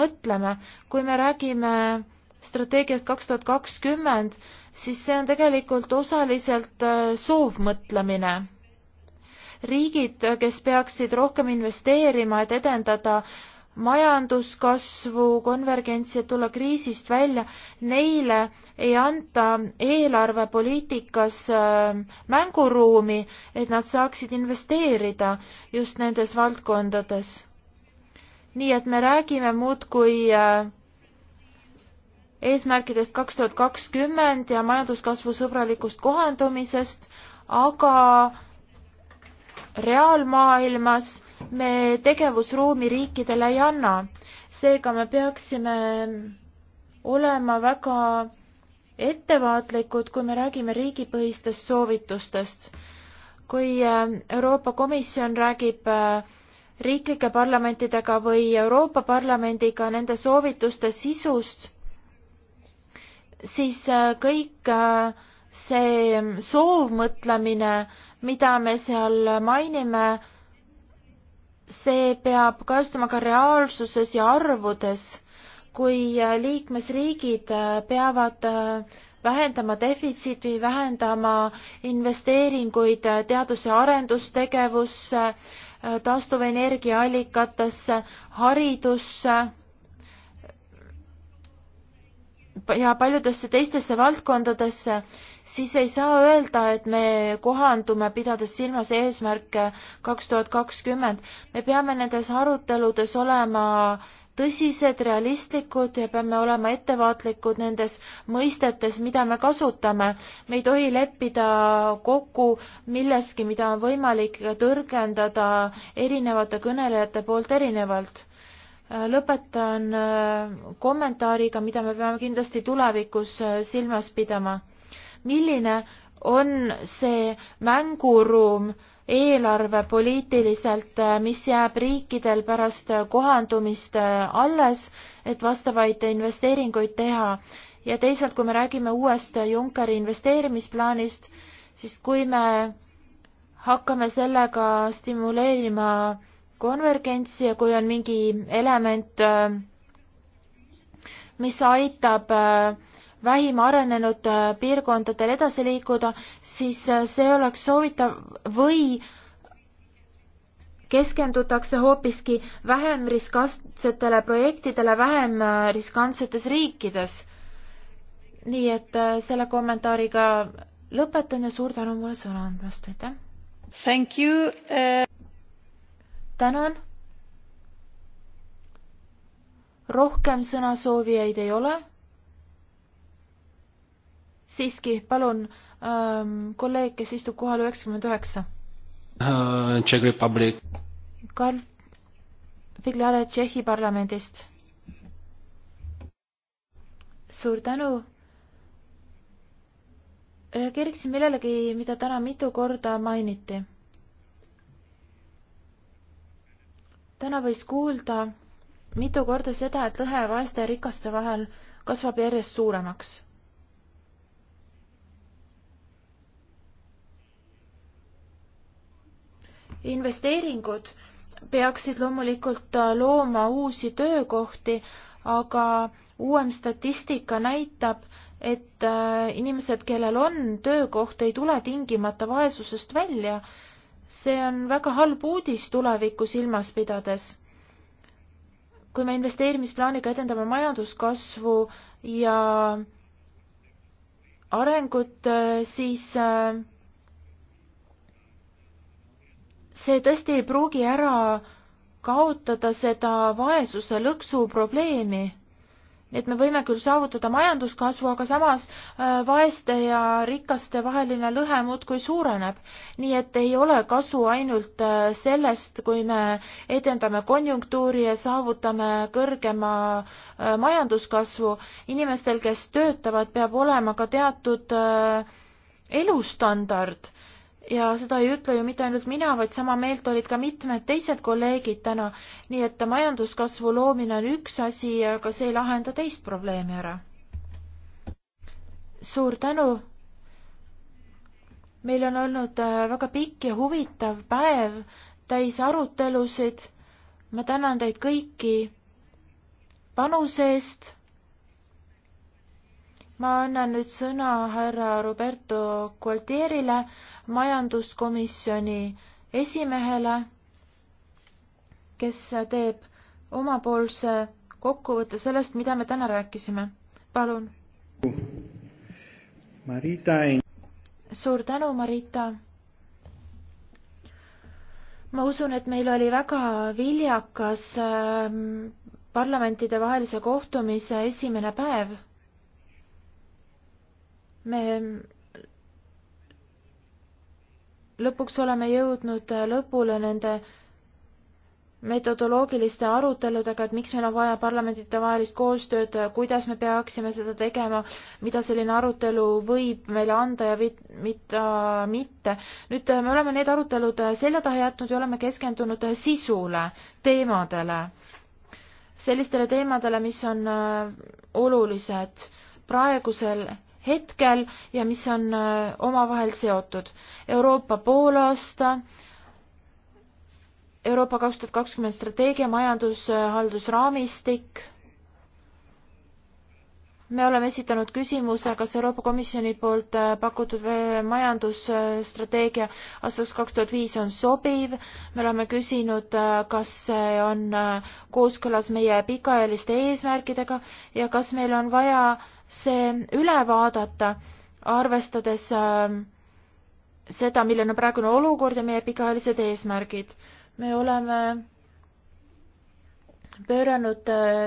mõtleme. kui me räägime strateegiast kaks tuhat kakskümmend, siis see on tegelikult osaliselt äh, soovmõtlemine. riigid, kes peaksid rohkem investeerima, et edendada majanduskasvu, konvergentsi, et tulla kriisist välja, neile ei anta eelarvepoliitikas ähm, mänguruumi, et nad saaksid investeerida just nendes valdkondades. nii et me räägime muudkui äh, eesmärkidest kaks tuhat kakskümmend ja majanduskasvu sõbralikust kohandumisest, aga reaalmaailmas me tegevusruumi riikidele ei anna. seega me peaksime olema väga ettevaatlikud, kui me räägime riigipõhistest soovitustest. kui äh, Euroopa Komisjon räägib äh, riiklike parlamentidega või Euroopa Parlamendiga nende soovituste sisust, siis äh, kõik see soovmõtlemine mida me seal mainime, see peab kajastuma ka reaalsuses ja arvudes. kui liikmesriigid peavad vähendama defitsiiti, vähendama investeeringuid teadus- ja arendustegevusse, taastuvenergiaallikatesse, haridusse ja paljudesse teistesse valdkondadesse, siis ei saa öelda, et me kohandume, pidades silmas eesmärke kaks tuhat kakskümmend. me peame nendes aruteludes olema tõsised, realistlikud ja peame olema ettevaatlikud nendes mõistetes, mida me kasutame. me ei tohi leppida kokku milleski, mida on võimalik tõrgendada erinevate kõnelejate poolt erinevalt. lõpetan äh, kommentaariga, mida me peame kindlasti tulevikus äh, silmas pidama milline on see mänguruum eelarvepoliitiliselt, mis jääb riikidel pärast kohandumist alles, et vastavaid investeeringuid teha. ja teisalt, kui me räägime uuest Junckeri investeerimisplaanist, siis kui me hakkame sellega stimuleerima konvergentsi ja kui on mingi element, mis aitab äh, vähim arenenud äh, piirkondadel edasi liikuda, siis äh, see oleks soovitav või keskendutakse hoopiski vähem riskantsetele projektidele vähem äh, riskantsetes riikides. nii et selle kommentaariga lõpetan ja suur tänu mulle sõna andmast, aitäh! Thank you uh...! tänan! rohkem sõnasoovijaid ei ole siiski, palun ähm,, kolleeg, kes istub kohal üheksakümmend üheksa. Äh, Czech Republic. Karl Figlare Tšehhi parlamendist. suur tänu. reageeriksin millelegi, mida täna mitu korda mainiti. täna võis kuulda mitu korda seda, et lõhe vaeste ja rikaste vahel kasvab järjest suuremaks investeeringud peaksid loomulikult äh, looma uusi töökohti, aga uuem statistika näitab, et äh, inimesed, kellel on töökoht, ei tule tingimata vaesusest välja. see on väga halb uudis tulevikku silmas pidades. kui me investeerimisplaaniga edendame majanduskasvu ja arengut, äh, siis äh, see tõesti ei pruugi ära kaotada seda vaesuse lõksu probleemi. nii et me võime küll saavutada majanduskasvu, aga samas äh, vaeste ja rikaste vaheline lõhe muudkui suureneb. nii et ei ole kasu ainult äh, sellest, kui me edendame konjunktuuri ja saavutame kõrgema äh, majanduskasvu. inimestel, kes töötavad, peab olema ka teatud elustandard ja seda ei ütle ju mitte ainult mina, vaid sama meelt olid ka mitmed teised kolleegid täna. nii et majanduskasvu loomine on üks asi, aga see ei lahenda teist probleemi ära. suur tänu. meil on olnud äh, väga pikk ja huvitav päev täis arutelusid. ma tänan teid kõiki panuse eest. ma annan nüüd sõna härra Roberto Gualtierile majanduskomisjoni esimehele, kes teeb omapoolse kokkuvõtte sellest, mida me täna rääkisime. palun. suur tänu, Marita. ma usun, et meil oli väga viljakas ähm, parlamentidevahelise kohtumise esimene päev. me lõpuks oleme jõudnud äh, lõpule nende metodoloogiliste aruteludega, et miks meil on vaja parlamenditevahelist koostööd, äh, kuidas me peaksime seda tegema, mida selline arutelu võib meile anda ja mida mitte. nüüd äh, me oleme need arutelud selja taha jätnud ja oleme keskendunud sisule, teemadele, sellistele teemadele, mis on olulised. praegusel hetkel ja mis on äh, omavahel seotud. Euroopa poolaasta, Euroopa kaks tuhat kakskümmend strateegia, majandushaldusraamistik me oleme esitanud küsimuse, kas Euroopa Komisjoni poolt äh, pakutud äh, majandusstrateegia aastaks kaks tuhat viis on sobiv. me oleme küsinud, äh, kas see on kooskõlas meie pikaajaliste eesmärkidega ja kas meil on vaja see üle vaadata, arvestades seda, milline on praegune olukord ja meie pikaajalised eesmärgid. me oleme pööranud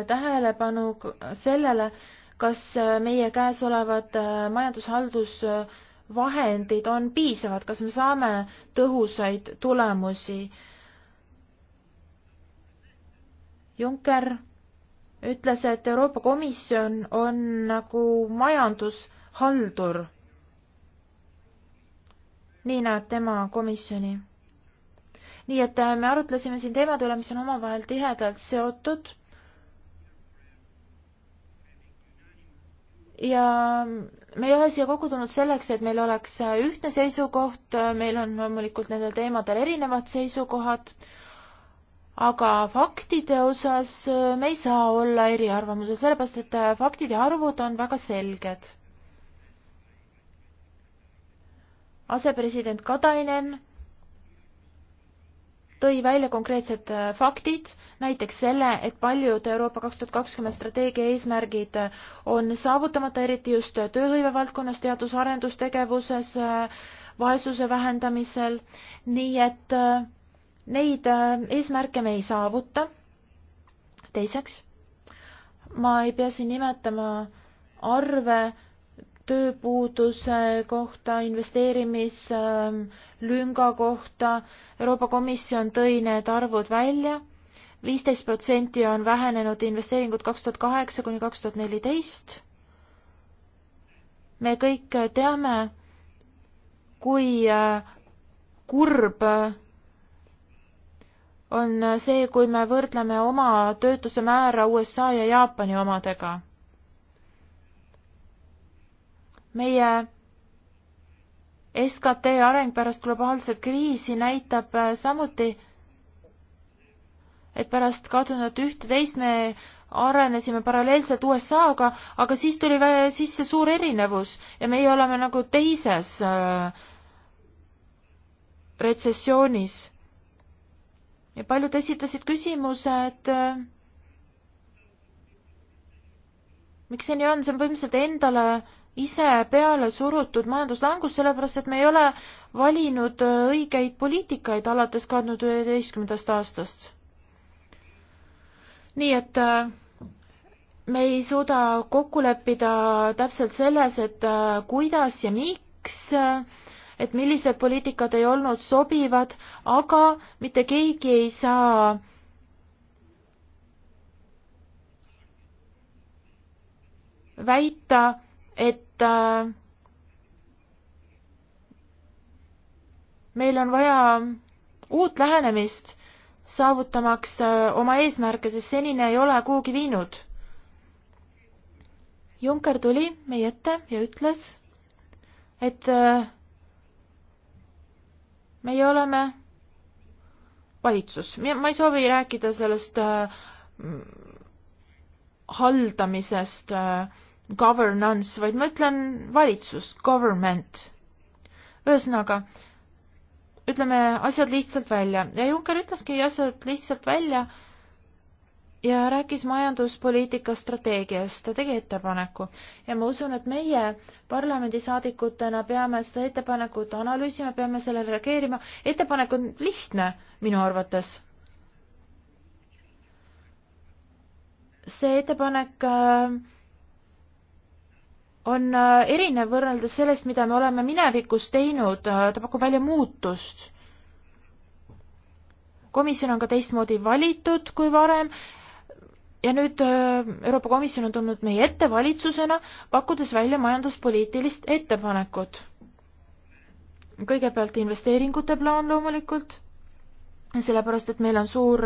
tähelepanu sellele, kas äh, meie käesolevad äh, majandushaldusvahendid on piisavad, kas me saame tõhusaid tulemusi? Juncker ütles, et Euroopa Komisjon on nagu majandushaldur. nii näeb tema komisjoni. nii et äh, me arutlesime siin teemade üle, mis on omavahel tihedalt seotud ja me ei ole siia kokku tulnud selleks, et meil oleks ühtne seisukoht, meil on loomulikult nendel teemadel erinevad seisukohad, aga faktide osas me ei saa olla eriarvamusel, sellepärast et faktid ja arvud on väga selged. asepresident Katainen tõi välja konkreetsed faktid näiteks selle, et paljud Euroopa kaks tuhat kakskümmend strateegia eesmärgid äh, on saavutamata, eriti just tööhõive valdkonnas, teadus-arendustegevuses, äh, vaesuse vähendamisel, nii et äh, neid eesmärke me ei saavuta. teiseks, ma ei pea siin nimetama arve, tööpuuduse kohta, investeerimislünga kohta, Euroopa Komisjon tõi need arvud välja viisteist protsenti on vähenenud investeeringud kaks tuhat kaheksa kuni kaks tuhat neliteist. me kõik teame, kui äh, kurb on see, kui me võrdleme oma töötuse määra USA ja Jaapani omadega. meie SKT areng pärast globaalset kriisi näitab äh, samuti, et pärast kahe tuhat ühteteist me arenesime paralleelselt USA-ga, aga siis tuli sisse suur erinevus ja meie oleme nagu teises äh, retsessioonis. ja paljud esitasid küsimuse, et äh, miks see nii on, see on põhimõtteliselt endale ise peale surutud majanduslangus, sellepärast et me ei ole valinud äh, õigeid poliitikaid alates kahe tuhande üheteistkümnendast aastast nii et äh, me ei suuda kokku leppida täpselt selles, et äh, kuidas ja miks, äh, et millised poliitikad ei olnud sobivad, aga mitte keegi ei saa väita, et meil on vaja uut lähenemist saavutamaks oma eesmärke, sest senine ei ole kuhugi viinud. Juncker tuli meie ette ja ütles, et meie oleme valitsus, ma ei soovi rääkida sellest haldamisest, governance, vaid ma ütlen valitsus, government. ühesõnaga, ütleme asjad lihtsalt välja ja Juncker ütleski asjad lihtsalt välja ja rääkis majanduspoliitika strateegiast, ta tegi ettepaneku ja ma usun, et meie parlamendisaadikutena peame seda ettepanekut analüüsima, peame sellele reageerima, ettepanek on lihtne minu arvates. see ettepanek äh, on äh, erinev võrreldes sellest, mida me oleme minevikus teinud, äh, ta pakub välja muutust. komisjon on ka teistmoodi valitud kui varem ja nüüd äh, Euroopa Komisjon on tulnud meie ette valitsusena, pakkudes välja majanduspoliitilist ettepanekut. kõigepealt investeeringute plaan loomulikult, sellepärast et meil on suur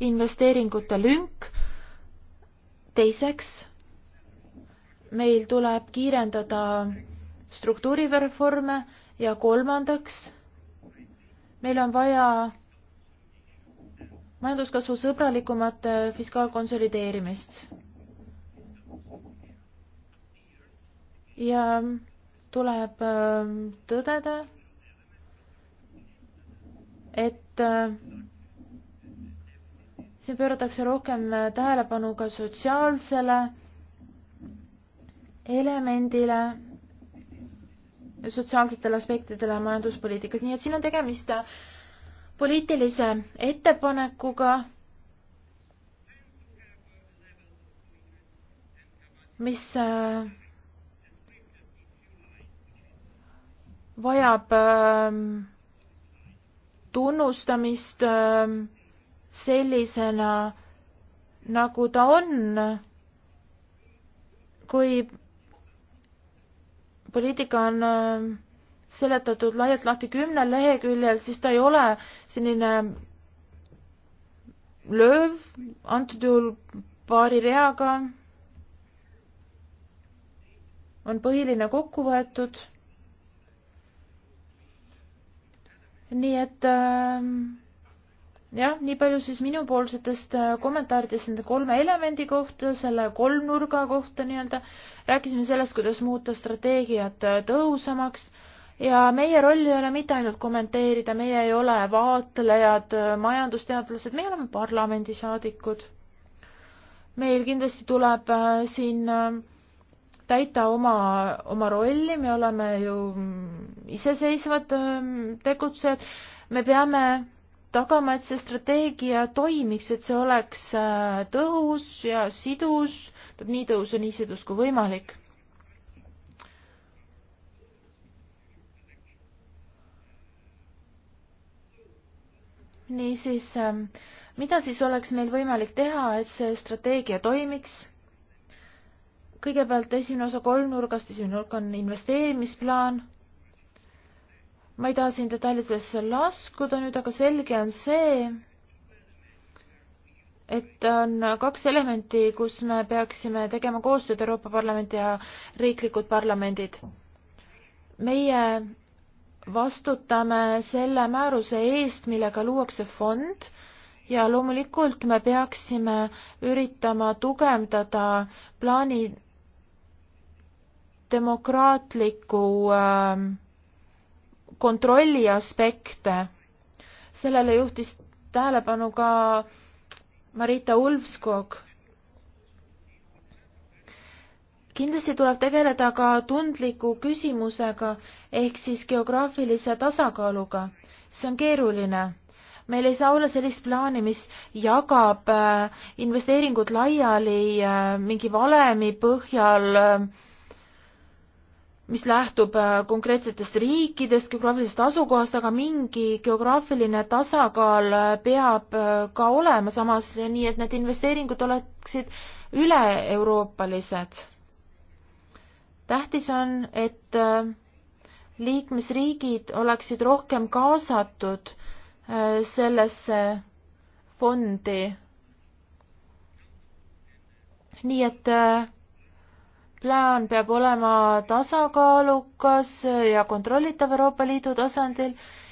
investeeringute lünk, teiseks meil tuleb kiirendada struktuurireforme ja kolmandaks, meil on vaja majanduskasvu sõbralikumat fiskaalkonsolideerimist. ja tuleb ähm, tõdeda, et äh, siin pööratakse rohkem tähelepanu ka sotsiaalsele elemendile, sotsiaalsetele aspektidele majanduspoliitikas, nii et siin on tegemist poliitilise ettepanekuga, mis äh, vajab ähm, tunnustamist ähm, sellisena, nagu ta on, kui poliitika on äh, seletatud laialt lahti kümnel leheküljel, siis ta ei ole selline lööv, antud juhul paari reaga on põhiline kokku võetud. nii et äh, jah, nii palju siis minupoolsetest äh, kommentaaridest nende kolme elemendi kohta, selle kolmnurga kohta nii-öelda. rääkisime sellest, kuidas muuta strateegiat äh, tõhusamaks ja meie roll ei ole mitte ainult kommenteerida, meie ei ole vaatlejad, äh, majandusteadlased, meie oleme parlamendisaadikud. meil kindlasti tuleb siin täita oma, oma rolli, me oleme ju mm, iseseisvad tegutsejad, me peame tagama, et see strateegia toimiks, et see oleks äh, tõhus ja sidus, nii tõhus ja nii sidus kui võimalik. niisiis, ähm, mida siis oleks meil võimalik teha, et see strateegia toimiks? kõigepealt esimene osa kolmnurgast, esimene hulk on investeerimisplaan ma ei taha siin detailidesse laskuda nüüd, aga selge on see, et on kaks elementi, kus me peaksime tegema koostööd Euroopa Parlament ja riiklikud parlamendid. meie vastutame selle määruse eest, millega luuakse fond ja loomulikult me peaksime üritama tugevdada plaani demokraatliku äh, kontrolli aspekte. sellele juhtis tähelepanu ka Marita Ulfskog. kindlasti tuleb tegeleda ka tundliku küsimusega ehk siis geograafilise tasakaaluga. see on keeruline. meil ei saa olla sellist plaani, mis jagab äh, investeeringud laiali äh, mingi valemi põhjal äh, mis lähtub äh, konkreetsetest riikidest, geograafilisest asukohast, aga mingi geograafiline tasakaal äh, peab äh, ka olema, samas nii, et need investeeringud oleksid üle-euroopalised. tähtis on, et liikmesriigid oleksid rohkem kaasatud sellesse fondi. nii et plaan peab olema tasakaalukas ja kontrollitav Euroopa Liidu tasandil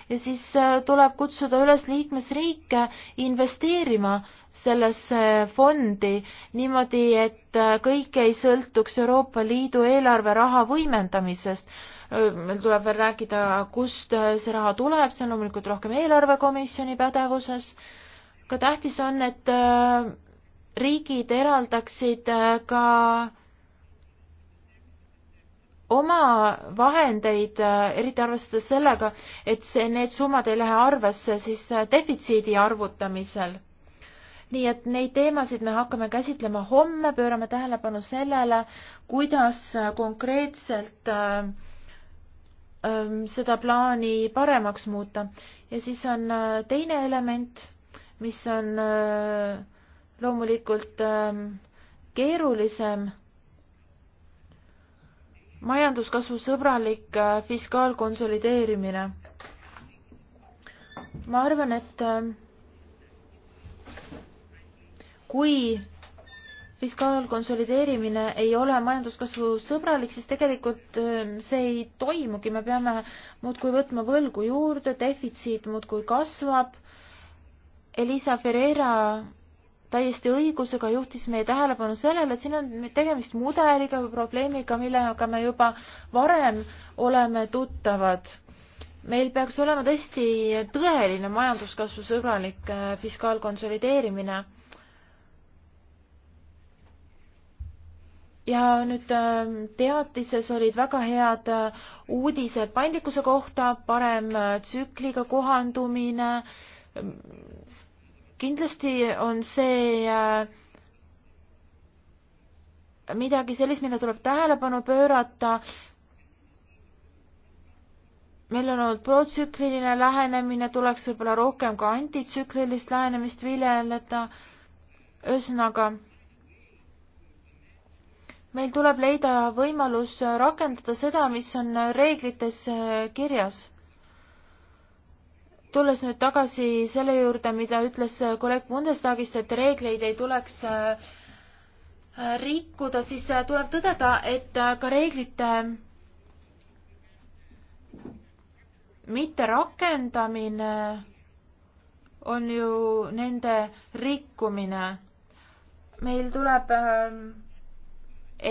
ja siis äh, tuleb kutsuda üles liikmesriike investeerima sellesse fondi niimoodi, et äh, kõik ei sõltuks Euroopa Liidu eelarve raha võimendamisest. Äh, meil tuleb veel rääkida, kust see raha tuleb, see on loomulikult rohkem eelarvekomisjoni pädevuses. ka tähtis on, et riigid eraldaksid ka äh, oma vahendeid, äh, eriti arvestades sellega, et see, need summad ei lähe arvesse siis äh, defitsiidi arvutamisel. nii et neid teemasid me hakkame käsitlema homme, pöörame tähelepanu sellele, kuidas äh, konkreetselt äh, äh, seda plaani paremaks muuta. ja siis on äh, teine element, mis on loomulikult ähm, keerulisem majanduskasvu sõbralik äh, fiskaalkonsolideerimine. ma arvan, et äh, kui fiskaalkonsolideerimine ei ole majanduskasvu sõbralik, siis tegelikult äh, see ei toimugi, me peame muudkui võtma võlgu juurde, defitsiit muudkui kasvab. Elisa Ferreira täiesti õigusega juhtis meie tähelepanu sellele, et siin on tegemist mudeliga või probleemiga, millega me juba varem oleme tuttavad. meil peaks olema tõesti tõeline majanduskasvu sõbralik äh, fiskaalkonsolideerimine. ja nüüd ähm, teatises olid väga head äh, uudised paindlikkuse kohta, parem äh, tsükliga kohandumine, kindlasti on see äh, midagi sellist, mille tuleb tähelepanu pöörata. meil on olnud protsükliline lähenemine, tuleks võib-olla rohkem ka antitsüklilist lähenemist viljeleda. ühesõnaga, meil tuleb leida võimalus rakendada seda, mis on reeglites äh, kirjas tulles nüüd tagasi selle juurde, mida ütles kolleeg Bundestagist, et reegleid ei tuleks äh, rikkuda, siis äh, tuleb tõdeda, et äh, ka reeglite mitterakendamine on ju nende rikkumine. meil tuleb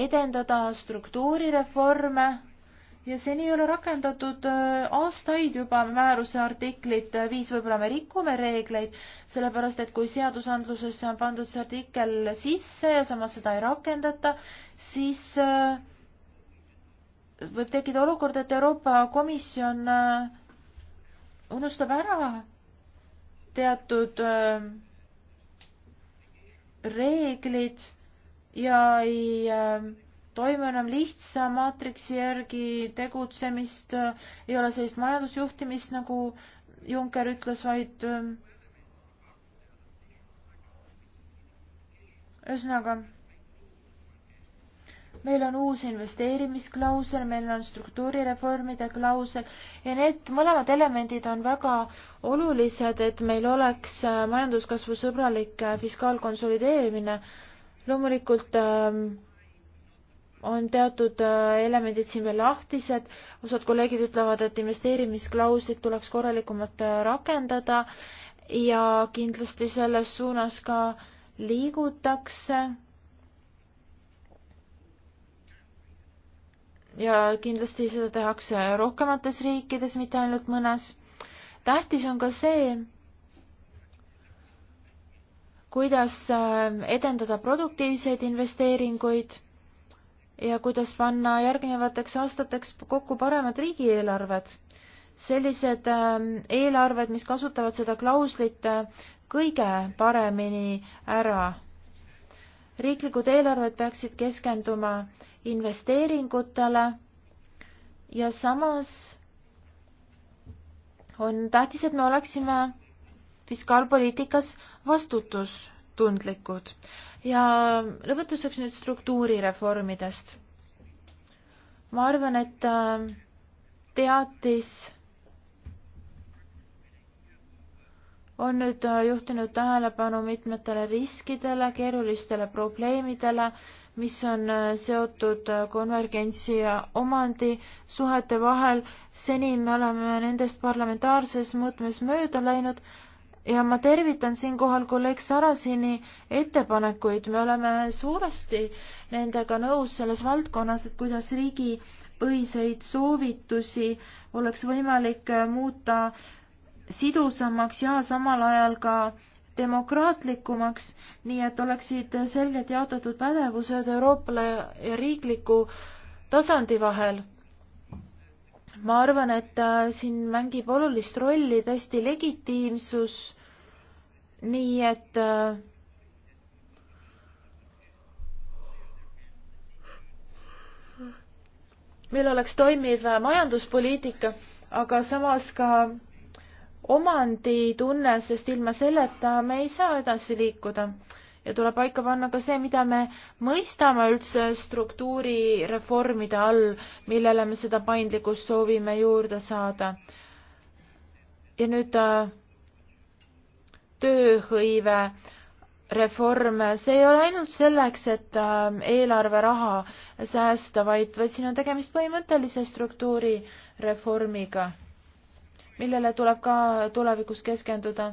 edendada struktuurireforme ja seni ei ole rakendatud äh, aastaid juba määruse artiklit äh, viis, võib-olla me rikume reegleid, sellepärast et kui seadusandlusesse on pandud see artikkel sisse ja samas seda ei rakendata, siis äh, võib tekkida olukord, et Euroopa Komisjon unustab ära teatud reeglid ja ei toime enam lihtsa maatriksi järgi tegutsemist, ei ole sellist majandusjuhtimist, nagu Juncker ütles, vaid ühesõnaga, meil on uus investeerimisklausel, meil on struktuurireformide klausel ja need mõlemad elemendid on väga olulised, et meil oleks majanduskasvu sõbralik fiskaalkonsolideerimine. loomulikult äh, on teatud äh, elemendid siin veel lahtised, osad kolleegid ütlevad, et investeerimisklauslid tuleks korralikumalt äh, rakendada ja kindlasti selles suunas ka liigutakse. ja kindlasti seda tehakse rohkemates riikides, mitte ainult mõnes. tähtis on ka see, kuidas äh, edendada produktiivseid investeeringuid ja kuidas panna järgnevateks aastateks kokku paremad riigieelarved. sellised ähm, eelarved, mis kasutavad seda klauslit äh, kõige paremini ära. riiklikud eelarved peaksid keskenduma investeeringutele ja samas on tähtis, et me oleksime fiskaalpoliitikas vastutus tundlikud. ja lõpetuseks nüüd struktuurireformidest. ma arvan, et äh, teatis on nüüd äh, juhtinud tähelepanu mitmetele riskidele, keerulistele probleemidele, mis on äh, seotud konvergentsi ja omandisuhete vahel. seni me oleme nendest parlamentaarses mõõtmes mööda läinud ja ma tervitan siinkohal kolleeg Sarasini ettepanekuid, me oleme suuresti nendega nõus selles valdkonnas, et kuidas riigipõhiseid soovitusi oleks võimalik muuta sidusamaks ja samal ajal ka demokraatlikumaks, nii et oleksid selgelt jaotatud pädevused Euroopale ja riikliku tasandi vahel ma arvan, et äh, siin mängib olulist rolli tõesti legitiimsus, nii et äh, meil oleks toimiv äh, majanduspoliitika, aga samas ka omanditunne, sest ilma selleta me ei saa edasi liikuda ja tuleb paika panna ka see, mida me mõistame üldse struktuurireformide all, millele me seda paindlikkust soovime juurde saada. ja nüüd äh, tööhõive reform, see ei ole ainult selleks, et äh, eelarveraha säästa, vaid, vaid siin on tegemist põhimõttelise struktuurireformiga, millele tuleb ka tulevikus keskenduda.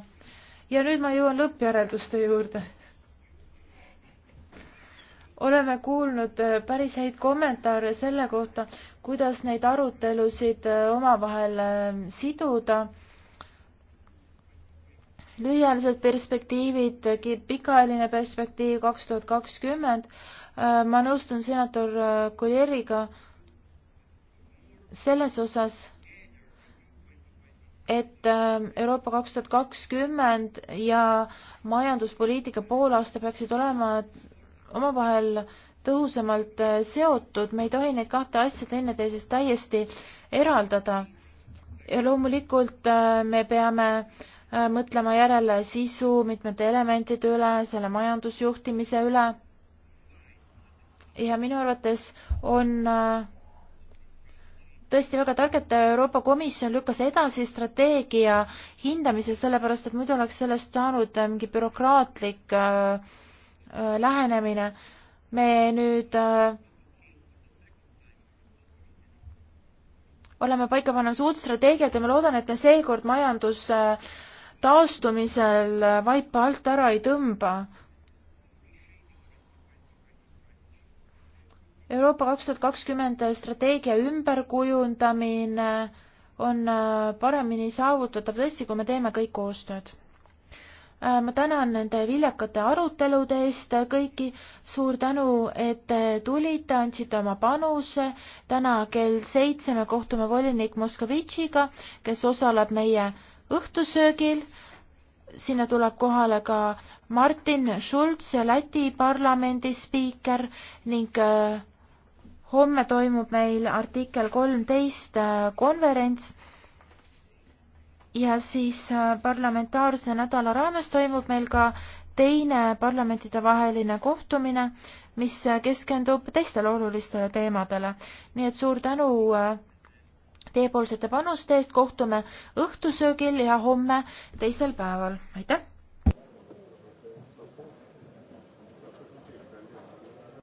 ja nüüd ma jõuan lõppjärelduste juurde oleme kuulnud äh, päris häid kommentaare selle kohta, kuidas neid arutelusid äh, omavahel äh, siduda. lühiajalised perspektiivid, pikaajaline perspektiiv kaks tuhat kakskümmend. ma nõustun senator Kuljeriga selles osas, et Euroopa kaks tuhat kakskümmend ja majanduspoliitika poolaasta peaksid olema omavahel tõhusamalt äh, seotud, me ei tohi neid kahte asja teineteisest täiesti eraldada. ja loomulikult äh, me peame äh, mõtlema järele sisu mitmete elementide üle, selle majandusjuhtimise üle. ja minu arvates on tõesti väga tark, et Euroopa Komisjon lükkas edasi strateegia hindamise, sellepärast et muidu oleks sellest saanud mingi bürokraatlik äh, Äh, lähenemine. me nüüd äh, oleme paika pannud uut strateegiat ja ma loodan, et me seekord majandus äh, taastumisel vaipa alt ära ei tõmba. Euroopa kaks tuhat kakskümmend strateegia ümberkujundamine on paremini saavutatav tõesti, kui me teeme kõik koostööd Äh, ma tänan nende viljakate arutelude eest kõiki, suur tänu, et te tulite, andsite oma panuse. täna kell seitse me kohtume volinik Moskovitšiga, kes osaleb meie õhtusöögil. sinna tuleb kohale ka Martin Schulz, Läti parlamendi spiiker ning äh, homme toimub meil artikkel kolmteist äh, konverents ja siis äh, parlamentaarse nädala raames toimub meil ka teine parlamentidevaheline kohtumine, mis äh, keskendub teistele olulistele teemadele. nii et suur tänu äh, teiepoolsete panuste eest, kohtume õhtusöögil ja homme teisel päeval, aitäh!